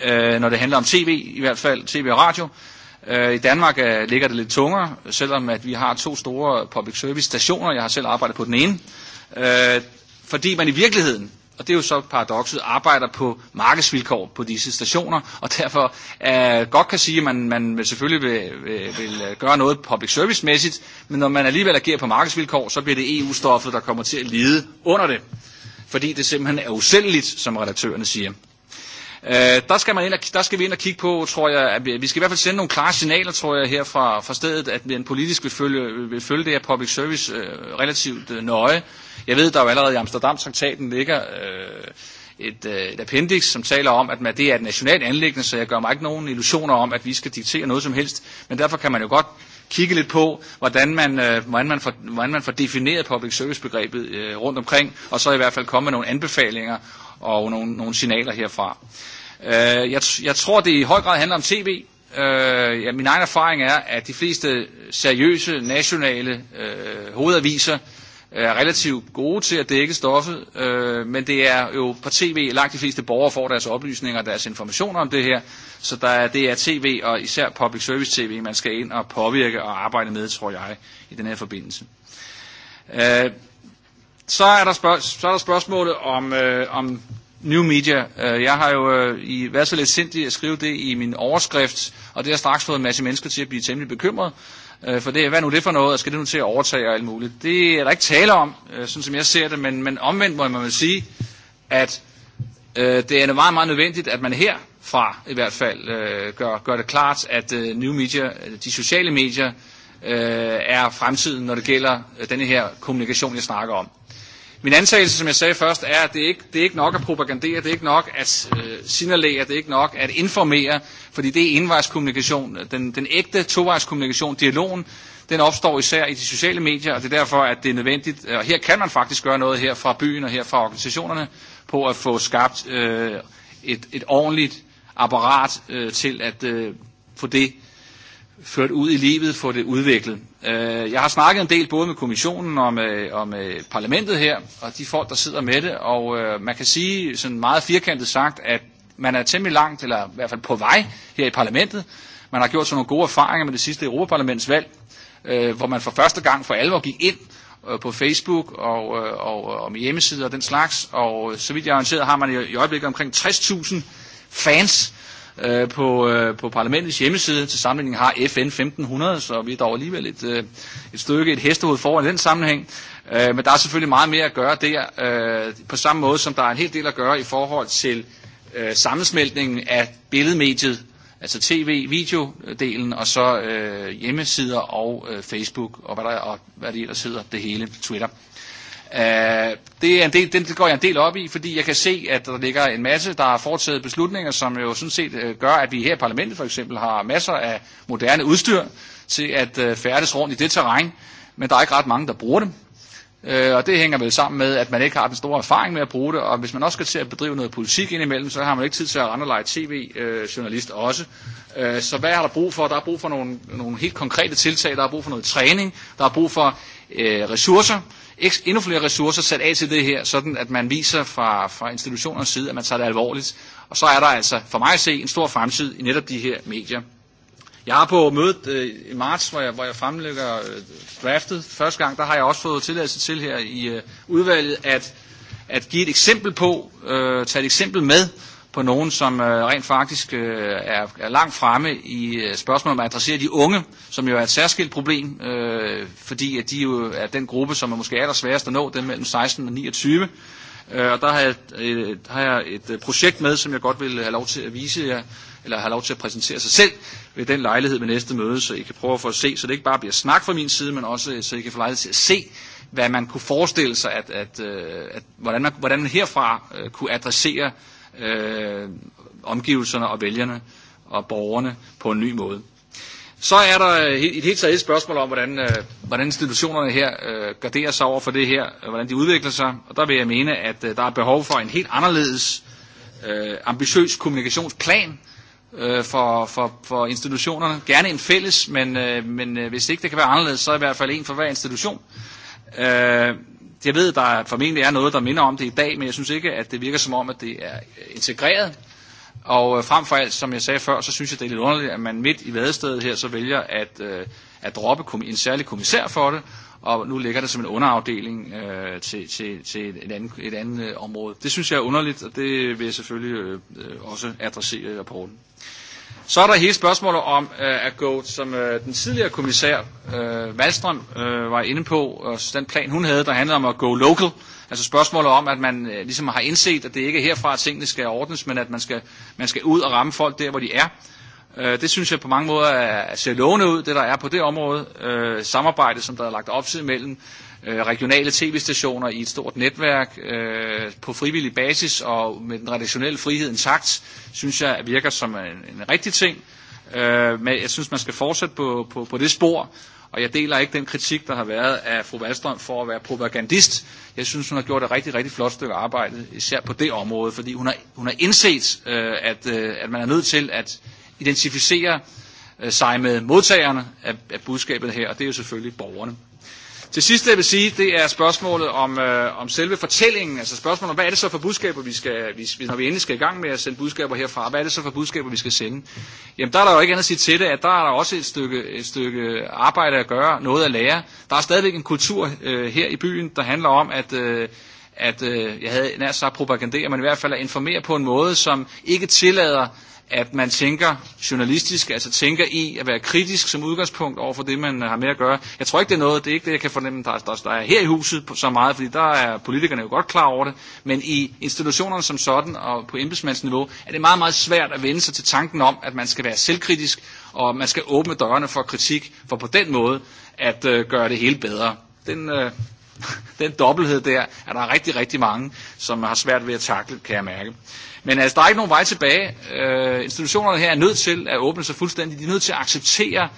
øh, når det handler om tv, i hvert fald tv og radio. Øh, I Danmark øh, ligger det lidt tungere, selvom at vi har to store public service stationer. Jeg har selv arbejdet på den ene. Øh, fordi man i virkeligheden, og det er jo så paradokset, arbejder på markedsvilkår på disse stationer, og derfor øh, godt kan sige, at man, man selvfølgelig vil, vil, vil gøre noget public service-mæssigt, men når man alligevel agerer på markedsvilkår, så bliver det EU-stoffet, der kommer til at lide under det. Fordi det simpelthen er usælgeligt, som redaktørerne siger. Øh, der skal, man ind og, der skal vi ind og kigge på, tror jeg, at vi skal i hvert fald sende nogle klare signaler, tror jeg, her fra, fra stedet, at man politisk vil følge, vil følge det her public service øh, relativt øh, nøje. Jeg ved, der jo allerede i Amsterdam-traktaten ligger... Øh, et, øh, et appendix, som taler om, at man, det er et nationalt anlæggende, så jeg gør mig ikke nogen illusioner om, at vi skal diktere noget som helst. Men derfor kan man jo godt kigge lidt på, hvordan man, øh, hvordan man, får, hvordan man får defineret public service-begrebet øh, rundt omkring, og så i hvert fald komme med nogle anbefalinger og nogle, nogle signaler herfra. Øh, jeg, jeg tror, det i høj grad handler om tv. Øh, ja, min egen erfaring er, at de fleste seriøse nationale øh, hovedaviser er relativt gode til at dække stoffet, øh, men det er jo på tv, langt de fleste borgere får deres oplysninger og deres informationer om det her, så der er, det er tv og især public service tv, man skal ind og påvirke og arbejde med, tror jeg, i den her forbindelse. Øh, Så er der, spørg- så er der spørgsmålet om, øh, om New Media. Øh, jeg har jo øh, i, været så lidt sindig at skrive det i min overskrift, og det har straks fået en masse mennesker til at blive temmelig bekymret. Øh, For det, er, hvad er nu det for noget, og skal det nu til at overtage og alt muligt? Det er der ikke tale om, øh, sådan som jeg ser det, men, men omvendt må man vel sige, at øh, det er meget, meget nødvendigt, at man her fra i hvert fald øh, gør, gør det klart, at øh, new media, øh, de sociale medier, øh, er fremtiden, når det gælder øh, denne her kommunikation, jeg snakker om. Min antagelse, som jeg sagde først, er, at det ikke det er ikke nok at propagandere, det er ikke nok at øh, signalere, det er ikke nok at informere, fordi det er envejskommunikation. Den, den ægte tovejskommunikation, dialogen, den opstår især i de sociale medier, og det er derfor, at det er nødvendigt, og her kan man faktisk gøre noget her fra byen og her fra organisationerne, på at få skabt øh, et, et ordentligt apparat øh, til at øh, få det ført ud i livet, få det udviklet. Øh, jeg har snakket en del både med kommissionen og med, og med parlamentet her, og de folk, der sidder med det, og øh, man kan sige sådan meget firkantet sagt, at man er temmelig langt, eller i hvert fald på vej her i parlamentet. Man har gjort sådan nogle gode erfaringer med det sidste Europaparlamentsvalg, øh, hvor man for første gang for alvor gik ind på Facebook og, og, og og med hjemmesider og den slags, og så vidt jeg er orienteret, har man i øjeblikket omkring 60.000 fans, øh, på, øh, på parlamentets hjemmeside. Til sammenligning har FN 1500, så vi er dog alligevel et, øh, et stykke, et hestehoved foran den sammenhæng. Øh, men der er selvfølgelig meget mere at gøre der, øh, på samme måde som der er en hel del at gøre i forhold til øh, sammensmeltningen af billedmediet, altså tv, videodelen, og så øh, hjemmesider og øh, Facebook, og hvad, der, og hvad det ellers hedder, det hele, Twitter. Øh, det er en del, den går jeg en del op i, fordi jeg kan se, at der ligger en masse, der har foretaget beslutninger, som jo sådan set øh, gør, at vi her i parlamentet for eksempel har masser af moderne udstyr til at øh, færdes rundt i det terræn, men der er ikke ret mange, der bruger dem. og det hænger vel sammen med, at man ikke har den store erfaring med at bruge det, og hvis man også skal til at bedrive noget politik indimellem, så har man ikke tid til at rende og lege tv-journalist også. så hvad er der brug for? Der er brug for nogle, nogle helt konkrete tiltag, der er brug for noget træning, der er brug for øh, ressourcer, endnu flere ressourcer sat af til det her, sådan at man viser fra, fra institutionernes side, at man tager det alvorligt. Og så er der altså for mig at se en stor fremtid i netop de her medier. Jeg har på mødet øh, i marts, hvor jeg, hvor jeg fremlægger øh, draftet første gang, der har jeg også fået tilladelse til her i øh, udvalget at, at give et eksempel på, øh, tage et eksempel med på nogen, som øh, rent faktisk øh, er, er langt fremme i øh, spørgsmålet om at adressere de unge, som jo er et særskilt problem, øh, fordi at de jo er den gruppe, som er måske allersværest at nå, dem mellem 16 og 29. Øh, og der har jeg, et, øh, har jeg et øh, projekt med, som jeg godt vil have lov til at vise jer, eller have lov til at præsentere sig selv ved den lejlighed ved næste møde, så I kan prøve at få at se, så det ikke bare bliver snak fra min side, men også så I kan få lejlighed til at se, hvad man kunne forestille sig, at, at, at, at hvordan, man, hvordan man herfra uh, kunne adressere øh, omgivelserne og vælgerne og borgerne på en ny måde. Så er der et helt særligt spørgsmål om, hvordan, øh, hvordan institutionerne her øh, garderer sig over for det her, og øh, hvordan de udvikler sig. Og der vil jeg mene, at øh, der er behov for en helt anderledes øh, ambitiøs kommunikationsplan øh, for, for, for institutionerne. Gerne en fælles, men, øh, men øh, hvis ikke det kan være anderledes, så er i hvert fald en for hver institution. Øh, jeg ved, der formentlig er noget, der minder om det i dag, men jeg synes ikke, at det virker som om, at det er integreret. Og øh, frem for alt, som jeg sagde før, så synes jeg, det er lidt underligt, at man midt i vadestedet her så vælger at, øh, at droppe en særlig kommissær for det, og nu ligger det som en underafdeling øh, til, til, til et andet, et andet øh, område. Det synes jeg er underligt, og det vil jeg selvfølgelig øh, øh også adressere i rapporten. Så er der hele spørgsmålet om øh, at gå, som øh, den tidligere kommissær øh, Valstrøm øh, var inde på, og den plan hun havde, der handlede om at gå local. Altså spørgsmålet om, at man øh, ligesom har indset, at det ikke er herfra, at tingene skal ordnes, men at man skal, man skal ud og ramme folk der, hvor de er. Øh, det synes jeg på mange måder er, ser lovende ud, det der er på det område. Øh, samarbejde, som der er lagt op til mellem Øh, regionale tv-stationer i et stort netværk øh, på frivillig basis og med den traditionelle frihed intakt, synes jeg virker som en, en rigtig ting. Øh, men jeg synes, man skal fortsætte på, på, på det spor, og jeg deler ikke den kritik, der har været af fru Valstrøm for at være propagandist. Jeg synes, hun har gjort et rigtig, rigtig flot stykke arbejde, især på det område, fordi hun har, hun har indset, øh, at, øh, at man er nødt til at identificere øh, sig med modtagerne af, af budskabet her, og det er jo selvfølgelig borgerne. Til sidst jeg vil sige, det er spørgsmålet om, øh, om selve fortællingen, altså spørgsmålet om, hvad er det så for budskaber, vi skal, vi, når vi endelig skal i gang med at sende budskaber herfra, hvad er det så for budskaber, vi skal sende? Jamen der er der jo ikke andet at sige til det, at der er der også et stykke, et stykke arbejde at gøre, noget at lære. Der er stadigvæk en kultur øh, her i byen, der handler om, at øh, at øh, jeg havde nær sagt propagandere, men i hvert fald at informere på en måde, som ikke tillader at man tænker journalistisk, altså tænker i at være kritisk som udgangspunkt over for det, man øh, har med at gøre. Jeg tror ikke, det er noget, det er ikke det, jeg kan fornemme, der, er, der, er, der er her i huset så meget, fordi der er politikerne jo godt klar over det, men i institutionerne som sådan og på embedsmandsniveau er det meget, meget svært at vende sig til tanken om, at man skal være selvkritisk, og man skal åbne dørene for kritik, for på den måde at øh, gøre det hele bedre. Den, øh, den dobbelthed der, at er der er rigtig, rigtig mange, som har svært ved at takle, kan jeg mærke. Men altså, der er ikke nogen vej tilbage. Øh, institutionerne her er nødt til at åbne sig fuldstændig. De er nødt til at acceptere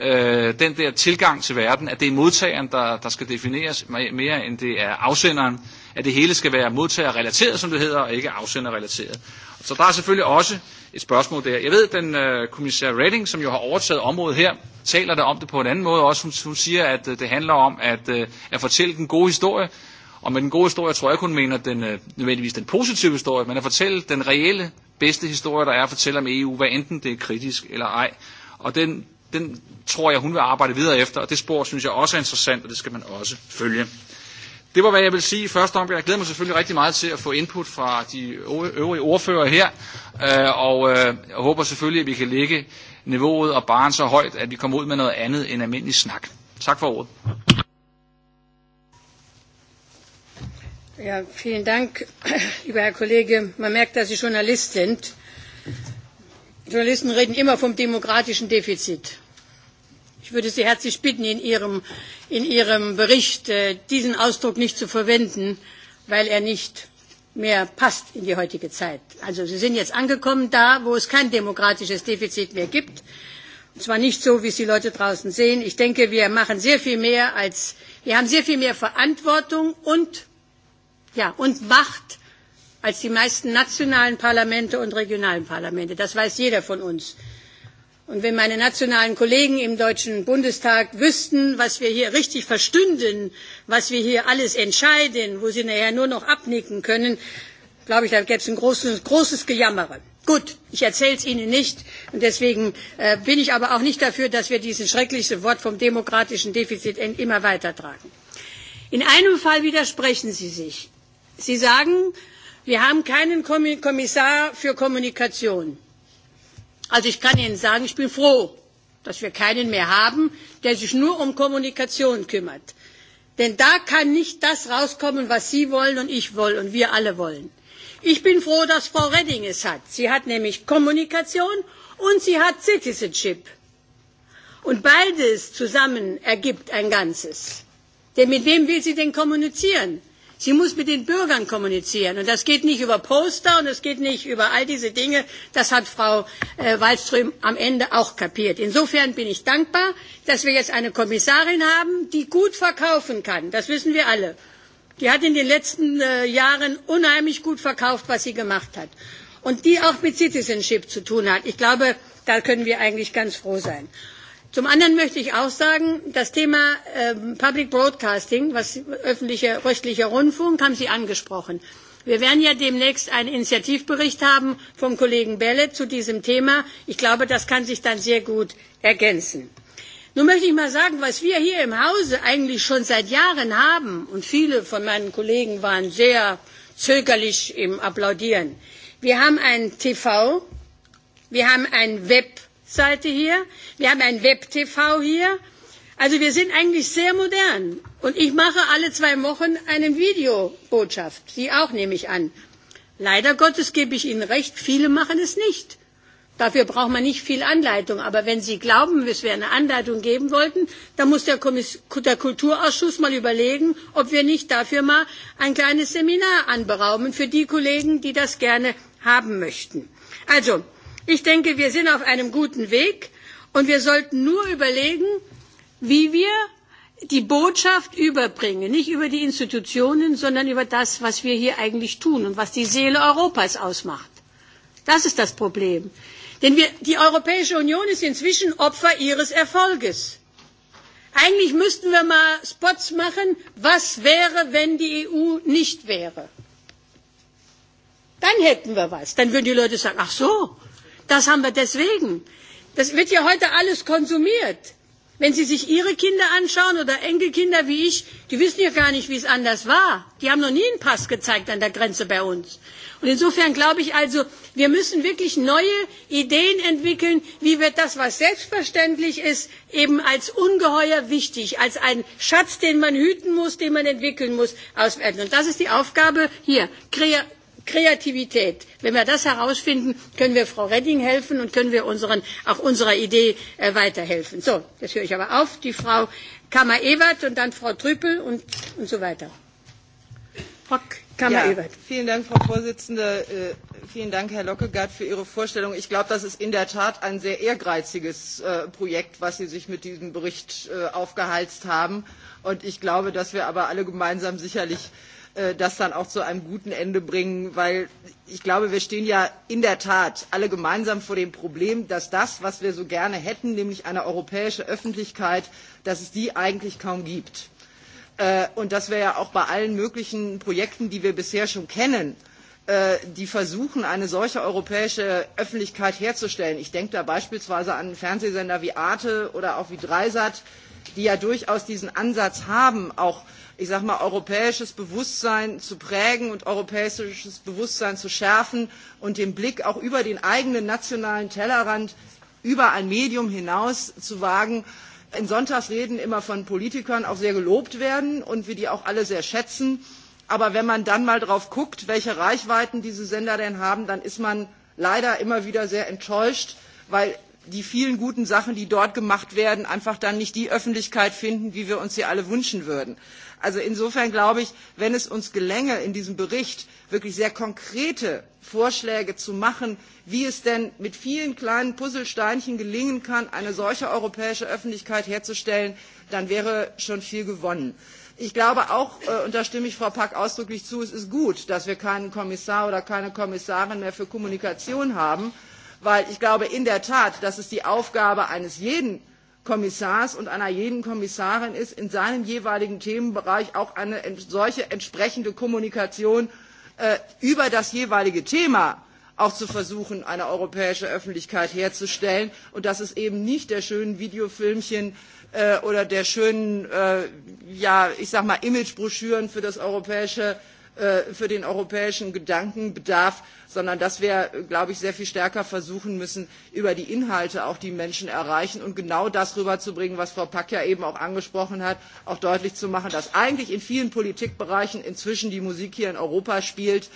øh, den der tilgang til verden, at det er modtageren, der, der skal defineres mere, end det er afsenderen. At det hele skal være modtagerrelateret, som det hedder, og ikke afsenderrelateret. Så der er selvfølgelig også øh, et spørgsmål der. Jeg ved, at den øh, kommissær Redding, som jo har overtaget området her, taler der om det på en anden måde også. Hun, hun siger, at øh, det handler om at, øh, at fortælle den gode historie. Og med den gode historie tror jeg kun mener den, øh, nødvendigvis den positive historie, men at fortælle den reelle, bedste historie, der er at fortælle om EU, hvad enten det er kritisk eller ej. Og den, den tror jeg, hun vil arbejde videre efter, og det spor synes jeg også er interessant, og det skal man også følge. Det var, hvad jeg vil sige i første omgang. Jeg glæder mig selvfølgelig rigtig meget til at få input fra de øvrige ordfører her, øh, og øh, jeg håber selvfølgelig, at vi kan lægge niveauet og barn så højt, at vi kommer ud med noget andet end almindelig snak. Tak for ordet. Ja, vielen Dank, lieber Herr Kollege. Man merkt, dass Sie Journalist sind. Journalisten reden immer vom demokratischen Defizit. Ich würde Sie herzlich bitten, in Ihrem, in Ihrem Bericht äh, diesen Ausdruck nicht zu verwenden, weil er nicht mehr passt in die heutige Zeit. Also Sie sind jetzt angekommen da, wo es kein demokratisches Defizit mehr gibt. Und zwar nicht so, wie es die Leute draußen sehen. Ich denke, wir machen sehr viel mehr als, wir haben sehr viel mehr Verantwortung und, ja, und Macht als die meisten nationalen Parlamente und regionalen Parlamente. Das weiß jeder von uns. Und wenn meine nationalen Kollegen im Deutschen Bundestag wüssten, was wir hier richtig verstünden, was wir hier alles entscheiden, wo sie nachher nur noch abnicken können, glaube ich, da gäbe es ein großes, großes Gejammere. Gut, ich erzähle es Ihnen nicht. Und deswegen äh, bin ich aber auch nicht dafür, dass wir dieses schreckliche Wort vom demokratischen Defizit immer weitertragen. In einem Fall widersprechen Sie sich. Sie sagen, wir haben keinen Kommissar für Kommunikation. Also ich kann Ihnen sagen, ich bin froh, dass wir keinen mehr haben, der sich nur um Kommunikation kümmert. Denn da kann nicht das rauskommen, was Sie wollen und ich will und wir alle wollen. Ich bin froh, dass Frau Redding es hat. Sie hat nämlich Kommunikation und sie hat Citizenship. Und beides zusammen ergibt ein Ganzes. Denn mit wem will sie denn kommunizieren? Sie muss mit den Bürgern kommunizieren. Und das geht nicht über Poster und das geht nicht über all diese Dinge. Das hat Frau äh, Wallström am Ende auch kapiert. Insofern bin ich dankbar, dass wir jetzt eine Kommissarin haben, die gut verkaufen kann. Das wissen wir alle. Die hat in den letzten äh, Jahren unheimlich gut verkauft, was sie gemacht hat. Und die auch mit Citizenship zu tun hat. Ich glaube, da können wir eigentlich ganz froh sein. Zum anderen möchte ich auch sagen, das Thema ähm, Public Broadcasting, was öffentlicher rechtlicher Rundfunk, haben Sie angesprochen. Wir werden ja demnächst einen Initiativbericht haben vom Kollegen Bellet zu diesem Thema. Ich glaube, das kann sich dann sehr gut ergänzen. Nun möchte ich mal sagen, was wir hier im Hause eigentlich schon seit Jahren haben, und viele von meinen Kollegen waren sehr zögerlich im Applaudieren. Wir haben ein TV, wir haben ein Web, Seite hier. Wir haben ein Web-TV hier. Also wir sind eigentlich sehr modern. Und ich mache alle zwei Wochen eine Videobotschaft. Sie auch, nehme ich an. Leider Gottes gebe ich Ihnen recht, viele machen es nicht. Dafür braucht man nicht viel Anleitung. Aber wenn Sie glauben, dass wir eine Anleitung geben wollten, dann muss der, der Kulturausschuss mal überlegen, ob wir nicht dafür mal ein kleines Seminar anberaumen für die Kollegen, die das gerne haben möchten. Also, Ich denke, wir sind auf einem guten Weg und wir sollten nur überlegen, wie wir die Botschaft überbringen, nicht über die Institutionen, sondern über das, was wir hier eigentlich tun und was die Seele Europas ausmacht. Das ist das Problem. Denn wir, die Europäische Union ist inzwischen Opfer ihres Erfolges. Eigentlich müssten wir mal Spots machen, was wäre, wenn die EU nicht wäre. Dann hätten wir was. Dann würden die Leute sagen, ach so, Das haben wir deswegen. Das wird ja heute alles konsumiert. Wenn Sie sich Ihre Kinder anschauen oder Enkelkinder wie ich, die wissen ja gar nicht, wie es anders war. Die haben noch nie einen Pass gezeigt an der Grenze bei uns. Und insofern glaube ich also, wir müssen wirklich neue Ideen entwickeln, wie wir das, was selbstverständlich ist, eben als ungeheuer wichtig, als einen Schatz, den man hüten muss, den man entwickeln muss, auswerten. Und das ist die Aufgabe hier, Kreativität. Wenn wir das herausfinden, können wir Frau reding helfen und können wir unseren, auch unserer Idee äh, weiterhelfen. So, das höre ich aber auf. Die Frau Kammer-Ewert und dann Frau Trüppel und, und so weiter. Frau kammer Ja, vielen Dank, Frau präsidentin! Äh, vielen Dank, Herr Lockegaard, für Ihre Vorstellung. Ich glaube, das ist in der Tat ein sehr ehrgeiziges äh, Projekt, was Sie sich mit diesem Bericht äh, aufgehalst haben. Und ich glaube, dass wir aber alle gemeinsam sicherlich Äh, das dann auch zu einem guten Ende bringen, weil ich glaube, wir stehen ja in der Tat alle gemeinsam vor dem Problem, dass das, was wir so gerne hätten, nämlich eine europäische Öffentlichkeit, dass es die eigentlich kaum gibt. Äh, und dass wir ja auch bei allen möglichen Projekten, die wir bisher schon kennen, äh, die versuchen, eine solche europäische Öffentlichkeit herzustellen. Ich denke da beispielsweise an Fernsehsender wie Arte oder auch wie Dreisat, die ja durchaus diesen Ansatz haben, auch ich sag mal, europäisches Bewusstsein zu prägen und europäisches Bewusstsein zu schärfen und den Blick auch über den eigenen nationalen Tellerrand über ein Medium hinaus zu wagen. In Sonntagsreden immer von Politikern auch sehr gelobt werden und wir die auch alle sehr schätzen. Aber wenn man dann mal drauf guckt, welche Reichweiten diese Sender denn haben, dann ist man leider immer wieder sehr enttäuscht, weil die vielen guten Sachen, die dort gemacht werden, einfach dann nicht die Öffentlichkeit finden, wie wir uns sie alle wünschen würden. Also insofern glaube ich, wenn es uns gelänge, in diesem Bericht wirklich sehr konkrete Vorschläge zu machen, wie es denn mit vielen kleinen Puzzlesteinchen gelingen kann, eine solche europäische Öffentlichkeit herzustellen, dann wäre schon viel gewonnen. Ich glaube auch, äh, und da stimme ich Frau Pack ausdrücklich zu, es ist gut, dass wir keinen Kommissar oder keine Kommissarin mehr für Kommunikation haben, weil ich glaube in der Tat, dass es die Aufgabe eines jeden Kommissars und einer jeden Kommissarin ist, in seinem jeweiligen Themenbereich auch eine solche entsprechende Kommunikation äh, über das jeweilige Thema auch zu versuchen, eine europäische Öffentlichkeit herzustellen und dass es eben nicht der schönen Videofilmchen äh, oder der schönen, äh, ja, ich sag mal, Imagebroschüren für das europäische Äh, für den europäischen Gedanken bedarf, sondern dass wir, glaube ich, sehr viel stärker versuchen müssen, über die Inhalte auch die Menschen erreichen und genau das rüberzubringen, was Frau Pack ja eben auch angesprochen hat, auch deutlich zu machen, dass eigentlich in vielen Politikbereichen inzwischen die Musik hier in Europa spielt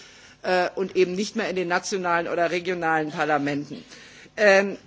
äh, und eben nicht mehr in den nationalen oder regionalen Parlamenten. Ähm,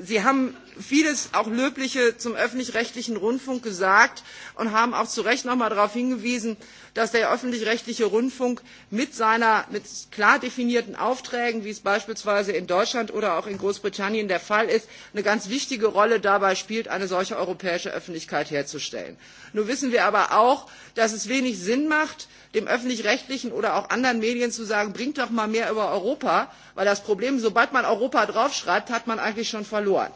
Sie haben vieles auch löbliche zum öffentlich rechtlichen rundfunk gesagt und haben auch zu recht noch einmal darauf hingewiesen dass der öffentlich rechtliche rundfunk mit seinen klar definierten aufträgen wie es beispielsweise in deutschland oder auch in großbritannien der fall ist eine ganz wichtige rolle dabei spielt eine solche europäische öffentlichkeit herzustellen. nun wissen wir aber auch dass es wenig sinn macht dem öffentlich rechtlichen oder auch anderen medien zu sagen bringt doch mal mehr über europa weil das problem ist sobald man europa draufschreibt hat man eigentlich schon verloren.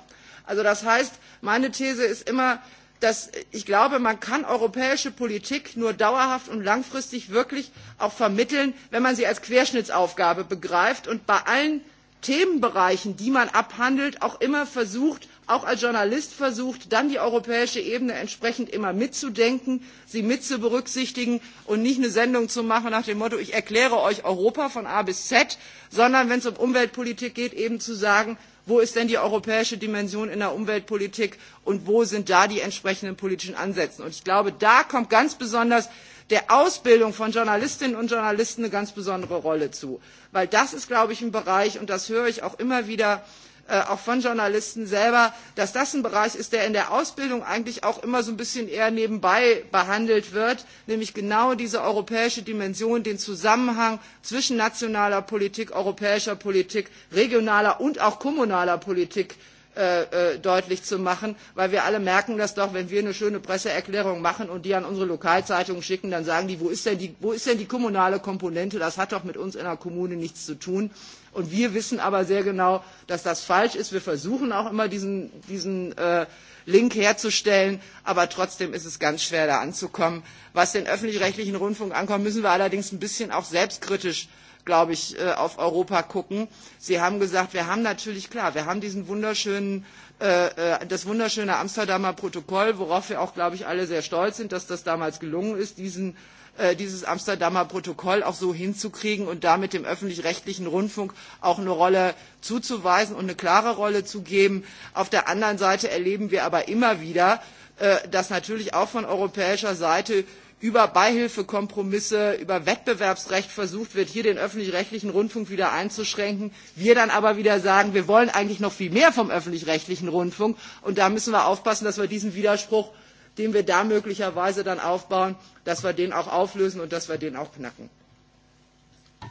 Also das heißt, meine These ist immer, dass ich glaube, man kann europäische Politik nur dauerhaft und langfristig wirklich auch vermitteln, wenn man sie als Querschnittsaufgabe begreift und bei allen Themenbereichen, die man abhandelt, auch immer versucht, auch als journalist versucht dann die europäische ebene entsprechend immer mitzudenken sie mit zu berücksichtigen und nicht eine sendung zu machen nach dem motto ich erkläre euch europa von a bis z sondern wenn es um umweltpolitik geht eben zu sagen wo ist denn die europäische dimension in der umweltpolitik und wo sind da die entsprechenden politischen ansätze? Und ich glaube da kommt ganz besonders der ausbildung von journalistinnen und journalisten eine ganz besondere rolle zu Weil das ist glaube ich ein bereich und das höre ich auch immer wieder Äh, auch von Journalisten selber, dass das ein Bereich ist, der in der Ausbildung eigentlich auch immer so ein bisschen eher nebenbei behandelt wird, nämlich genau diese europäische Dimension, den Zusammenhang zwischen nationaler Politik, europäischer Politik, regionaler und auch kommunaler Politik äh, äh, deutlich zu machen, weil wir alle merken das doch, wenn wir eine schöne Presseerklärung machen und die an unsere Lokalzeitungen schicken, dann sagen die wo, ist denn die, wo ist denn die kommunale Komponente? Das hat doch mit uns in der Kommune nichts zu tun. Und wir wissen aber sehr genau, dass das falsch ist. Wir versuchen auch immer diesen, diesen äh, Link herzustellen, aber trotzdem ist es ganz schwer, da anzukommen. Was den öffentlich-rechtlichen Rundfunk ankommt, müssen wir allerdings ein bisschen auch selbstkritisch glaube ich, äh, auf Europa gucken. Sie haben gesagt, wir haben natürlich, klar, wir haben diesen wunderschönen, äh, äh, das wunderschöne Amsterdamer Protokoll, worauf wir auch, glaube ich, alle sehr stolz sind, dass das damals gelungen ist, diesen Äh, dieses Amsterdamer Protokoll auch so hinzukriegen und damit dem öffentlich-rechtlichen Rundfunk auch eine Rolle zuzuweisen und eine klare Rolle zu geben. Auf der anderen Seite erleben wir aber immer wieder, äh, dass natürlich auch von europäischer Seite über Beihilfekompromisse, über Wettbewerbsrecht versucht wird, hier den öffentlich-rechtlichen Rundfunk wieder einzuschränken. Wir dann aber wieder sagen, wir wollen eigentlich noch viel mehr vom öffentlich-rechtlichen Rundfunk. Und da müssen wir aufpassen, dass wir diesen Widerspruch den wir da möglicherweise dann aufbauen, dass wir den auch auflösen und dass wir den auch knacken.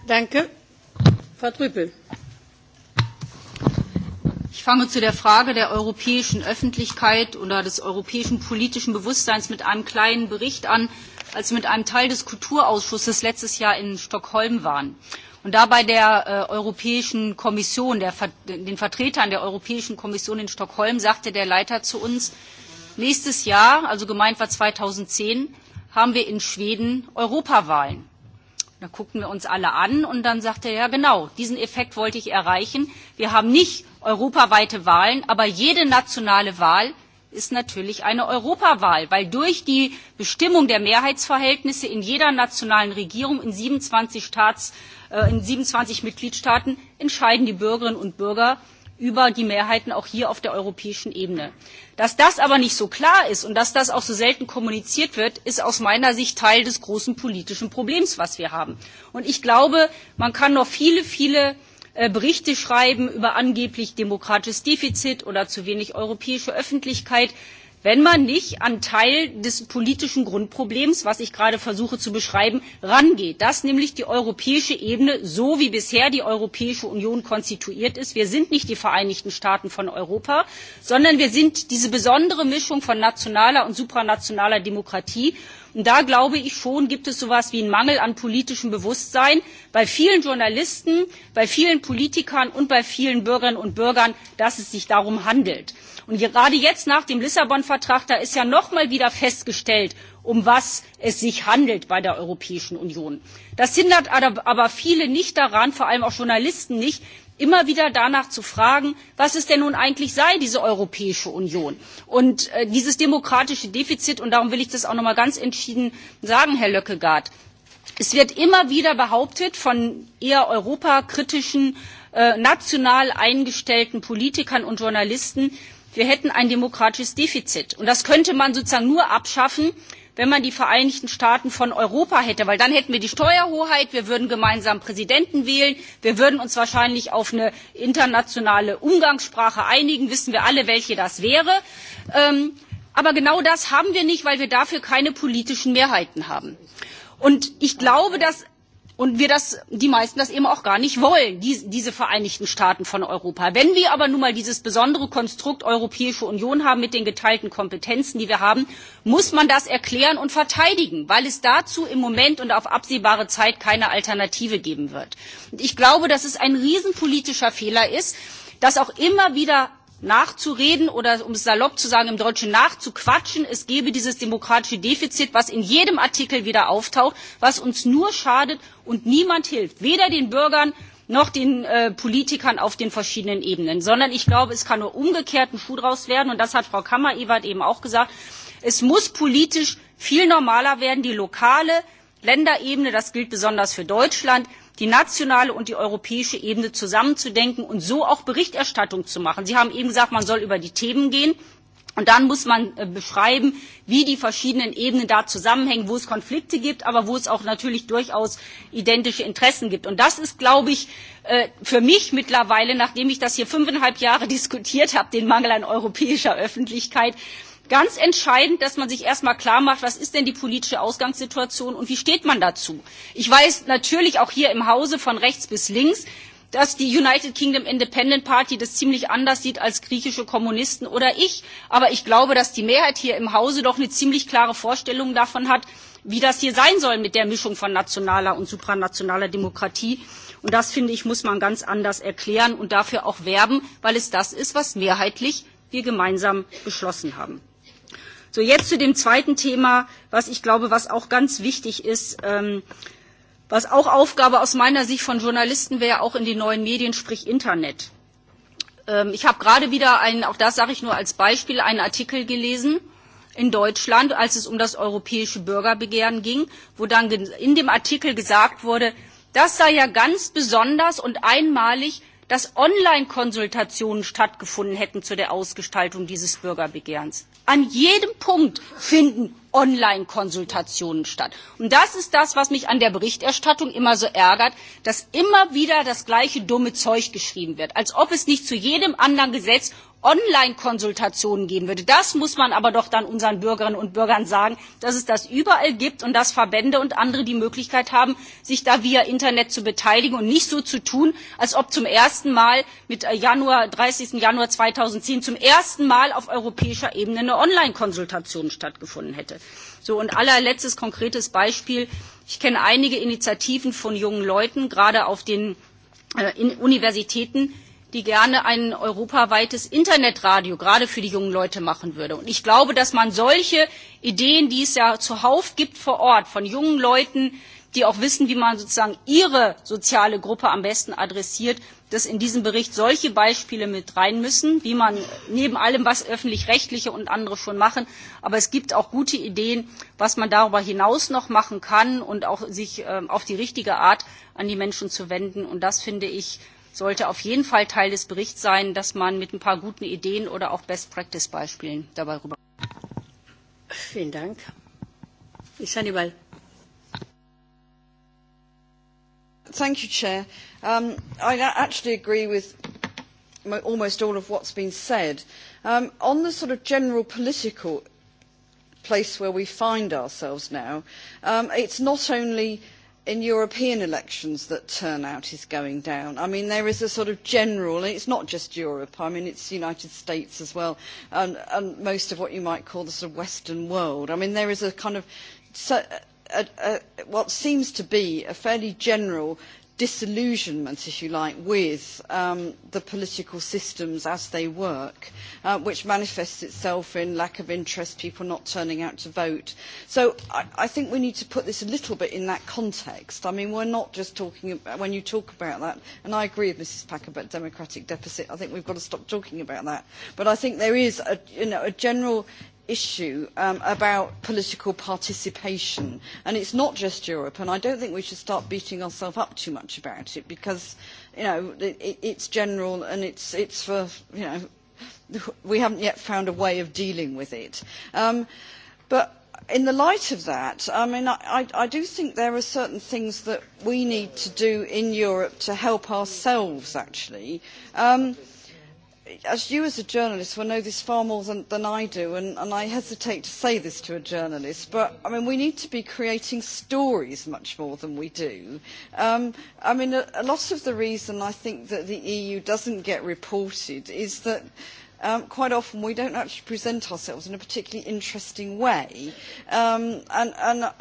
Danke. Frau Trüpel. Ich fange zu der Frage der europäischen Öffentlichkeit oder des europäischen politischen Bewusstseins mit einem kleinen Bericht an, als wir mit einem Teil des Kulturausschusses letztes Jahr in Stockholm waren und dabei der äh, Europäischen Kommission, der, den Vertretern der Europäischen Kommission in Stockholm sagte der Leiter zu uns, äh, Nächstes Jahr, also gemeint war 2010, haben wir in Schweden Europawahlen. Da gucken wir uns alle an und dann sagt er, ja genau, diesen Effekt wollte ich erreichen. Wir haben nicht europaweite Wahlen, aber jede nationale Wahl ist natürlich eine Europawahl, weil durch die Bestimmung der Mehrheitsverhältnisse in jeder nationalen Regierung in 27, Staats, äh, in 27 Mitgliedstaaten entscheiden die Bürgerinnen und Bürger, über die Mehrheiten auch hier auf der europäischen Ebene. Dass das aber nicht so klar ist und dass das auch so selten kommuniziert wird, ist aus meiner Sicht Teil des großen politischen Problems, was wir haben. Und ich glaube, man kann noch viele, viele äh, Berichte schreiben über angeblich demokratisches Defizit oder zu wenig europäische Öffentlichkeit wenn man nicht an Teil des politischen Grundproblems, was ich gerade versuche zu beschreiben, rangeht, dass nämlich die europäische Ebene so wie bisher die Europäische Union konstituiert ist. Wir sind nicht die Vereinigten Staaten von Europa, sondern wir sind diese besondere Mischung von nationaler und supranationaler Demokratie Und da glaube ich schon, gibt es so etwas wie einen Mangel an politischem Bewusstsein bei vielen Journalisten, bei vielen Politikern und bei vielen Bürgerinnen und Bürgern, dass es sich darum handelt. Und gerade jetzt nach dem Lissabon-Vertrag, da ist ja noch mal wieder festgestellt, um was es sich handelt bei der Europäischen Union. Das hindert aber viele nicht daran, vor allem auch Journalisten nicht, immer wieder danach zu fragen, was es denn nun eigentlich sei, diese Europäische Union. Und äh, dieses demokratische Defizit, und darum will ich das auch noch mal ganz entschieden sagen, Herr Löckegaard, es wird immer wieder behauptet von eher europakritischen, äh, national eingestellten Politikern und Journalisten, wir hätten ein demokratisches Defizit. Und das könnte man sozusagen nur abschaffen, wenn man die Vereinigten Staaten von Europa hätte, weil dann hätten wir die Steuerhoheit, wir würden gemeinsam Präsidenten wählen, wir würden uns wahrscheinlich auf eine internationale Umgangssprache einigen, wissen wir alle, welche das wäre. Ähm, aber genau das haben wir nicht, weil wir dafür keine politischen Mehrheiten haben. Und ich glaube, dass und wir das, die meisten das eben auch gar nicht wollen, die, diese Vereinigten Staaten von Europa. Wenn wir aber nun mal dieses besondere Konstrukt Europäische Union haben mit den geteilten Kompetenzen, die wir haben, muss man das erklären und verteidigen, weil es dazu im Moment und auf absehbare Zeit keine Alternative geben wird. Und ich glaube, dass es ein riesenpolitischer Fehler ist, dass auch immer wieder nachzureden oder um es salopp zu sagen im Deutschen nachzuquatschen. Es gebe dieses demokratische Defizit, was in jedem Artikel wieder auftaucht, was uns nur schadet und niemand hilft, weder den Bürgern noch den äh, Politikern auf den verschiedenen Ebenen, sondern ich glaube, es kann nur umgekehrt ein Schuh draus werden und das hat Frau Kammer-Ewert eben auch gesagt. Es muss politisch viel normaler werden, die lokale Länderebene, das gilt besonders für Deutschland, die nationale und die europäische Ebene zusammenzudenken und so auch Berichterstattung zu machen. Sie haben eben gesagt, man soll über die Themen gehen. Und dann muss man äh, beschreiben, wie die verschiedenen Ebenen da zusammenhängen, wo es Konflikte gibt, aber wo es auch natürlich durchaus identische Interessen gibt. Und das ist, glaube ich, äh, für mich mittlerweile, nachdem ich das hier fünfeinhalb Jahre diskutiert habe, den Mangel an europäischer Öffentlichkeit, ganz entscheidend, dass man sich erstmal klar macht, was ist denn die politische Ausgangssituation und wie steht man dazu. Ich weiß natürlich auch hier im Hause von rechts bis links, dass die United Kingdom Independent Party das ziemlich anders sieht als griechische Kommunisten oder ich. Aber ich glaube, dass die Mehrheit hier im Hause doch eine ziemlich klare Vorstellung davon hat, wie das hier sein soll mit der Mischung von nationaler und supranationaler Demokratie. Und das, finde ich, muss man ganz anders erklären und dafür auch werben, weil es das ist, was mehrheitlich wir gemeinsam beschlossen haben. So, jetzt zu dem zweiten Thema, was ich glaube, was auch ganz wichtig ist, ähm, was auch Aufgabe aus meiner Sicht von Journalisten wäre, auch in den neuen Medien, sprich Internet. Ähm, ich habe gerade wieder einen, auch das sage ich nur als Beispiel, einen Artikel gelesen in Deutschland, als es um das europäische Bürgerbegehren ging, wo dann in dem Artikel gesagt wurde, das sei ja ganz besonders und einmalig, dass Online-Konsultationen stattgefunden hätten zu der Ausgestaltung dieses Bürgerbegehrens. An jedem Punkt finden Online-Konsultationen statt. Und das ist das, was mich an der Berichterstattung immer so ärgert, dass immer wieder das gleiche dumme Zeug geschrieben wird, als ob es nicht zu jedem anderen Gesetz Online-Konsultationen geben würde. Das muss man aber doch dann unseren Bürgerinnen und Bürgern sagen, dass es das überall gibt und dass Verbände und andere die Möglichkeit haben, sich da via Internet zu beteiligen und nicht so zu tun, als ob zum ersten Mal mit äh, Januar, 30. Januar 2010 zum ersten Mal auf europäischer Ebene eine Online-Konsultation stattgefunden hätte. So, und allerletztes konkretes Beispiel. Ich kenne einige Initiativen von jungen Leuten, gerade auf den äh, in Universitäten, die gerne ein europaweites Internetradio gerade für die jungen Leute machen würde. Und ich glaube, dass man solche Ideen, die es ja zuhauf gibt vor Ort von jungen Leuten, die auch wissen, wie man sozusagen ihre soziale Gruppe am besten adressiert, dass in diesem Bericht solche Beispiele mit rein müssen, wie man neben allem, was öffentlich-rechtliche und andere schon machen, aber es gibt auch gute Ideen, was man darüber hinaus noch machen kann und auch sich äh, auf die richtige Art an die Menschen zu wenden. Und das finde ich sollte auf jeden Fall Teil des Berichts sein, dass man mit ein paar guten Ideen oder auch Best-Practice-Beispielen dabei rüber. Vielen Dank. Ms. Hannibal. Thank you, Chair. Um, I actually agree with almost all of what's been said. Um, on the sort of general political place where we find ourselves now, um, it's not only in European elections that turnout is going down. I mean, there is a sort of general, and it's not just Europe, I mean, it's the United States as well, and, and most of what you might call the sort of Western world. I mean, there is a kind of, a, a, a, what seems to be a fairly general disillusionment, if you like, with um, the political systems as they work, uh, which manifests itself in lack of interest, people not turning out to vote. So I, I think we need to put this a little bit in that context. I mean, we're not just talking, about, when you talk about that, and I agree with Mrs Pack about democratic deficit, I think we've got to stop talking about that. But I think there is a, you know, a general issue um, about political participation. And it's not just Europe, and I don't think we should start beating ourselves up too much about it because, you know, it, it's general and it's, it's for, you know, we haven't yet found a way of dealing with it. Um, but in the light of that, I mean, I, I, I do think there are certain things that we need to do in Europe to help ourselves, actually. Um, as you as a journalist will know this far more than, than I do, and, and I hesitate to say this to a journalist, but I mean, we need to be creating stories much more than we do. Um, I mean, a, a lot of the reason I think that the EU doesn't get reported is that um, quite often we don't actually present ourselves in a particularly interesting way. Um, and, and, uh,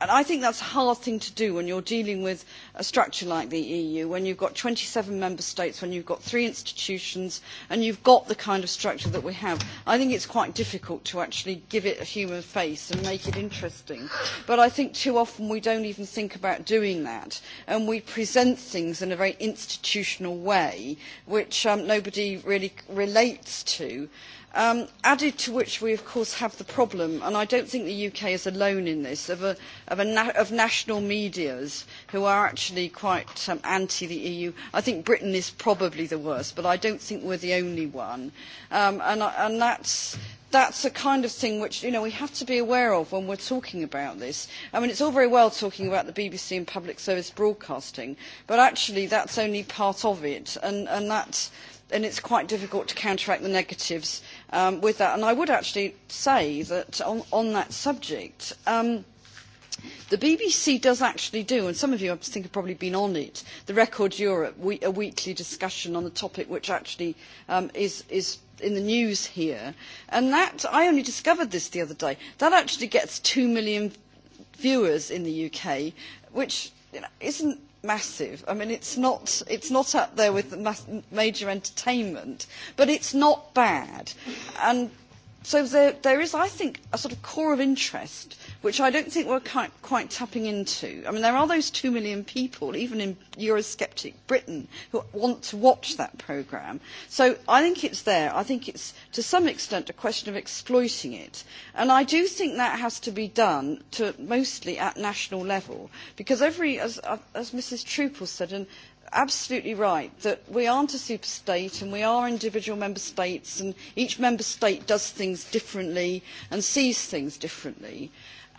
and i think that is a hard thing to do when you are dealing with a structure like the eu when you have twenty seven member states when you have three institutions and you have the kind of structure that we have. i think it is quite difficult to actually give it a human face and make it interesting but i think too often we do not even think about doing that and we present things in a very institutional way which um, nobody really relates to. Um, added to which we of course have the problem, and I don't think the UK is alone in this, of, a, of, a na of national medias who are actually quite um, anti the EU. I think Britain is probably the worst, but I don't think we're the only one. Um, and, uh, and that's, that's the kind of thing which you know, we have to be aware of when we're talking about this. I mean, it's all very well talking about the BBC and public service broadcasting, but actually that's only part of it, and, and that's and it's quite difficult to counteract the negatives um, with that. And I would actually say that on, on that subject, um, the BBC does actually do, and some of you I think have probably been on it, the Record Europe, we, a weekly discussion on the topic which actually um, is, is in the news here. And that, I only discovered this the other day, that actually gets 2 million viewers in the UK, which you know, isn't massive. I mean, it's not, it's not up there with the major entertainment, but it's not bad. And so there, there is, I think, a sort of core of interest which I don't think we're quite, quite tapping into. I mean, there are those two million people, even in Eurosceptic Britain, who want to watch that programme. So I think it's there. I think it's, to some extent, a question of exploiting it. And I do think that has to be done to, mostly at national level, because every, as, as Mrs. Trupel said, and absolutely right that we are not a super state and we are individual member states and each member state does things differently and sees things differently.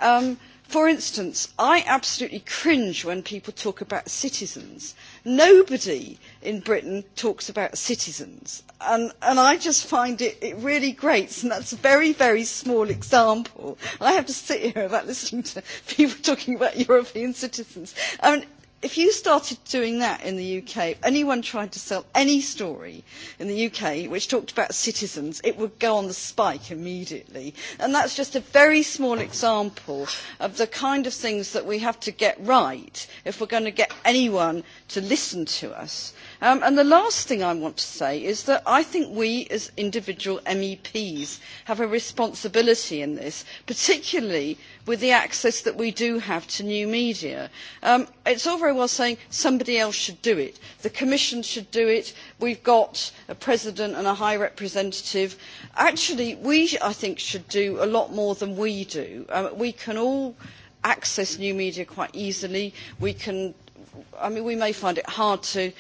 Um, for instance, I absolutely cringe when people talk about citizens. Nobody in Britain talks about citizens. And, and I just find it, it really great. And that's a very, very small example. I have to sit here about listening to people talking about European citizens. I mean, if you started doing that in the UK, anyone tried to sell any story in the UK which talked about citizens, it would go on the spike immediately. And that's just a very small example of the kind of things that we have to get right if we're going to get anyone to listen to us. Um, and the last thing I want to say is that I think we as individual MEPs have a responsibility in this, particularly with the access that we do have to new media. Um, it's all very well saying somebody else should do it. The Commission should do it. We've got a president and a high representative. Actually, we, I think, should do a lot more than we do. Um, we can all access new media quite easily. We can, I mean, we may find it hard to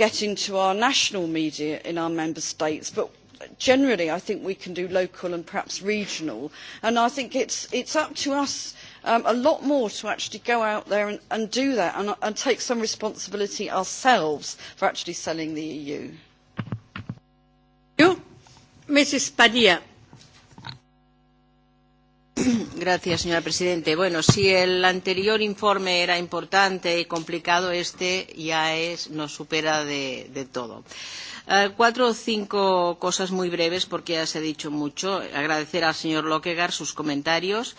getting to our national media in our member states but generally i think we can do local and perhaps regional and i think it's it's up to us um, a lot more to actually go out there and, and do that and, and take some responsibility ourselves for actually selling the eu. You, mrs padilla. Gracias, señora presidente. Bueno, si el anterior informe era importante y complicado, este ya es, nos supera de, de todo. Eh, cuatro o cinco cosas muy breves, porque ya se ha dicho mucho. Agradecer al señor Lockegaard sus comentarios.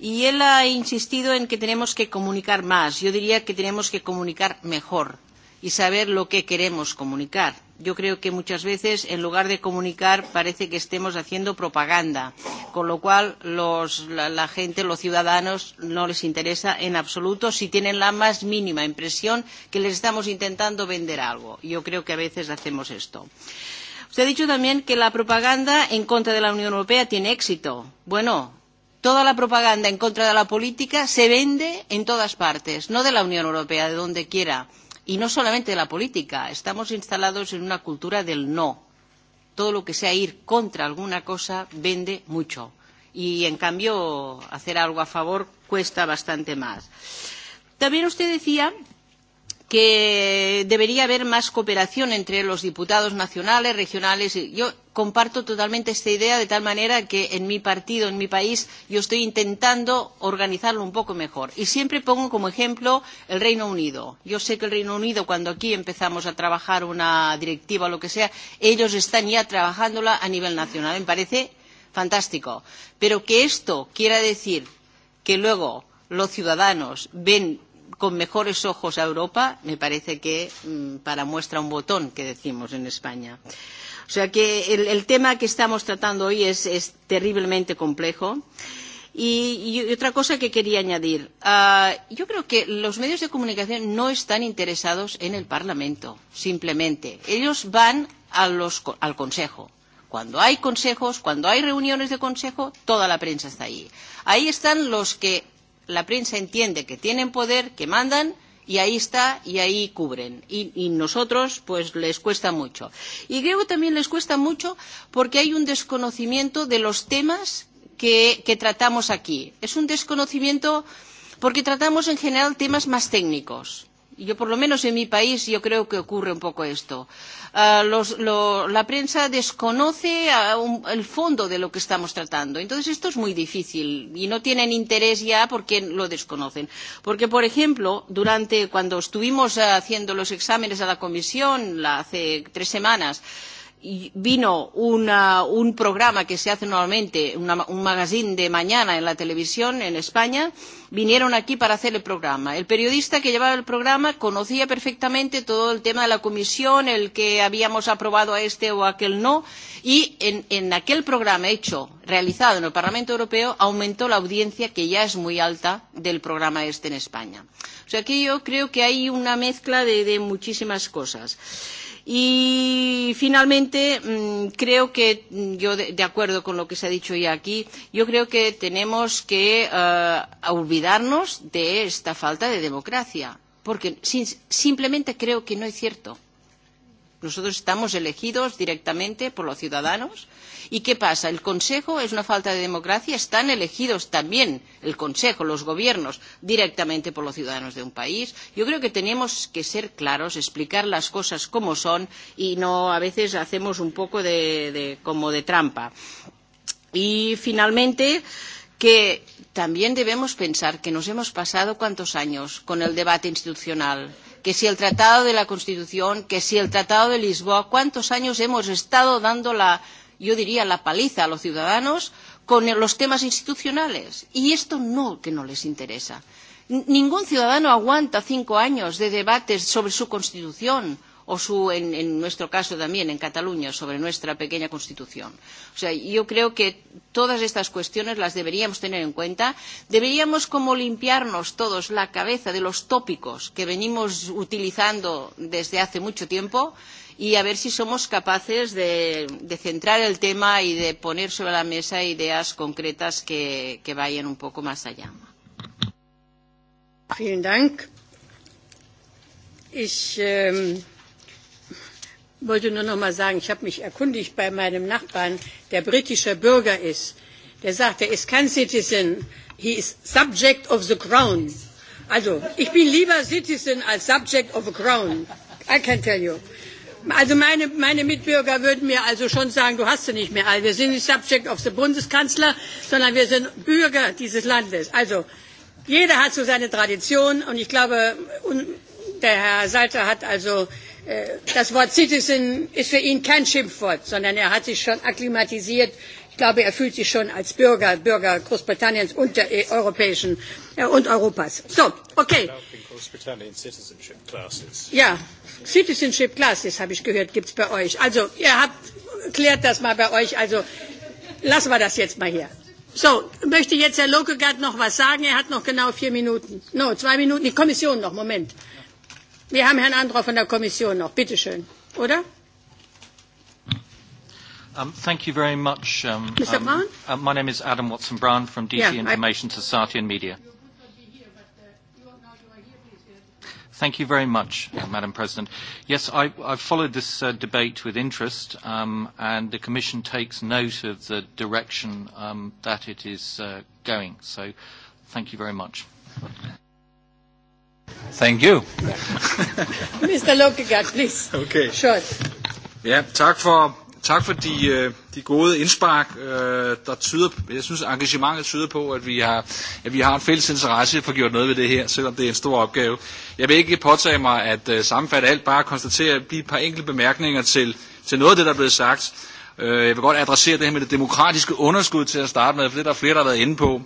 Y él ha insistido en que tenemos que comunicar más. Yo diría que tenemos que comunicar mejor y saber lo que queremos comunicar Yo creo que muchas veces, en lugar de comunicar, parece que estemos haciendo propaganda, con lo cual los, la, la gente, los ciudadanos, no les interesa en absoluto si tienen la más mínima impresión que les estamos intentando vender algo. Yo creo que a veces hacemos esto. Usted ha dicho también que la propaganda en contra de la Unión Europea tiene éxito. Bueno, toda la propaganda en contra de la política se vende en todas partes, no de la Unión Europea, de donde quiera. Y no solamente de la política, estamos instalados en una cultura del no. Todo lo que sea ir contra alguna cosa vende mucho. Y en cambio, hacer algo a favor cuesta bastante más. También usted decía que debería haber más cooperación entre los diputados nacionales, regionales. Yo comparto totalmente esta idea de tal manera que en mi partido, en mi país, yo estoy intentando organizarlo un poco mejor. Y siempre pongo como ejemplo el Reino Unido. Yo sé que el Reino Unido, cuando aquí empezamos a trabajar una directiva o lo que sea, ellos están ya trabajándola a nivel nacional. Me parece fantástico. Pero que esto quiera decir que luego los ciudadanos ven con mejores ojos a Europa, me parece que mmm, para muestra un botón, que decimos en España. O sea que el, el tema que estamos tratando hoy es, es terriblemente complejo. Y, y otra cosa que quería añadir. Uh, yo creo que los medios de comunicación no están interesados en el Parlamento, simplemente. Ellos van a los, al Consejo. Cuando hay consejos, cuando hay reuniones de consejo, toda la prensa está ahí. Ahí están los que la prensa entiende que tienen poder, que mandan y ahí está y ahí cubren. Y, y nosotros, pues, les cuesta mucho. Y creo que también les cuesta mucho porque hay un desconocimiento de los temas que, que tratamos aquí. Es un desconocimiento porque tratamos en general temas más técnicos Yo, por lo menos en mi país, yo creo que ocurre un poco esto. Uh, los, lo, la prensa desconoce uh, un, el fondo de lo que estamos tratando. Entonces, esto es muy difícil y no tienen interés ya porque lo desconocen. Porque, por ejemplo, durante cuando estuvimos ah, haciendo los exámenes a la comisión la, hace tres semanas, uh, vino una, un programa que se hace normalmente, una, un magazine de mañana en la televisión en España, vinieron aquí para hacer el programa. El periodista que llevaba el programa conocía perfectamente todo el tema de la comisión, el que habíamos aprobado a este o a aquel no, y en, en aquel programa hecho, realizado en el Parlamento Europeo, aumentó la audiencia, que ya es muy alta, del programa este en España. O sea que yo creo que hay una mezcla de, de muchísimas cosas. Y finalmente, mm, creo que mm, yo, de acuerdo con lo que se ha dicho ya aquí, yo creo que tenemos que uh, olvidarnos de esta falta de democracia, porque sin, simplemente creo que no es cierto Nosotros estamos elegidos directamente por los ciudadanos. ¿Y qué pasa? El Consejo es una falta de democracia. Están elegidos también el Consejo, los gobiernos, directamente por los ciudadanos de un país. Yo creo que tenemos que ser claros, explicar las cosas como son y no a veces hacemos un poco de, de, como de trampa. Y finalmente, que también debemos pensar que nos hemos pasado cuántos años con el debate institucional que si el Tratado de la Constitución, que si el Tratado de Lisboa, cuántos años hemos estado dando la, yo diría, la paliza a los ciudadanos con los temas institucionales. Y esto no que no les interesa. Ningún ciudadano aguanta cinco años de debates sobre su Constitución o su, en, en nuestro caso también en Cataluña, sobre nuestra pequeña constitución. O sea, yo creo que todas estas cuestiones las deberíamos tener en cuenta. Deberíamos como limpiarnos todos la cabeza de los tópicos que venimos utilizando desde hace mucho tiempo y a ver si somos capaces de, de centrar el tema y de poner sobre la mesa ideas concretas que, que vayan un poco más allá. Vielen Dank. Ich ähm, wollte nur noch mal sagen, ich habe mich erkundigt bei meinem Nachbarn, der britischer Bürger ist. Der sagt, er ist kein Citizen, he is subject of the crown. Also, ich bin lieber Citizen als subject of a crown. I can tell you. Also meine, meine Mitbürger würden mir also schon sagen, du hast sie nicht mehr all. Wir sind nicht subject of the Bundeskanzler, sondern wir sind Bürger dieses Landes. Also, jeder hat so seine Tradition und ich glaube, der Herr Salter hat also Äh, das Wort Citizen ist für ihn kein Schimpfwort, sondern er hat sich schon akklimatisiert. Ich glaube, er fühlt sich schon als Bürger, Bürger Großbritanniens und der e- europäischen äh, und Europas. So, okay. Ja, Citizenship Classes habe ich gehört, gibt es bei euch. Also, ihr habt klärt das mal bei euch. Also, lassen wir das jetzt mal hier. So, möchte jetzt Herr Lokegaard noch was sagen? Er hat noch genau vier Minuten. No, zwei Minuten. Die Kommission noch, Moment. Wir haben Herrn Andra von der Kommission noch. Bitte schön, oder? Um, thank you very much. Um, Mr. Um, Uh, my name is Adam Watson Brown from DC yeah, Information I... Society and Media. Thank you very much, uh, Madam President. Yes, I, I've followed this uh, debate with interest, um, and the Commission takes note of the direction um, that it is uh, going. So, thank you very much. Thank you. Mr. Lukkegaard, please. Okay. Short. Ja, tak for, tak for de, øh, de gode indspark, øh, der tyder, jeg synes engagementet tyder på, at vi har, at vi har en fælles interesse for at gjort noget ved det her, selvom det er en stor opgave. Jeg vil ikke påtage mig at øh, sammenfatte alt, bare konstatere et par enkelte bemærkninger til, til noget af det, der er blevet sagt. Øh, jeg vil godt adressere det her med det demokratiske underskud til at starte med, for det er der flere, der har været inde på.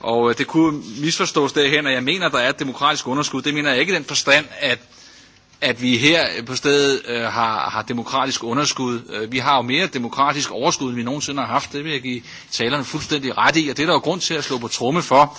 Og øh, det kunne misforstås derhen, at jeg mener, at der er et demokratisk underskud. Det mener jeg ikke i den forstand, at at vi her på stedet øh, har, har demokratisk underskud. Vi har jo mere demokratisk overskud, end vi nogensinde har haft. Det vil jeg give talerne fuldstændig ret i, og det er der jo grund til at slå på tromme for.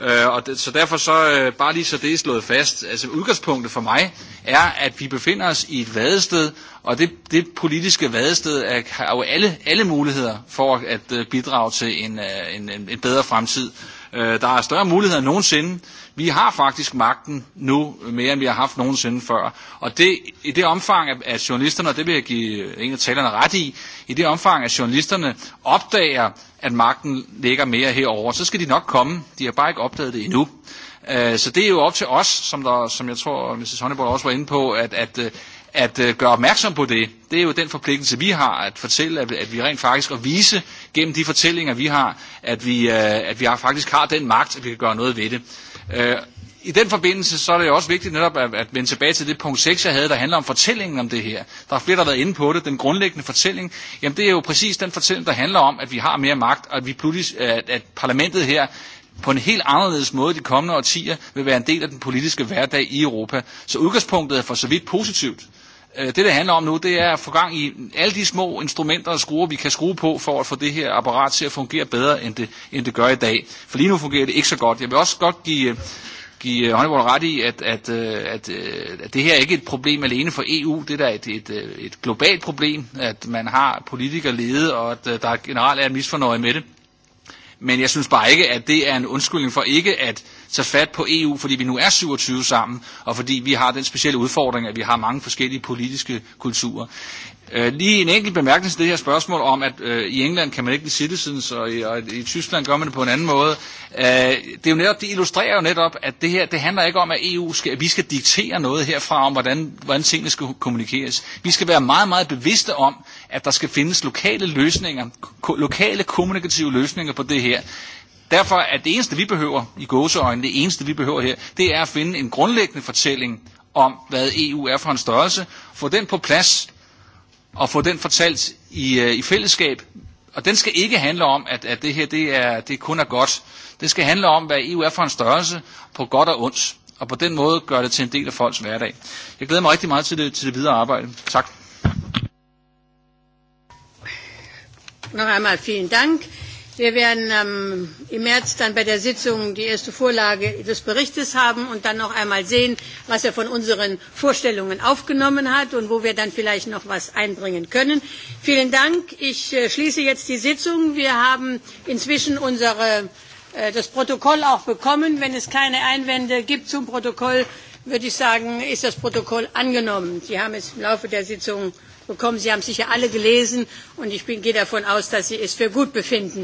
Øh, og det, så derfor så, øh, bare lige så det er slået fast, altså udgangspunktet for mig er, at vi befinder os i et vadested, og det, det politiske vadested er, har jo alle, alle muligheder for at, at øh, bidrage til en, øh, en, en, en bedre fremtid Øh, der er større muligheder end nogensinde. Vi har faktisk magten nu mere, end vi har haft nogensinde før. Og det, i det omfang, at, journalisterne, og det vil jeg give øh, en af talerne ret i, i det omfang, at journalisterne opdager, at magten ligger mere herover, så skal de nok komme. De har bare ikke opdaget det endnu. Øh, så det er jo op til os, som, der, som jeg tror, Mrs. Honeyball også var inde på, at, at at øh, gøre opmærksom på det. Det er jo den forpligtelse, vi har, at fortælle, at, at vi rent faktisk, og vise gennem de fortællinger, vi har, at vi, øh, at vi har, faktisk har den magt, at vi kan gøre noget ved det. Øh, i den forbindelse så er det jo også vigtigt netop at, at vende tilbage til det punkt 6, jeg havde, der handler om fortællingen om det her. Der er flere, der har været inde på det. Den grundlæggende fortælling, jamen det er jo præcis den fortælling, der handler om, at vi har mere magt, og at, vi øh, at, at parlamentet her på en helt anderledes måde de kommende årtier vil være en del af den politiske hverdag i Europa. Så udgangspunktet er for så vidt positivt. Øh, det, det handler om nu, det er at få gang i alle de små instrumenter og skruer, vi kan skrue på, for at få det her apparat til at fungere bedre, end det, end det gør i dag. For lige nu fungerer det ikke så godt. Jeg vil også godt give, give øh, Honeywell ret i, at, at, øh, at, at det her er ikke et problem alene for EU. Det er da et, et, et globalt problem, at man har politikere lede, og at der generelt er en misfornøje med det. Men jeg synes bare ikke, at det er en undskyldning for ikke at tage fat på EU, fordi vi nu er 27 sammen, og fordi vi har den specielle udfordring, at vi har mange forskellige politiske kulturer. Øh, lige en enkelt bemærkning til det her spørgsmål om, at øh, i England kan man ikke blive citizens, og i, og i Tyskland gør man det på en anden måde. Øh, det, er jo netop, det illustrerer jo netop, at det her det handler ikke om, at EU skal, at vi skal diktere noget herfra om, hvordan, hvordan tingene skal kommunikeres. Vi skal være meget, meget bevidste om, at der skal findes lokale løsninger, ko- lokale kommunikative løsninger på det her. Derfor er det eneste, vi behøver i gåseøjne, det eneste, vi behøver her, det er at finde en grundlæggende fortælling om, hvad EU er for en størrelse, få den på plads, og få den fortalt i, øh, i fællesskab. Og den skal ikke handle om, at, at det her det er, det er kun er godt. Det skal handle om, hvad EU er for en størrelse på godt og ondt. Og på den måde gør det til en del af folks hverdag. Jeg glæder mig rigtig meget til det, til det videre arbejde. Tak. Noch einmal vielen Dank. Wir werden ähm, im März dann bei der Sitzung die erste Vorlage des Berichtes haben und dann noch einmal sehen, was er von unseren Vorstellungen aufgenommen hat und wo wir dann vielleicht noch was einbringen können. Vielen Dank. Ich äh, schließe jetzt die Sitzung. Wir haben inzwischen unsere, äh, das Protokoll auch bekommen. Wenn es keine Einwände gibt zum Protokoll, würde ich sagen, ist das Protokoll angenommen. Sie haben es im Laufe der Sitzung bekommen. Sie haben es sicher alle gelesen und ich bin, gehe davon aus, dass Sie es für gut befinden.